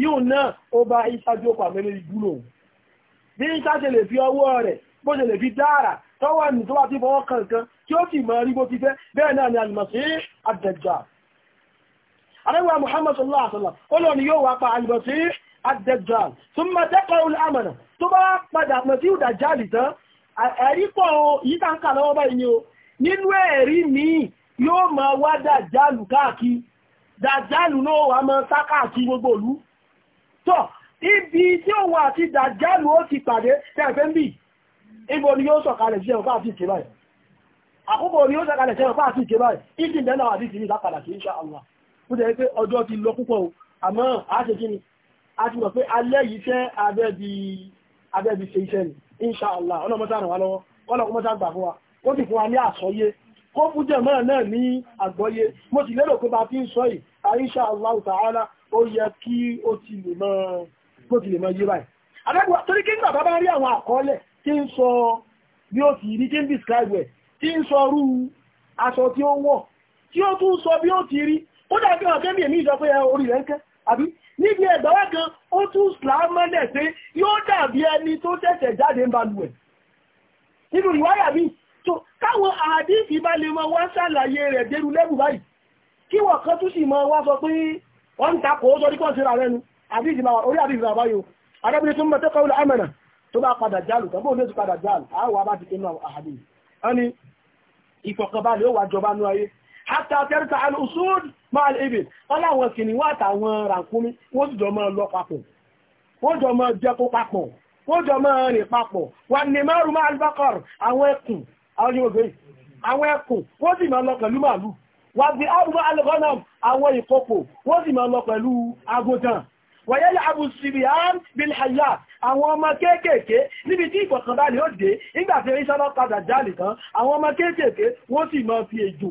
yíò náà ó bá ìsájú ọkọ̀ àmẹ́lẹ́ ìgbúlò bí ìsá ṣe lè fi ọwọ́ rẹ̀ bó ṣe lè fi dára tọ́wọ́ ẹni tó bá ti fọwọ́ kankan tí ó sì mọ̀ rí bó ti fẹ́ bẹ́ẹ̀ náà ni alimasi ad-dajjal àrẹ́wà Muhammad sallallahu alaihi wasallam olóò ni yóò wá pa alìbọ̀tí ad-Dajjal thumma taqa'u al-amana tó bá padà mọ̀ sí ìdàjáàlì tán ẹ̀rí pọ̀ yìí tá ń kà lọ́wọ́ báyìí ni o nínú ẹ̀rí mi yóò máa wá dàjáàlù káàkiri dàjáàlù náà wà máa sá káàkiri gbogbo ìlú tọ́ ibi tí ó wà àti dàjáàlù ó ti pàdé tẹ́ẹ̀fẹ́ ń bì ibo ni yóò sọ̀kalẹ̀ sí ẹ̀kọ́ àti ìkẹ́ báyìí àkókò ni yóò sọ̀kalẹ̀ sí ẹ̀kọ́ àti ìkẹ́ báyìí ìdí ìdẹ́nà àti ìsinmi lápadà sí insha Allah ó jẹ́ pé ọjọ́ ti lọ púpọ̀ o àmọ́ àṣẹ kí ni a ti mọ̀ pé alẹ́ yìí tẹ́ abẹ́bí ṣe iṣẹ́ ni inṣàlá ọlọ́mọta ràn wá lọ́wọ́ ọlọ́mọta gbà fún wa ó sì fún wa ní àsọyé kó fún jẹ̀mọ́ náà ní àgbọ́yé mo sì lérò pé bá fi ń sọ yìí inṣàlá tí ó tún sọ bí ó ti rí ó dàbí ọ̀kẹ́bí èmi ìjọ pé orí rẹ̀ ń kẹ́ àbí níbi ẹ̀gbọ́wọ́ kan ó tún sàámọ́lẹ̀ pé yóò dàbí ẹni tó ṣẹ̀ṣẹ̀ jáde ń balùwẹ̀ nínú ìwáyà mi tó káwọn àdífì bá lè mọ wá ṣàlàyé rẹ̀ dérú lẹ́bù báyìí kí wọ́n kan tún sì mọ wá sọ pé wọ́n ń takò ó sọrí kan síra rẹnu àdífì máa orí àdífì bàbá yìí o arábìnrin tó ń mọ̀tẹ́ kọ́ àmànà tó bá hátà tẹ́rìtà alùsùn máa lèbè wọ́n láwọn kìnnìún àtàwọn ràkúnmí wọ́n jùjọ máa lọ papọ̀ wọ́n jọ máa jẹko papọ̀ wọ́n jọ máa rìn papọ̀ wà ní márùn máa albakar àwọn ẹkùn àwọn yóògbé àwọn ẹkùn wọ́n sì máa lọ pẹ̀lú màálù wà bí arúgbó alẹ́gọ́nàm àwọn ìkọpò wọ́n sì máa lọ pẹ̀lú agótàn wàyẹ́lẹ̀ abùsìbìyàn bil ọmọ kéékèèké níbi tí ìfọ̀kànbalẹ̀ ó dé nígbàtí ìṣọ́lọ́padà jáde tán àwọn ọmọ kéékèèké wọ́n sì máa fi ejò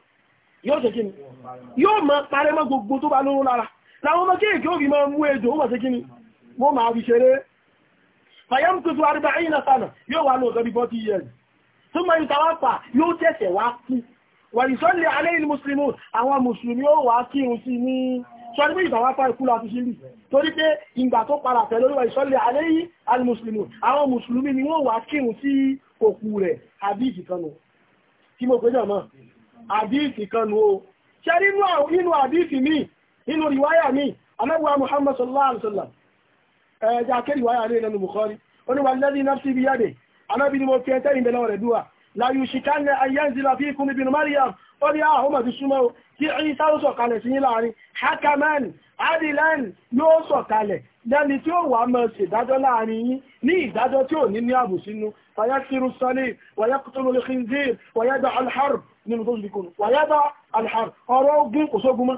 yóò ṣe kí ni yóò mọ parẹ́ mọ́ gbogbo tó bá lóró lára láwọn ọmọ kéèkì ó fi mọ́ mú ejò ó mọ̀ sí kí ni wọ́n máa fi ṣeré fàyẹ́m tuntun àríbá ẹ̀yìn náà sànà yóò wà lóòtọ́ bí 40 years tó mọ̀ ìtawà pa yóò tẹ̀sẹ̀ wá kú wàlìsọ́lẹ̀ alẹ́ wà kí alẹ́ ìlú mùsùlùmí àwọn mùsùlùmí àdíìsì kan nù o ṣe nínú àdíìsì mi nínú rìwáyà mi anábùwà muhammad sallallahu alaihi wasallam ẹ̀ẹ́dà kẹ́rìwáyà rẹ̀ lẹ́nu bukhari ó ní wà lẹ́dí nafsi bí yàdé anábì ni mo fi ẹ̀tẹ́ ìbẹ̀lẹ̀ rẹ̀ dúwà láyú ṣìkánlẹ̀ ayẹ́nzìlá fi kún ibn mariam ó ní ah, àwọn ọmọ ti súnmọ́ kí ẹ̀yìn sáré sọ̀kalẹ̀ sí láàrin hakaman adilan yóò sọ̀kalẹ̀ lẹ́ni tí ó wà mọ́ ṣèdájọ́ láàrin yín ní ìdájọ́ tí ò ní ní àbùsínú wàyá kírú sọ́lé wàyá kútùlù khinzir wàyá dọ̀ alharb nínú tó ṣùgbọ́n wàyádá alhar ọ̀rọ̀ ogun kò sógun mọ́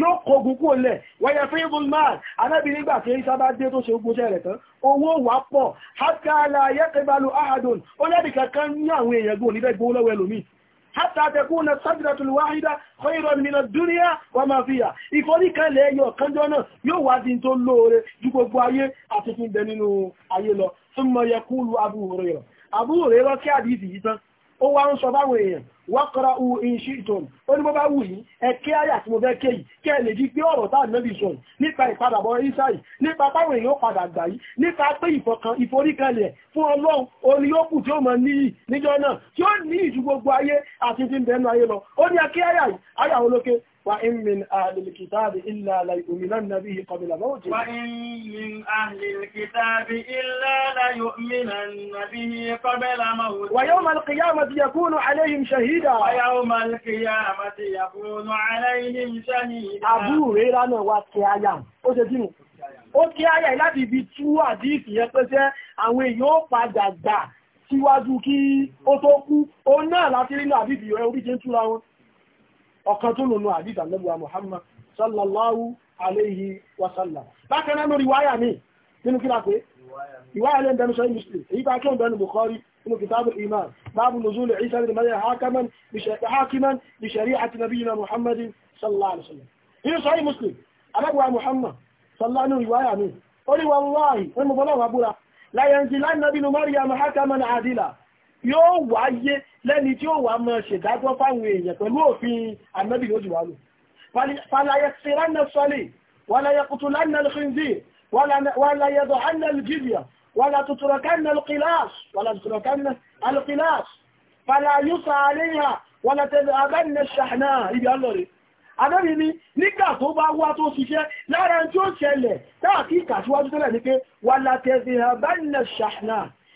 yóò kọgùn kúrò lẹ̀ wọ́yẹ fíìbùn náà anábì nígbà tí isa bá dé tó ṣe ogun iṣẹ́ rẹ̀ tán owó wà pọ̀ hátà aláyé kẹbàlù ahadun ó lẹ́bì kankan ní àwọn èèyàn gbò níbẹ̀ gbówó lọ́wọ́ lọ kí àdìsí yìí tán ó wá ń sọ báwọn èèyàn wákọ́rọ̀ ìṣí ìtọ̀n ó ní bó bá wù yín ẹ̀kẹ́ àyà tí mo fẹ́ ké yìí kẹ́ ẹ̀ lè di pé ọ̀rọ̀ tá ànábì sọ nípa ìpadàbọ̀ ìsáyì nípa báwọn èèyàn padà gbà yìí nípa pé ìfọkàn ìforíkalẹ̀ fún ọlọ́run orí yókù tí ó mọ níyì níjọ́ وإن من أهل الكتاب إلا ليؤمنن به قبل موته وإن من أهل الكتاب إلا ليؤمنن به قبل موته ويوم القيامة يكون عليهم شهيدا ويوم القيامة يكون عليهم شهيدا أبو ريران وكيايا أجدين ó kí ayà láti ibi tú àdíìsì yẹn pẹ́sẹ́ àwọn èèyàn padà gbà síwájú kí ó tó kú ó náà láti rí náà àdíìsì orí jẹ́ ń túra wọn ọ̀kan tó lòlò àdìsà lẹ́bùwà Muhammad sallallahu alayhi wa sallam bákan náà lórí wáyà mi nínú kí lápé ìwáyà lẹ́nu dẹnu sọ́yìn Muslim èyí bá kí dẹnu Bukhari nínú kitabu iman babu nuzul Isa bin Maryam hakaman hakiman bi shari'ati nabiyina Muhammad sallallahu alayhi wa sallam nínú sọ́yìn Muslim alẹ́bùwà Muhammad sallallahu alayhi ìwáyà mi ó ní yóò wáyé lẹ́ni tí ó wà mọ́ ṣèdájọ́ fáwọn èèyàn pẹ̀lú òfin ànábì yóò jù wá lò fàlàyé sẹ́rànà sọ́lẹ̀ wàlàyé kùtùlánà lùkìndì wàlàyé dọ̀hánà lùjìbìyà wàlà tùtùrọ̀kánà lùkìláàs wàlà tùtùrọ̀kánà alùkìláàs fàlàyé sàárẹ̀yà wàlà tẹ̀lẹ̀abánà ṣàhánà ibi ọlọ́rẹ̀ Adọ́rin ni nígbà tó bá wá tó ṣiṣẹ́ lára tí ó ṣẹlẹ̀ táàkì ìkàṣíwájú tẹ́lẹ̀ ní pé wà látẹ̀fẹ̀ àbánà ṣàhánà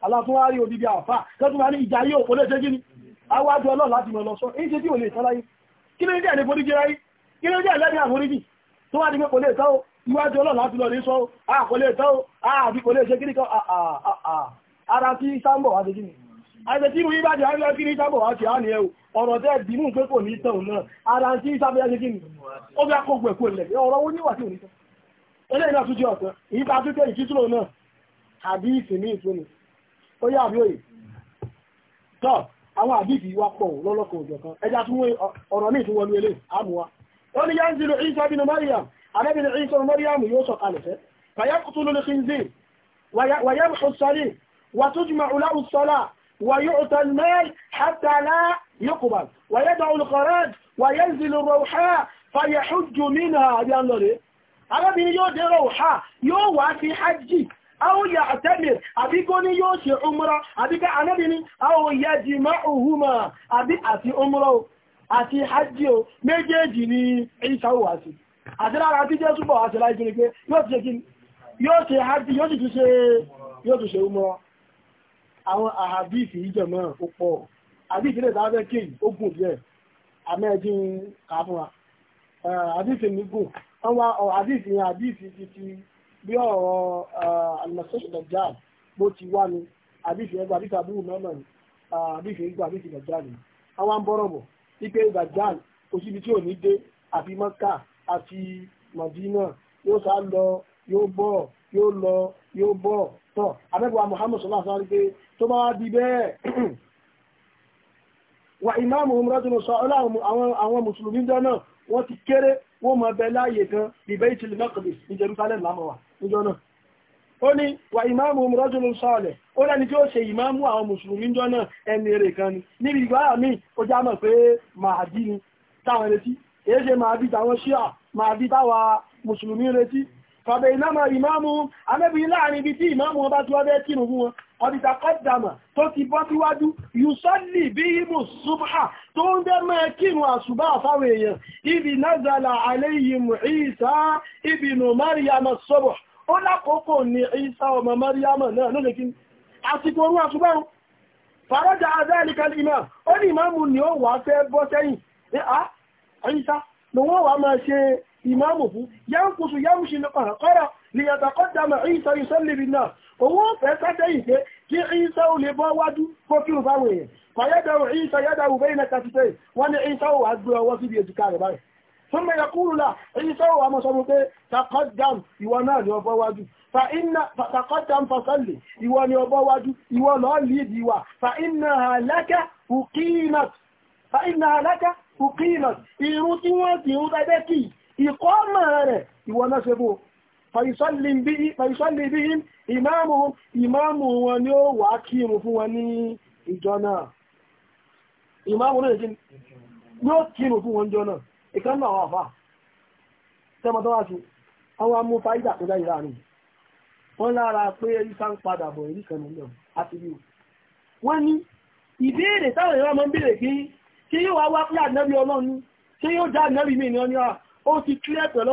aláfúnwárí òdìdí àfà tẹ́tùmá ní ìjà yóò kó lẹ́sẹ́ gíní awájú ọlọ́run láti mọ̀ lọ sọ èyí tí ò lè sọ láyé kí ló ń jẹ́ àdébóríjì ráyé kí ló ń jẹ́ àlẹ́bí àforíjì tó wá ní pé kò lè sọ iwájú ọlọ́run láti lọ rí sọ a kò lè sọ àbí kò lè ṣe kíní kan ara tí sáńbọ̀ wá ṣe kíní àìsẹ̀ tí irú ní tẹ́ dìmú náà ara tí sábẹ́ ṣe kí ó bí akó gbẹ̀kú ilẹ̀ ọ̀rọ̀ ó níwà tí ò ní tàn ẹlẹ́yìn náà tún jẹ́ ọ̀tán ìyípa tó tẹ́ ìkísùrò náà àbí ìsìn ní ó yà bí òyìn tọ́ àwọn àdìsí wá pọ̀ lọ́lọ́kọ̀ òjò kan ẹja tún ọ̀rọ̀ míì tún wọlú ilé àmúwa ó ní yáń zílò ìsọ bínú mariam arábìn ìsọ mariam yóò sọ kalẹ̀ fẹ́ fayakutulu ní aw ya'tamir àbí kó ní yóò ṣe umra àbí ká anábì ní aw yajma'uhuma àbí àti umra àti hajji o méjèèjì ní ìṣàwò àti àti lára tí jésù bọ̀ àti láìjú ní pé yóò ṣe hajji yóò tún ṣe yóò tún ṣe umra àwọn àhàbíìsì ìjọmọ́ ó pọ̀ àbíìsì lè dábẹ́ kí ó gùn díẹ̀ àmẹ́ẹ̀dín kàfún wa àbíìsì ní gùn àwọn bí ọ̀rọ̀ alimọ̀sẹ́sì dajjal bó ti wá ni àbífi ẹgbẹ́ àbífi àbúrò mẹ́mọ̀ ni àbífi ẹgbẹ́ àbífi dajjal ni àwọn àbọ̀rọ̀bọ̀ wípé dajjal kò tí ò ní dé àfi mọ́kà àti mọ̀dínà yóò sá lọ yóò bọ̀ yóò lọ yóò bọ̀ tọ̀ muhammed sọlá tó bá wá di bẹ́ẹ̀ wà ìmáàmù sọ àwọn mùsùlùmí náà ti kéré láàyè kan ní Jerusalem níjọ́ náà ó ní wà ìmáàmù rọ́jùlù sọ́ọ̀lẹ̀ ó lẹ́ni tí ó ṣe ìmáàmù àwọn mùsùlùmí jọ náà ẹni èrè kan ni níbi ìgbáyà míì ó já mọ̀ pé màájí ni táwọn retí èyí ṣe màájí táwọn ṣíà màájí táwa mùsùlùmí retí fàbẹ̀ ìnáàmà ìmáàmù amẹ́bí láàrin ibi tí ìmáàmù ọba tí wọ́n fẹ́ kírun fún wọn ọdíta kọ́dàmà tó ti bọ́ síwájú yùsọ́lì bí ìmù ṣubha tó ń bẹ́ mẹ́ kírun àṣùbá àfáwọn èèyàn ibi nazala alayhim Isa ibn Maryam as-subh ó lákòókò ní Ìsá ọmọ Maryam náà ló lè kí àsìkò orun àṣùgbọ́n fàrájà adáìlìkan ìmá ó ní ìmáàmù ni ó wà fẹ́ bọ́ sẹ́yìn ní à Ìsá ló wọ́n wà máa ṣe ìmáàmù fún yánkùsù yámùsì kọ́rọ̀ lè yàtọ̀ kọ́dà mà Ìsá yìí sọ́lẹ̀ bí náà owó fẹ́ sátẹ́yìn pé kí Ìsá ó lè bọ́ wájú fókìrù fáwọn èèyàn fàyẹ́dàwò Ìsá yẹ́dàwò bẹ́yìn náà kàtìtẹ́ ثم يقول لا اي سوى ما سوى تقدم يوانا لي اوبو واجو فان فتقدم فصلي يواني اوبو واجو يوا لو ليد يوا فانها لك اقيمت فانها لك اقيمت يروتي وانتي وبدكي اقامه رẹ يوانا سبو فيصلي به فيصلي بهم امامهم امام وني او واكيم فوني ìjọ náà ìmáàmù náà yóò kírun fún wọn jọ náà ìkan náà wà fà tẹ́mọ̀ tó wá sí àwọn amú fáìdà tó dáyìí láàrin wọ́n lára pé ìsá ń padà bọ̀ èrí kan nílẹ̀ àti rí wọ́n ní ìbéèrè táwọn èèyàn máa ń béèrè kí ṣé yóò wá wá pé ànábì ọlọ́run ní ṣé yóò já ànábì mí ní ọ ní ọ ó ti kílẹ̀ pẹ̀lú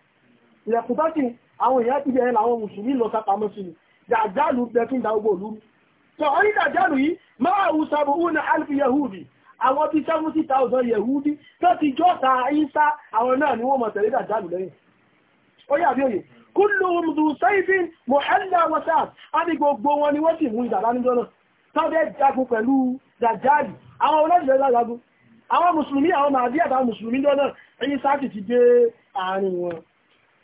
ilẹ̀kùn bá sì àwọn èèyàn ti bẹ̀rẹ̀ làwọn mùsùlùmí lọ sápamọ́ sí ni dàjálù bẹ tún da gbogbo òlú sọ orí dàjálù yìí máa wù sàbò wù ní alfi yahudi àwọn bíi seventy yehudi yahudi tó ti jọ́ta ìsá àwọn náà ni wọ́n mọ̀ tẹ̀lé dàjálù lẹ́yìn ó yà bí òye kúlù mùdù sẹ́yìn mọ̀hálà wọ́sáàt á ní gbogbo wọn ni wọ́n sì mú ìdàlá níjọ́ náà tọ́bẹ̀ jagun pẹ̀lú dàjálù àwọn olóòjìlẹ̀ lágagun àwọn mùsùlùmí àwọn màdíyàtà mùsùlùmí lọ́nà ẹ̀yìn sáàtì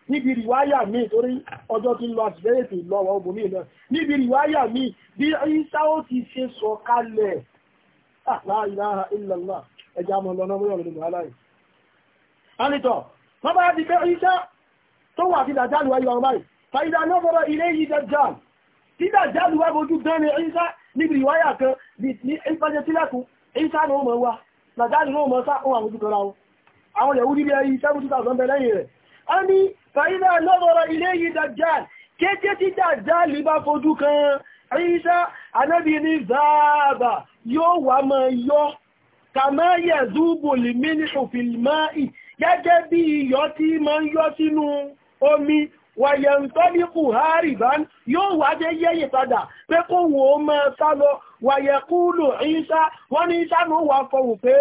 níbi ìrìwáyà míì torí ọjọ́ tí ń lọ àtìlẹ́yìn tí lọ́wọ́ obìnrin náà níbi ìrìwáyà míì bí ìsá ó ti ṣe sọ kalẹ̀ ah, la ilaha illallah ẹja mọ̀ lọ́nà mọ́ ọ̀rọ̀ nínú aláì alìtọ̀ bàbá ti pé ìsá tó wà ti dàjálù wáyé ọmọ báyìí fàídà náà bọ́rọ̀ ilé yìí dàjálù tí dàjálù wá bojú gan ni ìsá níbi ìwáyà kan ní ìpàdé sílẹ̀kùn ìsá a ní fàílà lọ́wọ́rọ̀ ilé yìí dajjal kéèkéé tí dajjal bá fojú kan ríṣà anábì ní zaaba yóò wà mọ́ yọ́ kàmá yẹ̀ zúbò lè mínú òfìlmá ì gẹ́gẹ́ bí iyọ̀ tí ma yọ́ sínú omi wàyẹ̀ ní kùhárì bá yóò wá jẹ́ yẹ́yẹ̀ padà pé kó wò ó wàyẹ̀kúlù ìsá wọ́n ní ìsá ní wà fọ̀wù pé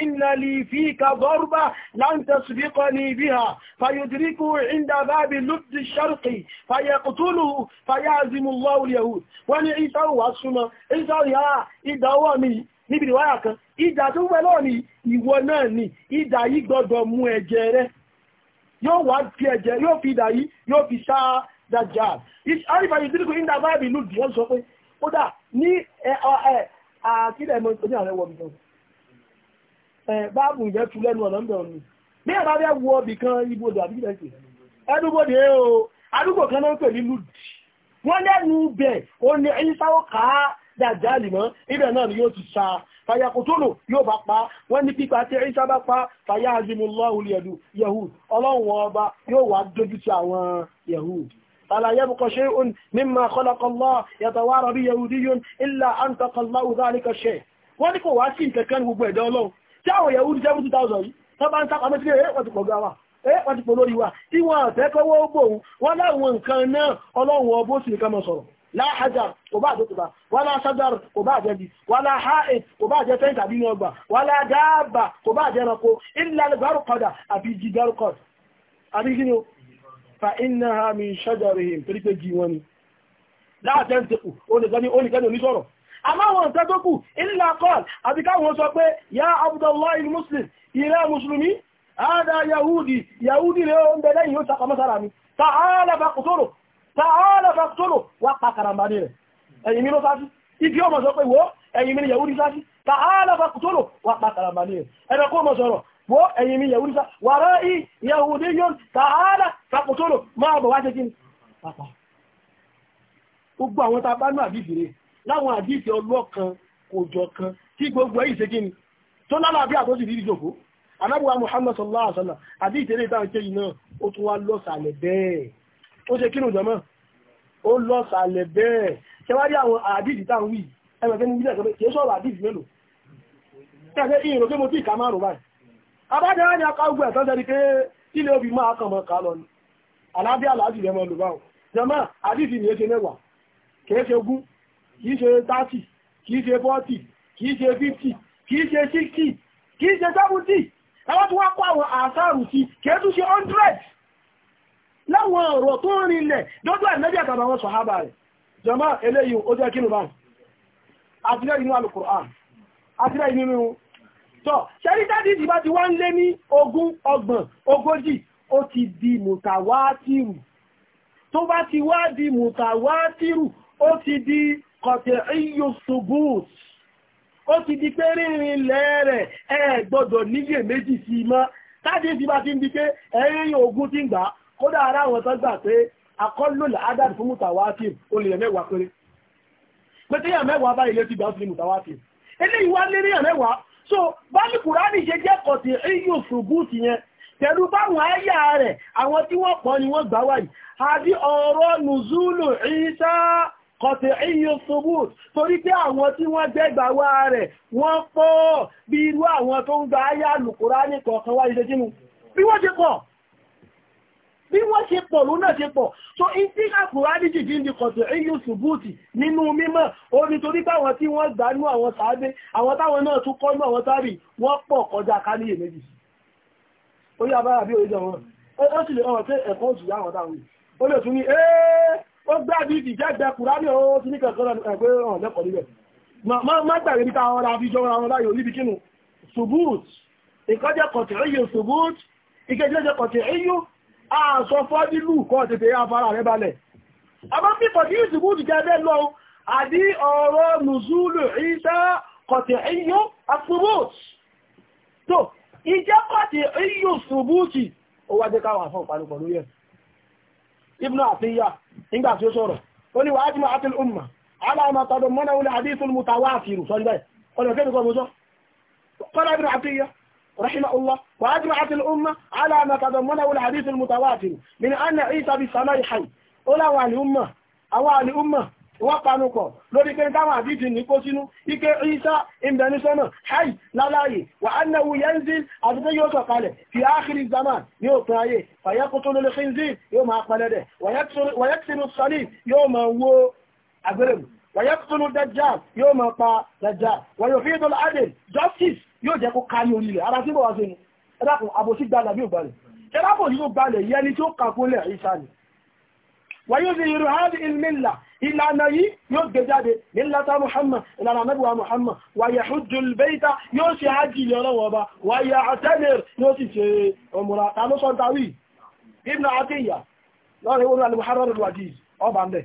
ìnàlì fi ka bọ́rùbá láńtẹ̀sùbíkọ ní ibi ha fayudiriku inda bábi lùdí sharqi fayẹ̀kútúlù fayazimu lọ́wọ́ yahud wọ́n ní ìsá wà súnmọ́ ìsá yà ah, ìdáwọ́ mi níbi ìwáyà kan ìjà tó wẹ́ lọ́ọ̀ ni ìwọ náà ni ìjà yìí gbọ́dọ̀ mú ẹ̀jẹ̀ rẹ yóò tí kò ní dàbáàbì lùdí wọ́n sọ pé ó dáa ní àkílẹ̀ mọ́ ìpínlẹ̀ ààrẹ wọ̀ bìkan báàbù ìyẹn tu lẹ́nu ọ̀nà ńbẹ̀ ọ̀nà bí ẹ̀ bá fẹ́ wọ bìkan ibodò àbí kílẹ̀ sí ẹnubodè o àdúgbò kan náà ń pè ní lùdì wọ́n lẹ́nu bẹ̀ ó ní ẹyin sáwọ́ ká dàjà lìmọ́ ibẹ̀ náà ni yóò ti sa fàyà kò tó lò yóò bá pa wọ́n ní pípa tí ẹyin sábà pa fàyà azimullahu yahud ọlọ́run ọba yóò wá dójú ti àwọn yahud فلا يبقى شيء مما خلق الله يتوارى به يهودي إلا أنطق الله ذلك الشيء wọ́n ní kò wá sí ìkẹ̀kẹ́ ní gbogbo ẹ̀dọ́ ọlọ́run tí àwọn ìyàwó ní 70,000 yìí tó bá ń sápa mẹ́tí ẹ̀ wọ́n ti pọ̀ gáwà ẹ̀ eh, wọ́n ti pọ̀ lórí wa tí wọ́n àtẹ́kọ́wọ́ gbòhun wọ́n láwọn nǹkan náà ọlọ́run ọbó sì nìkan mọ̀ sọ̀rọ̀ láhájàr kò bá àjọ́tùbá wálá ṣájàr kò bá àjẹ́bí wálá háì kò bá àjẹ́ tẹ́ǹtà bí wọ́n gbà wálá dáàbà kò bá àjẹ́ ẹranko ilẹ̀ alẹ́gbàrúkọ̀dà àbí jígbàrúkọ̀dà fa innaha min shajarihim torí pé jí wọn ni láàtẹ́ ń tẹ́kù oníkẹ́ni oníṣọ́rọ̀ àmọ́ àwọn nǹkan tó kù illa qal àti káwọn sọ pé ya abdullahi muslim ìrẹ́ musulmi ada yahudi yahudi rẹ̀ ó ń bẹ̀rẹ̀ yìí sàkọmọ́sára mi ta'ala faqtulu wà pàkàràmbà ní rẹ̀ wọ́ ẹ̀yìn mi yẹ̀wúrí sá wàrá ì yẹ̀wúdí yóò tààlà sàpòtòrò máa bọ̀ wá ṣe kí ni pàpà gbogbo àwọn tá a bá ní àdìsí rẹ̀ láwọn àdìsí ọlọ́kan kò jọ kan kí gbogbo ẹ̀yìn ṣe kí ni tó lálàáfíà tó sì rí ìjòkó anábùwà Muhammad sallallahu alaihi wasallam àdìsí eré ìtàn kéyìn náà ó tún wá lọ́sàlẹ̀ bẹ́ẹ̀ abájẹ́ ní aká ogun ẹ̀tọ́ sẹ́ni pé ilé obì máa kàn mọ́ ká lọ ni alábí aláàjì rẹ̀ mọ́ ló bá wọn jẹ́mọ́ àdìsí ni éṣe mẹ́wàá kìí ṣe ogún kìí ṣe tátì kìí ṣe fọ́tì kìí ṣe fífì kìí ṣe síkì kìí ṣe sẹ́fùtì ẹwọ́n tí wọ́n kọ́ àwọn àṣàrù sí kìí tún ṣe hundred láwọn ọ̀rọ̀ tó ń rinlẹ̀ dójú àìmẹ́bí àtàbà wọn sọ̀hábà rẹ̀ jẹ́mọ́ eléyìí ó jẹ́ kínú báyìí àtìlẹ́yìn inú alùkùrán àtìlẹ́yìn tọ́ ṣẹ́rítàdì ìdìbá ti wá ń lé ní ogún ọgbọ̀n ogójì ó ti di mùtàwátìrù tó bá ti wá di mùtàwátìrù ó ti di kọ̀tẹ̀ iyo subut ó ti di pé rírin lẹ́rẹ̀ ẹ gbọ́dọ̀ níyè méjì sí mọ́ táàdì ìdìbá ti ń di pé ẹ̀yìn ogún ti ń gbà kódà ara àwọn tó gbà pé akọ́lùlà adàdì fún mùtàwátìrù ó lè mẹ́wàá péré pé tí yà mẹ́wàá bá ilé ti gbà ó ti eléyìí wá lérí yà mẹ́wàá so bọ́ọ̀lù kùránì ṣe jẹ́ kọ̀tì iyù ṣùgbùtì yẹn pẹ̀lú báwọn ayà rẹ̀ àwọn tí wọ́n pọ̀ ni wọ́n gbà wáyìí àbí ọ̀rọ̀ nùzúlù ìṣá kọ̀tì iyù ṣùgbùtì torí pé àwọn tí wọ́n jẹ́ gbà wá rẹ̀ wọ́n pọ̀ bí irú àwọn tó ń gba ayà lùkùránì kọ̀ọ̀kan wáyìí ṣe kínú bí wọ́n ṣe pọ̀ bí wọ́n ṣe pọ̀ ló náà ṣe pọ̀ so ìtí àkùrá díjì jí ń di kọ̀tù eyín ṣùgbùtì nínú mímọ̀ orí torí báwọn tí wọ́n gbánú àwọn sàábé àwọn táwọn náà tún kọ́nú àwọn tárì wọ́n pọ̀ kọjá káníyè méjì ó yà bára bí oríjọ wọn ó sì lè ọ̀rọ̀ pé ẹ̀kọ́ oṣù láwọn táwọn ó lè tún ní ẹ́ẹ́ ó gbá bí ti jẹ́gbẹ́ kùrá ní ó ti ní kẹ̀kọ́ ẹgbẹ́ ọ̀rọ̀ lẹ́kọ̀ọ́ níbẹ̀ má gbàgbé bí táwọn ará fi jọ ara wọn láyò níbi kínú ṣùgbùt ìkọ́jẹ́ kọ̀tù eyín ṣùgbùt ìkẹ́jẹ́ kọ̀tù eyín àṣọ fọ́dílù kọ́ tètè yá fara rẹ̀ balẹ̀ àmọ́ pípọ̀ tí ìsìnkú ti jẹ́ lọ àdí ọ̀rọ̀ nùzúlù ìṣà kọ̀tẹ̀ iyó asubúùtì tó ìjẹ́ kọ̀tẹ̀ iyó subúùtì ó wá jẹ́ káwà fún ìpanupọ̀ lórí رحمه الله وأجمعت الأمة على ما تضمنه الحديث المتواتر من أن عيسى بالسماء حي أولى الأمة أولى الأمة wọ́n panukọ̀ lórí pé táwọn àdíjì ní kó sínú ike ìsá ìbẹ̀nisọ́nà haì láláyè wà annahu yanzil àtútẹ́ yóò sọ̀kalẹ̀ fi ákìrí zaman ní òpin ayé fàyẹ́kútó lórí khinzir yóò máa pẹlẹ́dẹ̀ wàyẹ́kìrì sọ́lì yóò máa wó agbẹ́rẹ̀mù wàyẹ́kùtùnú dajjal yóò máa pa dajjal wàyòfin ìdọ́lá adé justice yóò jẹ́ kó kárí orílẹ̀ ara tí bọ̀ wá sí ni ẹ̀dàkùn àbòsí gbàlà bí ò gbalẹ̀ ẹ̀dàkùn yóò gbalẹ̀ yẹ ni tí ó kàkúnlẹ̀ ìṣà ni wàyó sí irú hádì ilmìlà ìlànà yìí yóò gbé jáde nílata muhammad ìlànà mẹ́bùwa muhammad wàyà hujjulbeita yóò ṣe hajji ilẹ̀ ọlọ́wọ́ ọba wàyà àtẹ́mìr yóò sì ṣe ọmọra tàbí sọ́ntàwí ibn àtìyà lọ́rẹ̀ ìwọ̀n alìmọ̀hárọ̀rọ̀ wàjíz ọba ń bẹ̀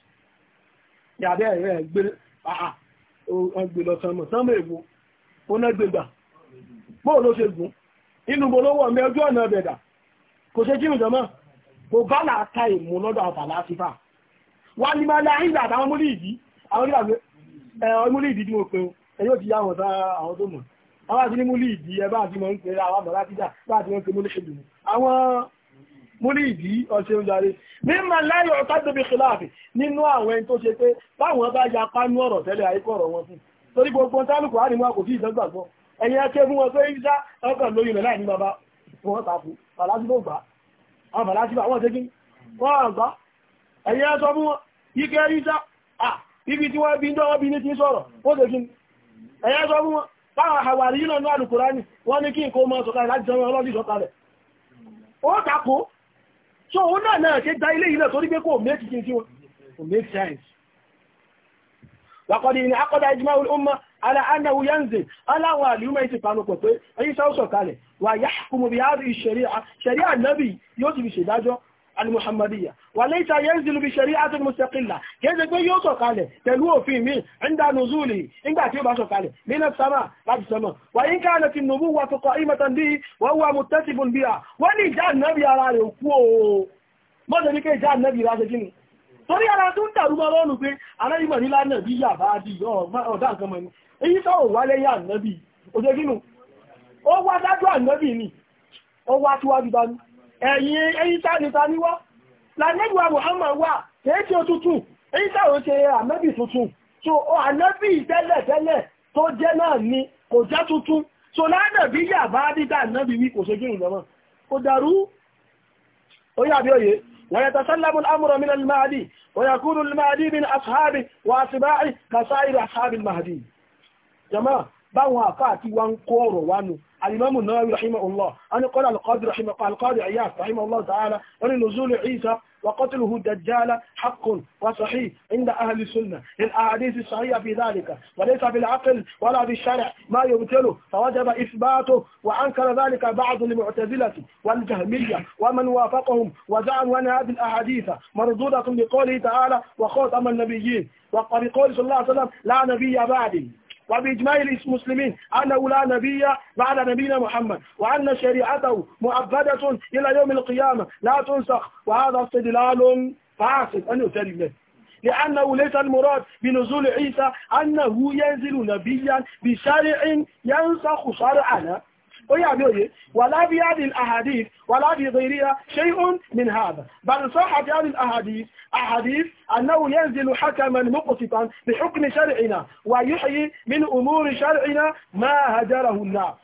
yàrá ẹ̀rẹ́ gbé ọgbẹ̀ lọ sánmọ̀ sánmọ̀ èwo oná bóò ló ṣe gùn inú bo ló wọ̀ ọ̀nà ẹ̀bẹ̀dà kò ṣe jíun jọmọ́ kò bá làákà ìmú lọ́dọ̀ àfàlà sífà wà ní máa láyé ìgbà àtàwọn múlì ìdí àwọn múlì ìdí tí mo pe ẹ̀yọ́ ti yá wọn sá àwọn tó mọ̀ àwọn àti ní múlì ìdí ẹ múrí ìdí ọ̀ṣẹ́ oúnjẹ mímọ̀ láyọ̀ ọ̀tàdóbi kìláàfì nínú àwọn ẹni tó ṣe pé báwọn bá ya pánú ọ̀rọ̀ tẹ́lẹ̀ àíkọ̀rọ̀ wọn fún torí gbogbo tálùkù á nínú àkòtí ìdọ́gbàgbọ́ ẹ̀yìn ẹkẹ́ fún wọn pé ìṣá ọkàn lóyún rẹ̀ láìní bàbá wọn tàkù fàlásíbò gbà àwọn fàlásíbò àwọn tẹ́kí wọ́n gbà ẹ̀yìn ẹsọ fún wọn ike ìṣá ibi tí wọ́n bí ń dọ́wọ́ bí ní ti sọ̀rọ̀ ó tẹ́kí ẹ̀yìn ẹsọ fún wọn báwọn àwàrí yìí lọ́nà àlùkùránì wọ́n ní kí nǹkan mọ́ sọ̀kalẹ̀ láti jẹun ọlọ́dún sọ̀kalẹ̀ ó tàkù so òun náà náà ṣe dá ilé yìí náà torí pé kò make sense sí wọn kò make sense wàkọ̀dì ní akọ́dá ìjímá olóòmọ́ aláàánáwó yánzè aláwọ̀ àlúmọ̀ ìsì panupọ̀ pé ẹyí sáwọ́sọ̀ kalẹ̀ wà yá kùmù bí i ànábì yóò ti fi ṣèdájọ́ al-muhammadiyya wa laysa yanzilu bi shari'atin mustaqilla kéde pé yóò sọ̀kalẹ̀ pẹ̀lú òfin mi inda nuzuli nígbà tí ó bá sọ̀kalẹ̀ minas sama láti sọmọ wa in kanat an-nubuwwatu qa'imatan bihi wa huwa muttasifun biha wọ́n ní ìjà ànábì ara rẹ̀ kú o mọ́tò ní kí ìjà ànábì ra ṣe kí ni torí ara tó ń dàrúmọ́ lọ́rùn pé aláìmọ̀ nílá náà bí yà bá dì ọ̀dá nǹkan mọ̀ ní èyí sọ́wọ́ wà lẹ́yà ànábì òṣèkínú ó wá dájú ànábì ni ó wá tíwájú dání ẹ̀yìn ẹ̀yíta níta níwá lànẹ́gbà Muhammad wà kéèké tuntun ẹ̀yíta ò ṣe ànábì tuntun so ànábì tẹ́lẹ̀tẹ́lẹ̀ tó jẹ́ náà ni kò jẹ́ tuntun so lánàbí yà bá dídá ànábì wí kò ṣojú ìrìnlọ́mọ́ kò dàrú ó yà ويتسلم الأمر من المهدي ويكون المهدي من أصحابه وأتباعه كسائر أصحاب المهدي جماعة báwọn àfáà tí wọ́n ń kó ọ̀rọ̀ wá nù alimamu Nawawi rahimahullah ani qala alqadi rahimahullah alqadi Iyas rahimahullah ta'ala wani nuzulu Isa wa qatluhu dajjala haqqun wa sahih inda ahli sunna lil ahadith sahiha fi dhalika wa laysa bil aql wala bil shar' ma yubtilu fawajaba ithbatuhu wa ankara dhalika ba'd al mu'tazilah wal jahmiyah wa man wafaqahum wa za'am anna hadhihi al ahadith mardudatun bi qawlihi ta'ala wa khatama an nabiyyin wa qali qawli sallallahu alayhi wa sallam la nabiyya ba'di وبإجماع المسلمين أنه لا نبي بعد نبينا محمد وأن شريعته مؤبدة إلى يوم القيامة لا تنسخ وهذا استدلال فاسد أن يتري به لأنه ليس المراد بنزول عيسى أنه ينزل نبيا بشارع ينسخ شرعنا يا بيوي ولا في هذه الأحاديث ولا في غيرها شيء من هذا بل صحت هذه الأحاديث أحاديث أنه ينزل حكما مقسطا بحكم شرعنا ويحيي من أمور شرعنا ما هجره الله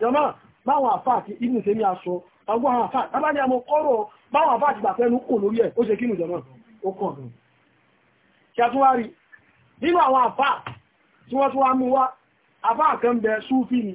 جماعة ما هو أفاك ابن تيمية سو أقول أفاك أما أنا مقرر ما هو أفاك بأفاك نقول له ó ṣe kínú jẹmọ́ ọkọ̀ ọ̀dún kí a tún wá rí nínú àwọn àfáà tí wọ́n tún wá mú wá àfáà kan bẹ súfì ni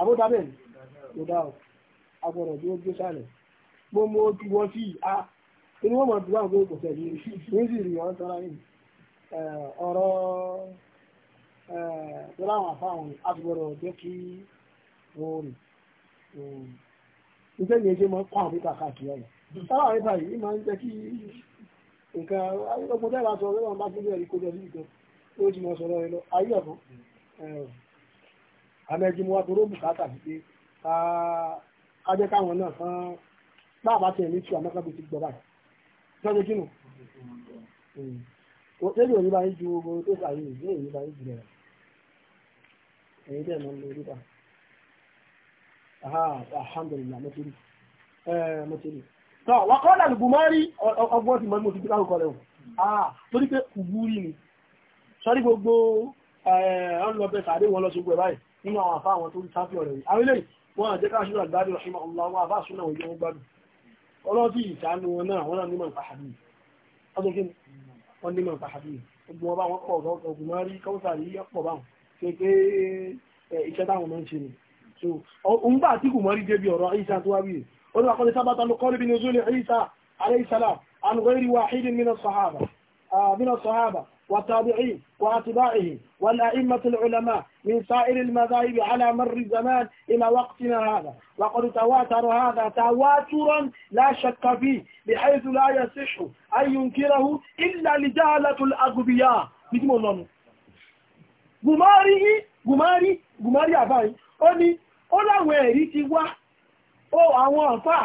àbúdábẹ̀ kò dá agbọ̀rọ̀ tí ó gbé sálẹ̀ mo mo ti wọ́n sí a inú wọn mọ̀ tí wọ́n kò ní sì rí wọn tọ́ra yìí ọ̀rọ̀ tọ́ra àwọn àfáwọn agbọ̀rọ̀ jẹ́ kí wọ́n rìn nítorí yẹn máa ń kọ́ àwọn pípa káàkiri ọ̀nà sábà àwọn pípa yìí máa ń jẹ́ kí nǹkan ọgbọ́n tẹ́lá sọ ọ̀rọ̀ bá tún bẹ̀rẹ̀ kó jọ sí ìkan ó ti mọ̀ sọ̀rọ̀ ẹ lọ ayé ọ̀kan amẹ́jìmọ́ wa toró bùkátà sí pé kájẹ́ káwọn náà kan báàbá tiẹ̀ ní tí àmọ́ kan bí ti gbọ́ báyìí sọ́jọ́ kínú. Lórí òní bá ń ju ogun tó fà yìí, lórí òní bá ń jùlẹ̀ rẹ̀. Èyí bẹ́ẹ̀ máa ń lo rírà. Alhamdulillah, mo ti rí. Mo ti rí. ọgbọ́n ti mọ́ ti fi káwọn kọ́ Torí pé kùbúrì ni. Sọ́rí gbogbo ọ̀nlọ́bẹ̀ sàdé wọn lọ sí gbogbo báyìí nínú àwọn àfá àwọn tó ń sáfí ọ̀rẹ̀ yìí àwọn ilé wọn àjẹ́ ká ṣúra gbádùn ọ̀ṣìmọ̀ ọlọ́wọ́ àfá ṣúná òye wọn gbádùn ọlọ́dí ìṣàánú wọn náà wọn nímọ̀ pàhàbí ọdún kí wọn nímọ̀ pàhàbí gbogbo ọba wọn pọ̀ ọgbùn máa rí kọ́ńtàrí ọ̀pọ̀ báwọn ṣe pé iṣẹ́ táwọn máa ń ṣe ni so òun bá àtìkù mọ́rí débi ọ̀rọ̀ ìṣà ní àkọlẹ̀ وتابعيه وأتباعه والأئمة العلماء من سائر المذاهب على مر الزمان إلى وقتنا هذا وقد تواتر هذا تواترا لا شك فيه بحيث لا يصح أن ينكره إلا لجهلة الأغبياء بجمع الله gùmárì gùmárì gùmárì àbáyí ó ní ó láwọn ẹ̀rí ti wá ó àwọn àfà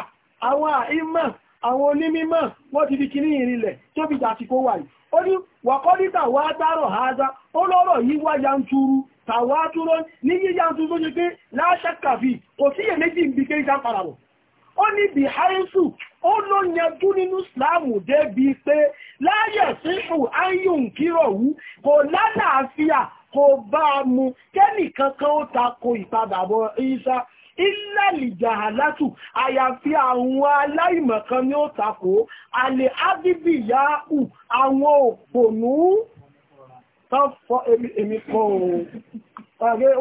àwọn àìmọ̀ àwọn onímímọ̀ wọ́n ti fi ó ní wàkọ́lítà wá dárò àádá ó lọ́rọ̀ ya wá ka tàwà túrọ ní yí yanturu ṣe pé kò sí è méjì ibi kí ìṣà paràwọ̀ ó ní bí haisu ó ló yanjú nínú islamu débi pé láyẹ̀ síṣù ayùn kírọ̀wú kò ko kò ìlàlìjà àlátù àyàfi àwọn aláìmọ̀kan ni ó takò alẹ́ ábíbì yáàkù àwọn òpònú tán fọ́ èmi kan òun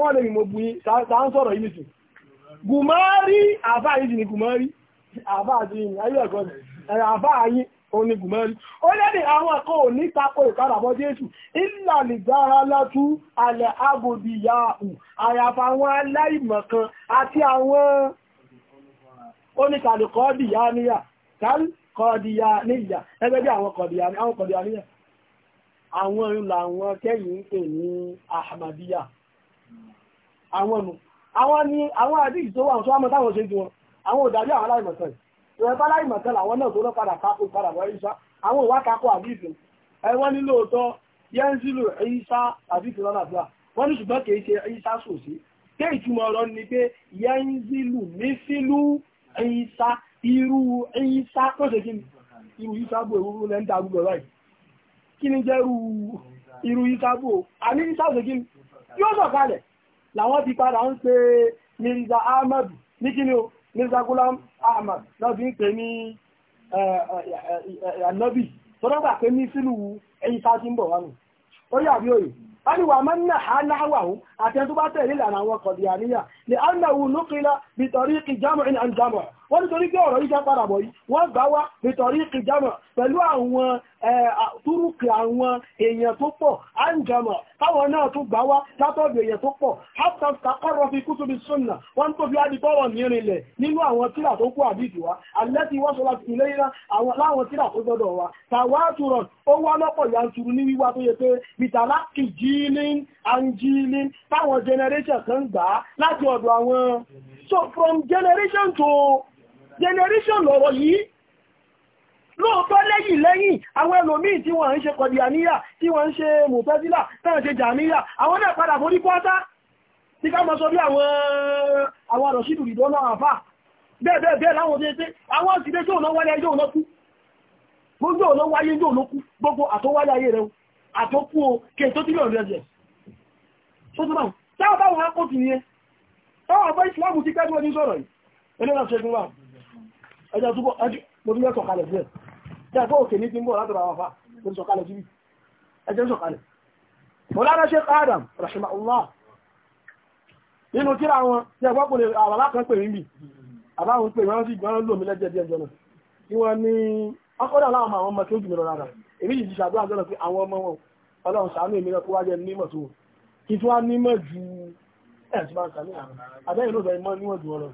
wọ́n lè mọ̀ bú yí ń sọ̀rọ̀ yìí nìtù gùmọ́rí àfáà yìí ni gùmọ́rí àfáà yìí ni àfáà yìí ní gùmẹ́rí ó lẹ́dì àwọn ẹ̀kọ́ ò ní tako ìkàràbọ̀ jésù ìlàlìgbára látú alẹ̀ agbòdìyàhù àyàfà àwọn aláìmọ̀kan àti àwọn oníkàlùkọ́dìyàníyà kọ́dìyàníyà ẹgbẹ́ bí àwọn kọ̀dìyàníyà àwọn làwọn kẹ́yìn pè ní ahmadiyya àwọn ni àwọn àdíjì tó wà ń sọ àmọ́ táwọn ṣe jù wọn àwọn òdàbí àwọn aláìmọ̀kan yìí ìwọ̀n bá láì mọ̀tẹ́ làwọn náà tó lọ padà kákó padà bọ́ ìṣá àwọn ìwà kákó àdìsì ẹ̀wọ́n ní lóòótọ́ yẹ́nsílù ìṣá àdìsì lọ́nà àdúrà wọ́n ní ṣùgbọ́n kì í ṣe ìṣá sòsí pé ìtumọ̀ ọ̀rọ̀ ni pé yẹ́nsílù mísílù ìṣá irú ìṣá tó ṣe kí irú ìṣá bò ìwúrú lẹ́ ń darú lọ láì kí ni jẹ́ irú ìṣá bò Mirza Gulam Ahmad náà ń pè ní ànábì tó dọ́gbà pé ní sílù ẹyí sá ń bọ̀ wánu ó yà bí wọ́n ni wà máa ń nà á ó àti tó bá tẹ̀lé ìlànà àwọn kọ̀dìyàníyà ni wọ́n nítorí pé ọ̀rọ̀ yíṣẹ́ padà bọ̀ yìí wọ́n gbá wá nítorí ìjàmọ̀ pẹ̀lú àwọn túrùkì àwọn èèyàn tó pọ̀ àìjàmọ̀ káwọn náà tó gbá wá látọ̀dù èèyàn tó pọ̀ haptafta kọ́rọ̀ fi kú tóbi súnà wọ́n tó fi adìtọ́rọ̀ nírinlẹ̀ nínú àwọn tíra tó kú àbíjì wa alẹ́ ti wọ́n sọ láwọn tíra tó gbọ́dọ̀ wa tàwátùrọ̀ ó wá lọ́pọ̀ yanturu ní wíwá tó yẹ pé bìtàlá kìjìlín anjilin táwọn generation kan gbà láti ọ̀dọ̀ àwọn so from generation to generation lọ̀rọ̀ yìí lóòótọ́ lẹ́yìn lẹ́yìn àwọn ẹlòmíì tí wọ́n ń ṣe kọ̀dìyàníyà tí wọ́n ń ṣe mùtẹ́sílà tán ṣe jàmíyà àwọn náà padà forí pátá tí ká mọ́ sọ bí àwọn àrọ̀ṣìdù ìdọ́nà àfà bẹ́ẹ̀bẹ́ẹ̀ láwọn tẹ́tẹ́ àwọn ìsìnkú tó náà wáyé yóò lọ́kú gbogbo ọ̀nà wáyé yóò lọ́kú gbogbo àtọwáyé ayé rẹ̀ àtọ́kú o kí tó tí lọ́rẹ̀ ẹ̀jẹ̀ tó tó báwọn ti ní ẹjọ́ túbọ̀ mo tún yẹ sọ̀kalẹ̀ sí ẹ̀ jẹ́ fún òkè ní ti ń bọ̀ látọ̀rọ̀ àwọn afá mo ti sọ̀kalẹ̀ síbi ẹjọ́ sọ̀kalẹ̀ mo lára ṣe Adam rahimahullah nínú tíra wọn tí ẹgbọ́n kò lè àwọn alákan pè mí àbáwọn pè wọ́n sì gbọ́n lò mí lẹ́jẹ̀ díẹ̀ jọ náà tí wọ́n ní ọkọ̀dà láwọn àwọn ọmọ tó jù mí lọ rárá èmi yìí ti ṣàdúrà jọ́nà pé àwọn ọmọ wọn ọlọ́run ṣàánú ẹ̀ tí wọ́n ń sàmì àbẹ́yìn ló bẹ̀rẹ̀ mọ́ níwọ̀n ju ọlọ́run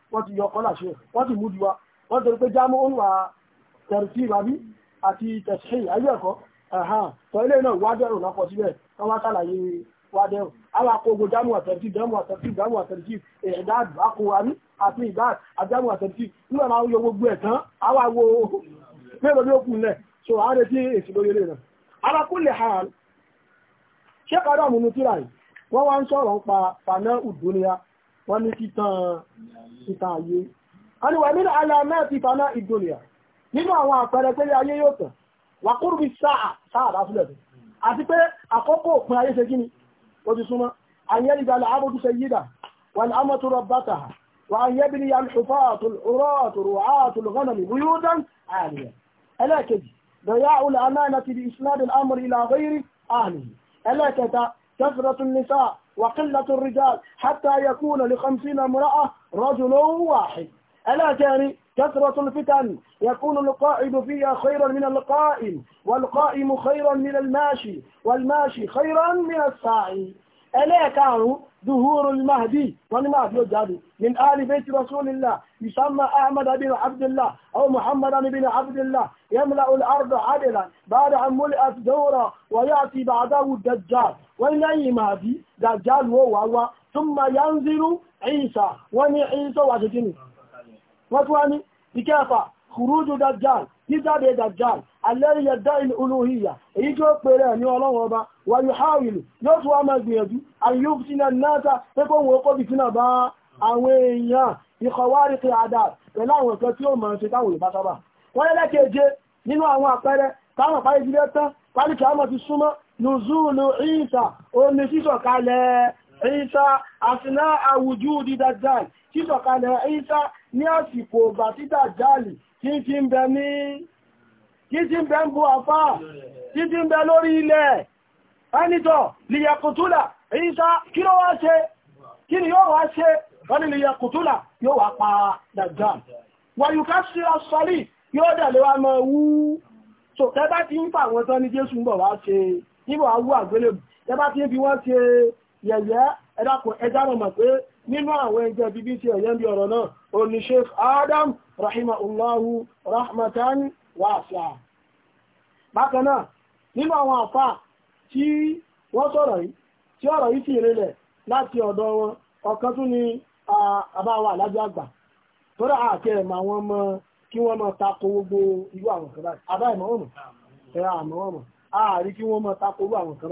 wọ́n ti yọ kọ́là ṣe wọ́n ti mújú wa wọ́n tẹ́rù pé jámọ́ òun wà tẹ̀rìtì rabi àti tẹ̀sí ayé ẹ̀kọ́ tọ́ ilé náà wádẹ́rù lọ́pọ̀ síbẹ̀ wọ́n wá sàlàyé wádẹ́rù jámọ́ jámọ́ jámọ́ gbogbo ẹ̀ tán mélòó lẹ̀ so retí èsì lórí alákùnlé kọ́dọ̀ mú tíra yìí wọ́n wá ń sọ̀rọ̀ ń pa wọ́n ní títàn ayé. a ní wà nínú alamẹ́ ti faná ìdòlìyà nínú àwọn àpẹẹrẹ pé ayé yóò tàn wà kúrò bí sáà sáà bá fúlẹ̀ tó àti pé àkókò òpin ayé ṣe gíní ó ti súnmọ́ àyẹ́lìgbà làbójú ṣe yídà wà ní àmọ́ bàtà wà àyẹ́bí ni alùpùpá àtòrò àtòrò وقلة الرجال حتى يكون لخمسين امرأة رجل واحد ألا تاني كثرة الفتن يكون القائد فيها خيرا من القائم والقائم خيرا من الماشي والماشي خيرا من الساعي ẹlẹ́ẹ̀kàrún duhurul mahdi wọ́n ní mahdi ó jáde min ali bayti rasulillah yusamma ahmad bin abdullah aw muhammad bin abdullah yamla al-ardh adlan ba'da an mul'at dawra wa ya'ti ba'dahu dajjal wa ilayhi mahdi dajjal wo wa wa thumma yanziru isa wa ni isa wa jikini wa alẹ́rí yẹ̀dá olóhìyà èyí tí ó pèrè ní ọlọ́wọ́ ọba wà yóò háwìlù yóò tún wá máa gbìyànjú àyíkúsínà náà pẹ́kọ́ wọn kó bí sínà bá àwọn èèyàn àdá pẹ̀lú àwọn tí ó máa ṣe táwọn ìbá sábà wọ́n lẹ́lẹ́kẹ̀ẹ́jẹ nínú àwọn táwọn ti omi sísọ̀kalẹ̀ ìsà àsìná àwùjú sísọ̀kalẹ̀ ìsà ní àsìkò tí títí ń bẹ ń bú àfá títí ń bẹ lórí ilẹ̀ ẹnitọ̀ lìyàkùtùlà ìsá kí ló wá ṣe kí ni yóò wá ṣe wọ́n ni lìyàkùtùlà yóò wá pa dàgbà wàyùká sí asọ́lì yóò dẹ̀lẹ́ wá mọ́ wú so tẹ́bá ti ń fà ẹ̀dàkùn ẹja mọ̀ pé nínú àwọn ẹgbẹ́ bíbí ti ẹ̀yẹ́ ń bí ọ̀rọ̀ náà oníṣẹ́ Adam rahimahullahu rahmatan a àṣẹ àà bákan náà nínú àwọn àfà tí wọ́n sọ̀rọ̀ yìí tí ọ̀rọ̀ yìí sì rinlẹ̀ láti ọ̀dọ̀ wọn ọ̀kan tún ni àbáwà àgbà tọ́rọ àti ma wọn mọ kí wọ́n mọ tako gbogbo irú àwọn kan báyìí wọ́n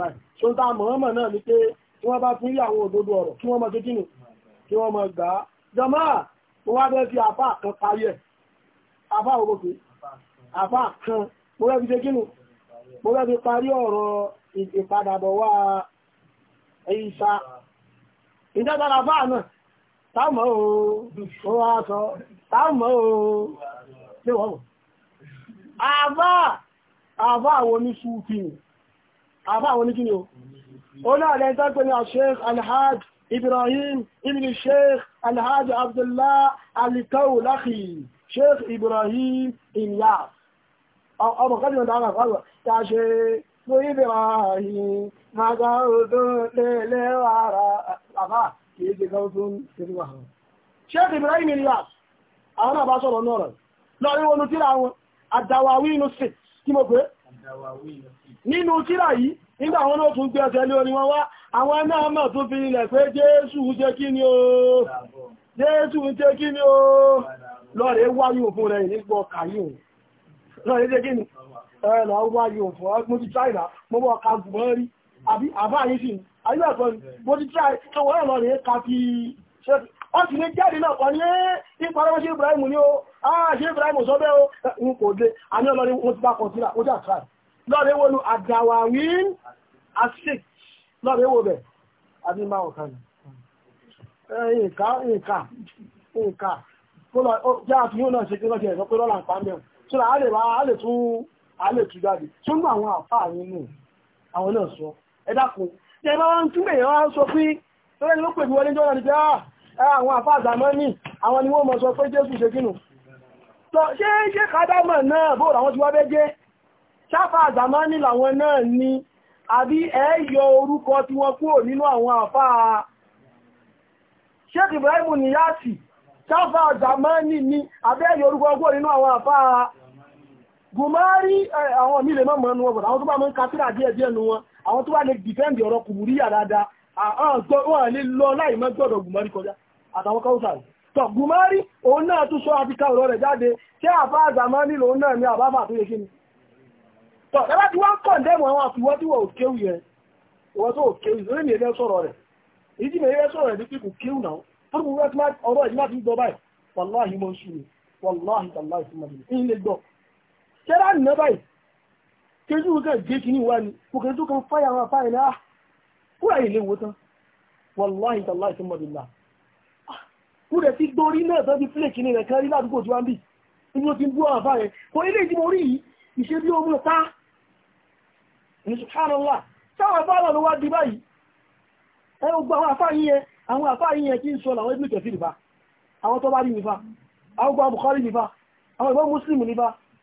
wọ́n bá àfá kan mo fẹ́ fi ṣe kínú mo fẹ́ fi parí ọ̀rọ̀ ìpadàbọ̀ wá ìṣà ìjẹ́tara àfá náà táàmọ́ oó wá sọ táàmọ́ oó ṣe wọ́n àfá àfá àwọn oníṣúfì àfá àwọn oníkíni o ó náà lẹ́ẹ̀tọ́ pẹ̀lú Sheikh Alhaj Ibrahim ibn Sheikh Alhaj Abdullah Al-Kawlakhi Sheikh Ibrahim Inyas ọmọ kan nínú dára fáwọn tá a ṣe mú máa lélẹ̀ àbá ṣe kan tó ń ibrahim àwọn sọ̀rọ̀ náà rẹ̀ lọ́rí wọn inú kí mo pé nínú tíra yìí nígbà wọn náà tún gbé ọ̀tẹ́ lé orin wọn wá àwọn náà mọ̀ tún fi ilẹ̀ pé jésù jẹ́ kí ni o jésù jẹ́ kí lọ́rọ̀ ilé gíní ẹ̀rọ ọgbà yóò fọ́ o ah ṣe Ibrahim sọ bẹ́ẹ̀ o n kò dé àní ọlọ́rin mo ti bá kọ̀ síra ó jà try lọ́rọ̀ ewo nu àdàwàwín asik lọ́rọ̀ ewo bẹ̀ àbí máa ọ̀ka ni nǹkan nǹkan nǹkan kó lọ jẹ́ àfihàn náà ṣe kí lọ́sẹ̀ ẹ̀sọ́ lọ́la ń mẹ́rin sọ́ra a lè ra a lè tún a lè tún jáde tó ń bá àwọn àfáà nínú àwọn náà sọ ẹ dákun jẹ́ bá wọ́n tún bèèrè wọ́n sọ pé lórí ẹni ló pè wọlé jọ́nà ní pé ah, àwọn àfáà àgbàmọ́ ní àwọn ni wọ́n mọ̀ sọ pé Jésù ṣe kínú ṣe ṣe kádàmọ̀ náà bóòrò àwọn tí wọ́n bẹ́ jẹ́ ní ní ni àbí kúrò nínú àwọn àfáà gumari eh, àwọn mílẹ̀ máa mọ̀ ẹnu wọn àwọn tó bá dị ń kátírà díẹ̀ díẹ̀ nu wọn àwọn tó bá lè dìfẹ́ǹdì ọ̀rọ̀ kùbùrí yàdáda wọ́n lè lọ láì mọ́ gbọ́dọ̀ gumari kọjá àtàwọn káwùsà rẹ̀ tọ̀ Gùmárì òun náà tún sọ àti káwùrọ̀ rẹ̀ jáde ṣé àbá àzàmọ́ nílò òun náà ní àbáfà tó yẹ kí ni tọ̀ ẹ bá ti wọ́n kọ̀ dẹ́mu àwọn àfiwọ́ ṣẹ́rá nìna báyìí kéjú kan gé kíní wá ni mo kẹ́jú kan fáyà wọn fáyà náà ah, kúrò àyè lè wo tán wàláhì tàlá ìsọmọdìlá kúrẹ̀ tí gbórí náà tán ti fílẹ̀ kíní rẹ̀ kan rí ládùúgbò tí wọ́n bì ní ó ti ń bú àwọn fáyà kò ilé tí mo rí yìí ìṣe bí ó mú ta ní subhanallah táwọn fáyà ló wá di báyìí ẹ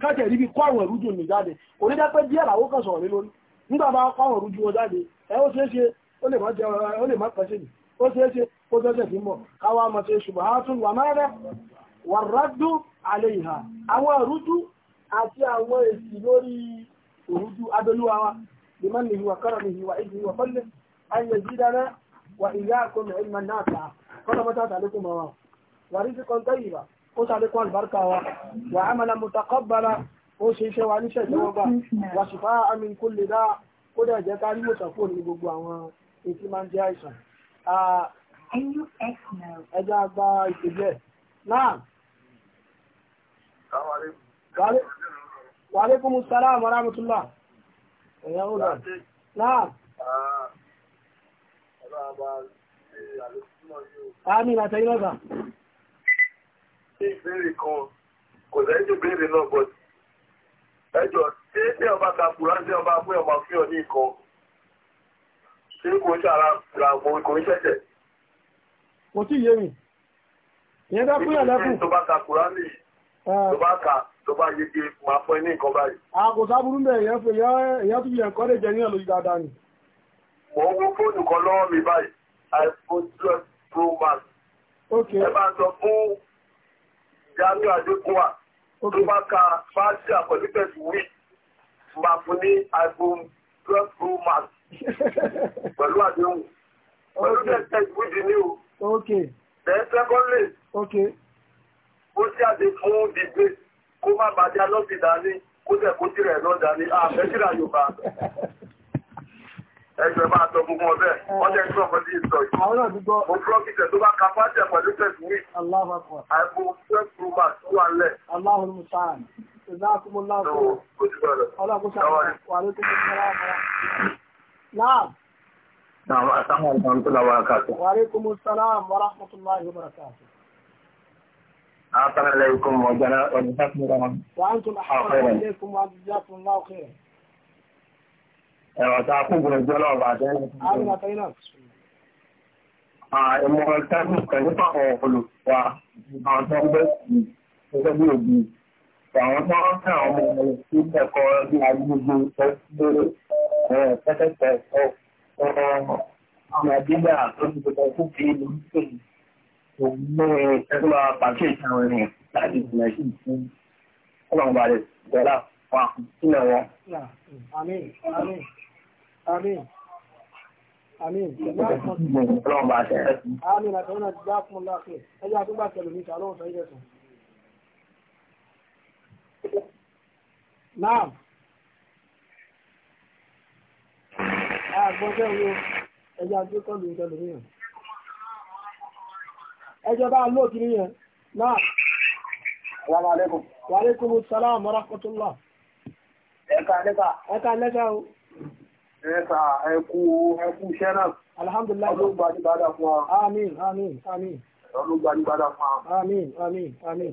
káàkiri a kọ́ àwọn ìrújú mi jáde kò ní jẹ́ pé díẹ̀ làwọn kan sọ̀rọ̀ lé lórí nígbà kọ́ àwọn ìrújú wọn jáde ẹ ó ṣeé ṣe ó lè má jẹ ó lè má pẹ́sẹ̀ nì ó ṣeé ṣe ó ṣẹ̀ṣẹ̀ fi mọ̀ káwa ṣe wà máa wà rádú alẹ́ ìhà àwọn àti àwọn èsì lórí adolúwa wa lèmọ́ nìyí wà kọ́rọ̀ nìyí wà ìdí wà fọ́lẹ̀ ayé jídára wà ìyá àkọ́mọ̀ ó sàlékún àlùbáríkà wa wà ámàlà mutaqabbala ó ṣe iṣẹ́ wa níṣẹ́ ìjọba wà ṣùfà àmì kulli dá kó dẹ̀ jẹ́ ká rí mọ̀sán kúrò ní gbogbo àwọn ètí máa ń jẹ́ àìsàn. ẹja gba ìpèjẹ náà. Wa alaikumus salam wa rahmatullah. Ẹ̀yà ó lọ. Náà. Àmì àtẹ̀yìn náà sí ìbéèrè kan kò lẹ́yìn ìbéèrè náà bọ̀ ẹjọ́ tí ní ọba kàkùrá sí ọba pé ọba fi ọ ní nǹkan tí kò ṣàrà ràgbò kò ń ṣẹ̀ṣẹ̀. kò tí yé mi ìyẹn bá fún ẹ̀lẹ́kùn. Ah. tó bá kàkùrá ní tó bá kà tó bá yege máa fọ ní nǹkan báyìí. àkòsá burú bẹ́ẹ̀ yẹn fún ìyẹn tó yẹ ẹ̀kọ́ lè jẹ ní ẹ̀lòjì dáadáa ni. mo ń wo fóònù kan lọ́wọ́ mi báyìí iphone twelve pro max. ẹ bá sọ fún Jamiu Adékúnwà tó bá ka fáṣí àkọsílẹ̀sì wí máa fún ní iPhone twelve pro max pẹ̀lú àdéhùn. Pẹ̀lú tẹ̀sí wí di ní o. Bẹ́ẹ̀ sẹ́kọ́ndì. Ó ṣe àdé fún dìgbé kó má bàjẹ́ lọ́sì kó tẹ̀ kó tirẹ̀ lọ́ dání. Ah, Yorùbá. ẹjọ́ bá sọ gbogbo ọbẹ̀ ọjọ́ ìgbọ́ ọmọ sí ìsọ yìí mo prọ́kìtẹ̀ tó bá kapa tẹ̀ pẹ̀lú tẹ̀sí mi àìkú first rumor tó wà lẹ̀. aláhùn mùsàn ìdákùnmọ́lá kó ọlọ́kùn sáà wà lókè ní ìlú ọ̀rọ̀ náà. Na'am, assalamu alaikum wa rahmatullahi wa barakatuh. Wa alaikum assalam wa rahmatullahi wa barakatuh. Assalamu alaikum wa jazakumullahu khairan. Wa antum ẹ̀rọ tá a kó gbọ́n ẹgbẹ́ náà bá dẹ́ ìmọ̀ tẹ́lú pẹ̀lú pàpọ̀ olùwà àwọn tó ń bẹ́ sí ẹgbẹ́ bí òbí àwọn tó ń tẹ́ àwọn ọmọ sí ẹ̀kọ́ bí agbègbè ẹgbẹ́rẹ́ pẹ́tẹ́tẹ́ ọmọ ìdílé àtúntò tó fi ìlú sí òun ní ẹgbẹ́ pàṣẹ ìtàwọn ènìyàn láti ìpìlẹ̀ sí ìfún ọlọ́run balẹ̀ ìjọba Àmín. Àmín. Ọlọ́run bá tẹ̀. Àmín àtẹ̀wọ́n náà ti dá fún láàfin. Ẹ jẹ́ àtúgbà tẹ̀lé mi ìtàlọ́wọ́ sọ ilẹ̀ sùn. Náà. Àgbọ̀nṣẹ́ wo ẹjọ́ àti kọ́lù ìtẹ̀lé mi yàn. Ẹjọ́ bá lóòkì nìyẹn. Náà. alaikum. Wa alaikumus salam wa rahmatullah. Ẹ̀ka lẹ́ka. Ẹ̀ka lẹ́ka o ẹ̀ẹ́ta ẹ̀kú ẹ̀kú iṣẹ́ náà. alhamdulilayi ọdún gbajúgbajà fún wa. àmín àmín àmín. ọdún gbajúgbajà fún wa. àmín àmín àmín.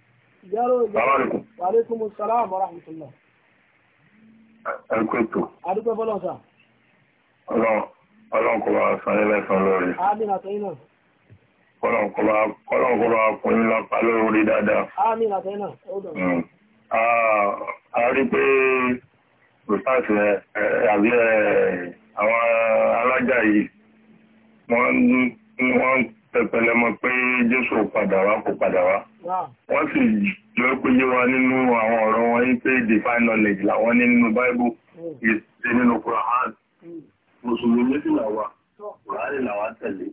Yàrá ìjọba. Wa alaikumus salam wa rahmatullah. Ẹkú ètò. Adúgbò bọ́lọ̀ sà. Ọlọ́run kò bá san ilé ẹ̀sán lórí. Àmín àtẹ́yìn náà. Ọlọ́run kò bá kún ní lápá lórí dáadáa. Àmín àtẹ́yìn náà. Hmm. A rí pé Rùsáàsì àbí àwọn alájà yìí, wọ́n ń pẹpẹlẹ mọ̀ pé jésù padà wá kò padà wá ah. wọ́n sì jọ pé yé wa nínú àwọn ọ̀rọ̀ wọn yìí pé divine knowledge làwọn ní nínú bible hmm. ìṣe nínú quran hmm. mùsùlùmí sì là wà kùránì làwọn tẹ̀lé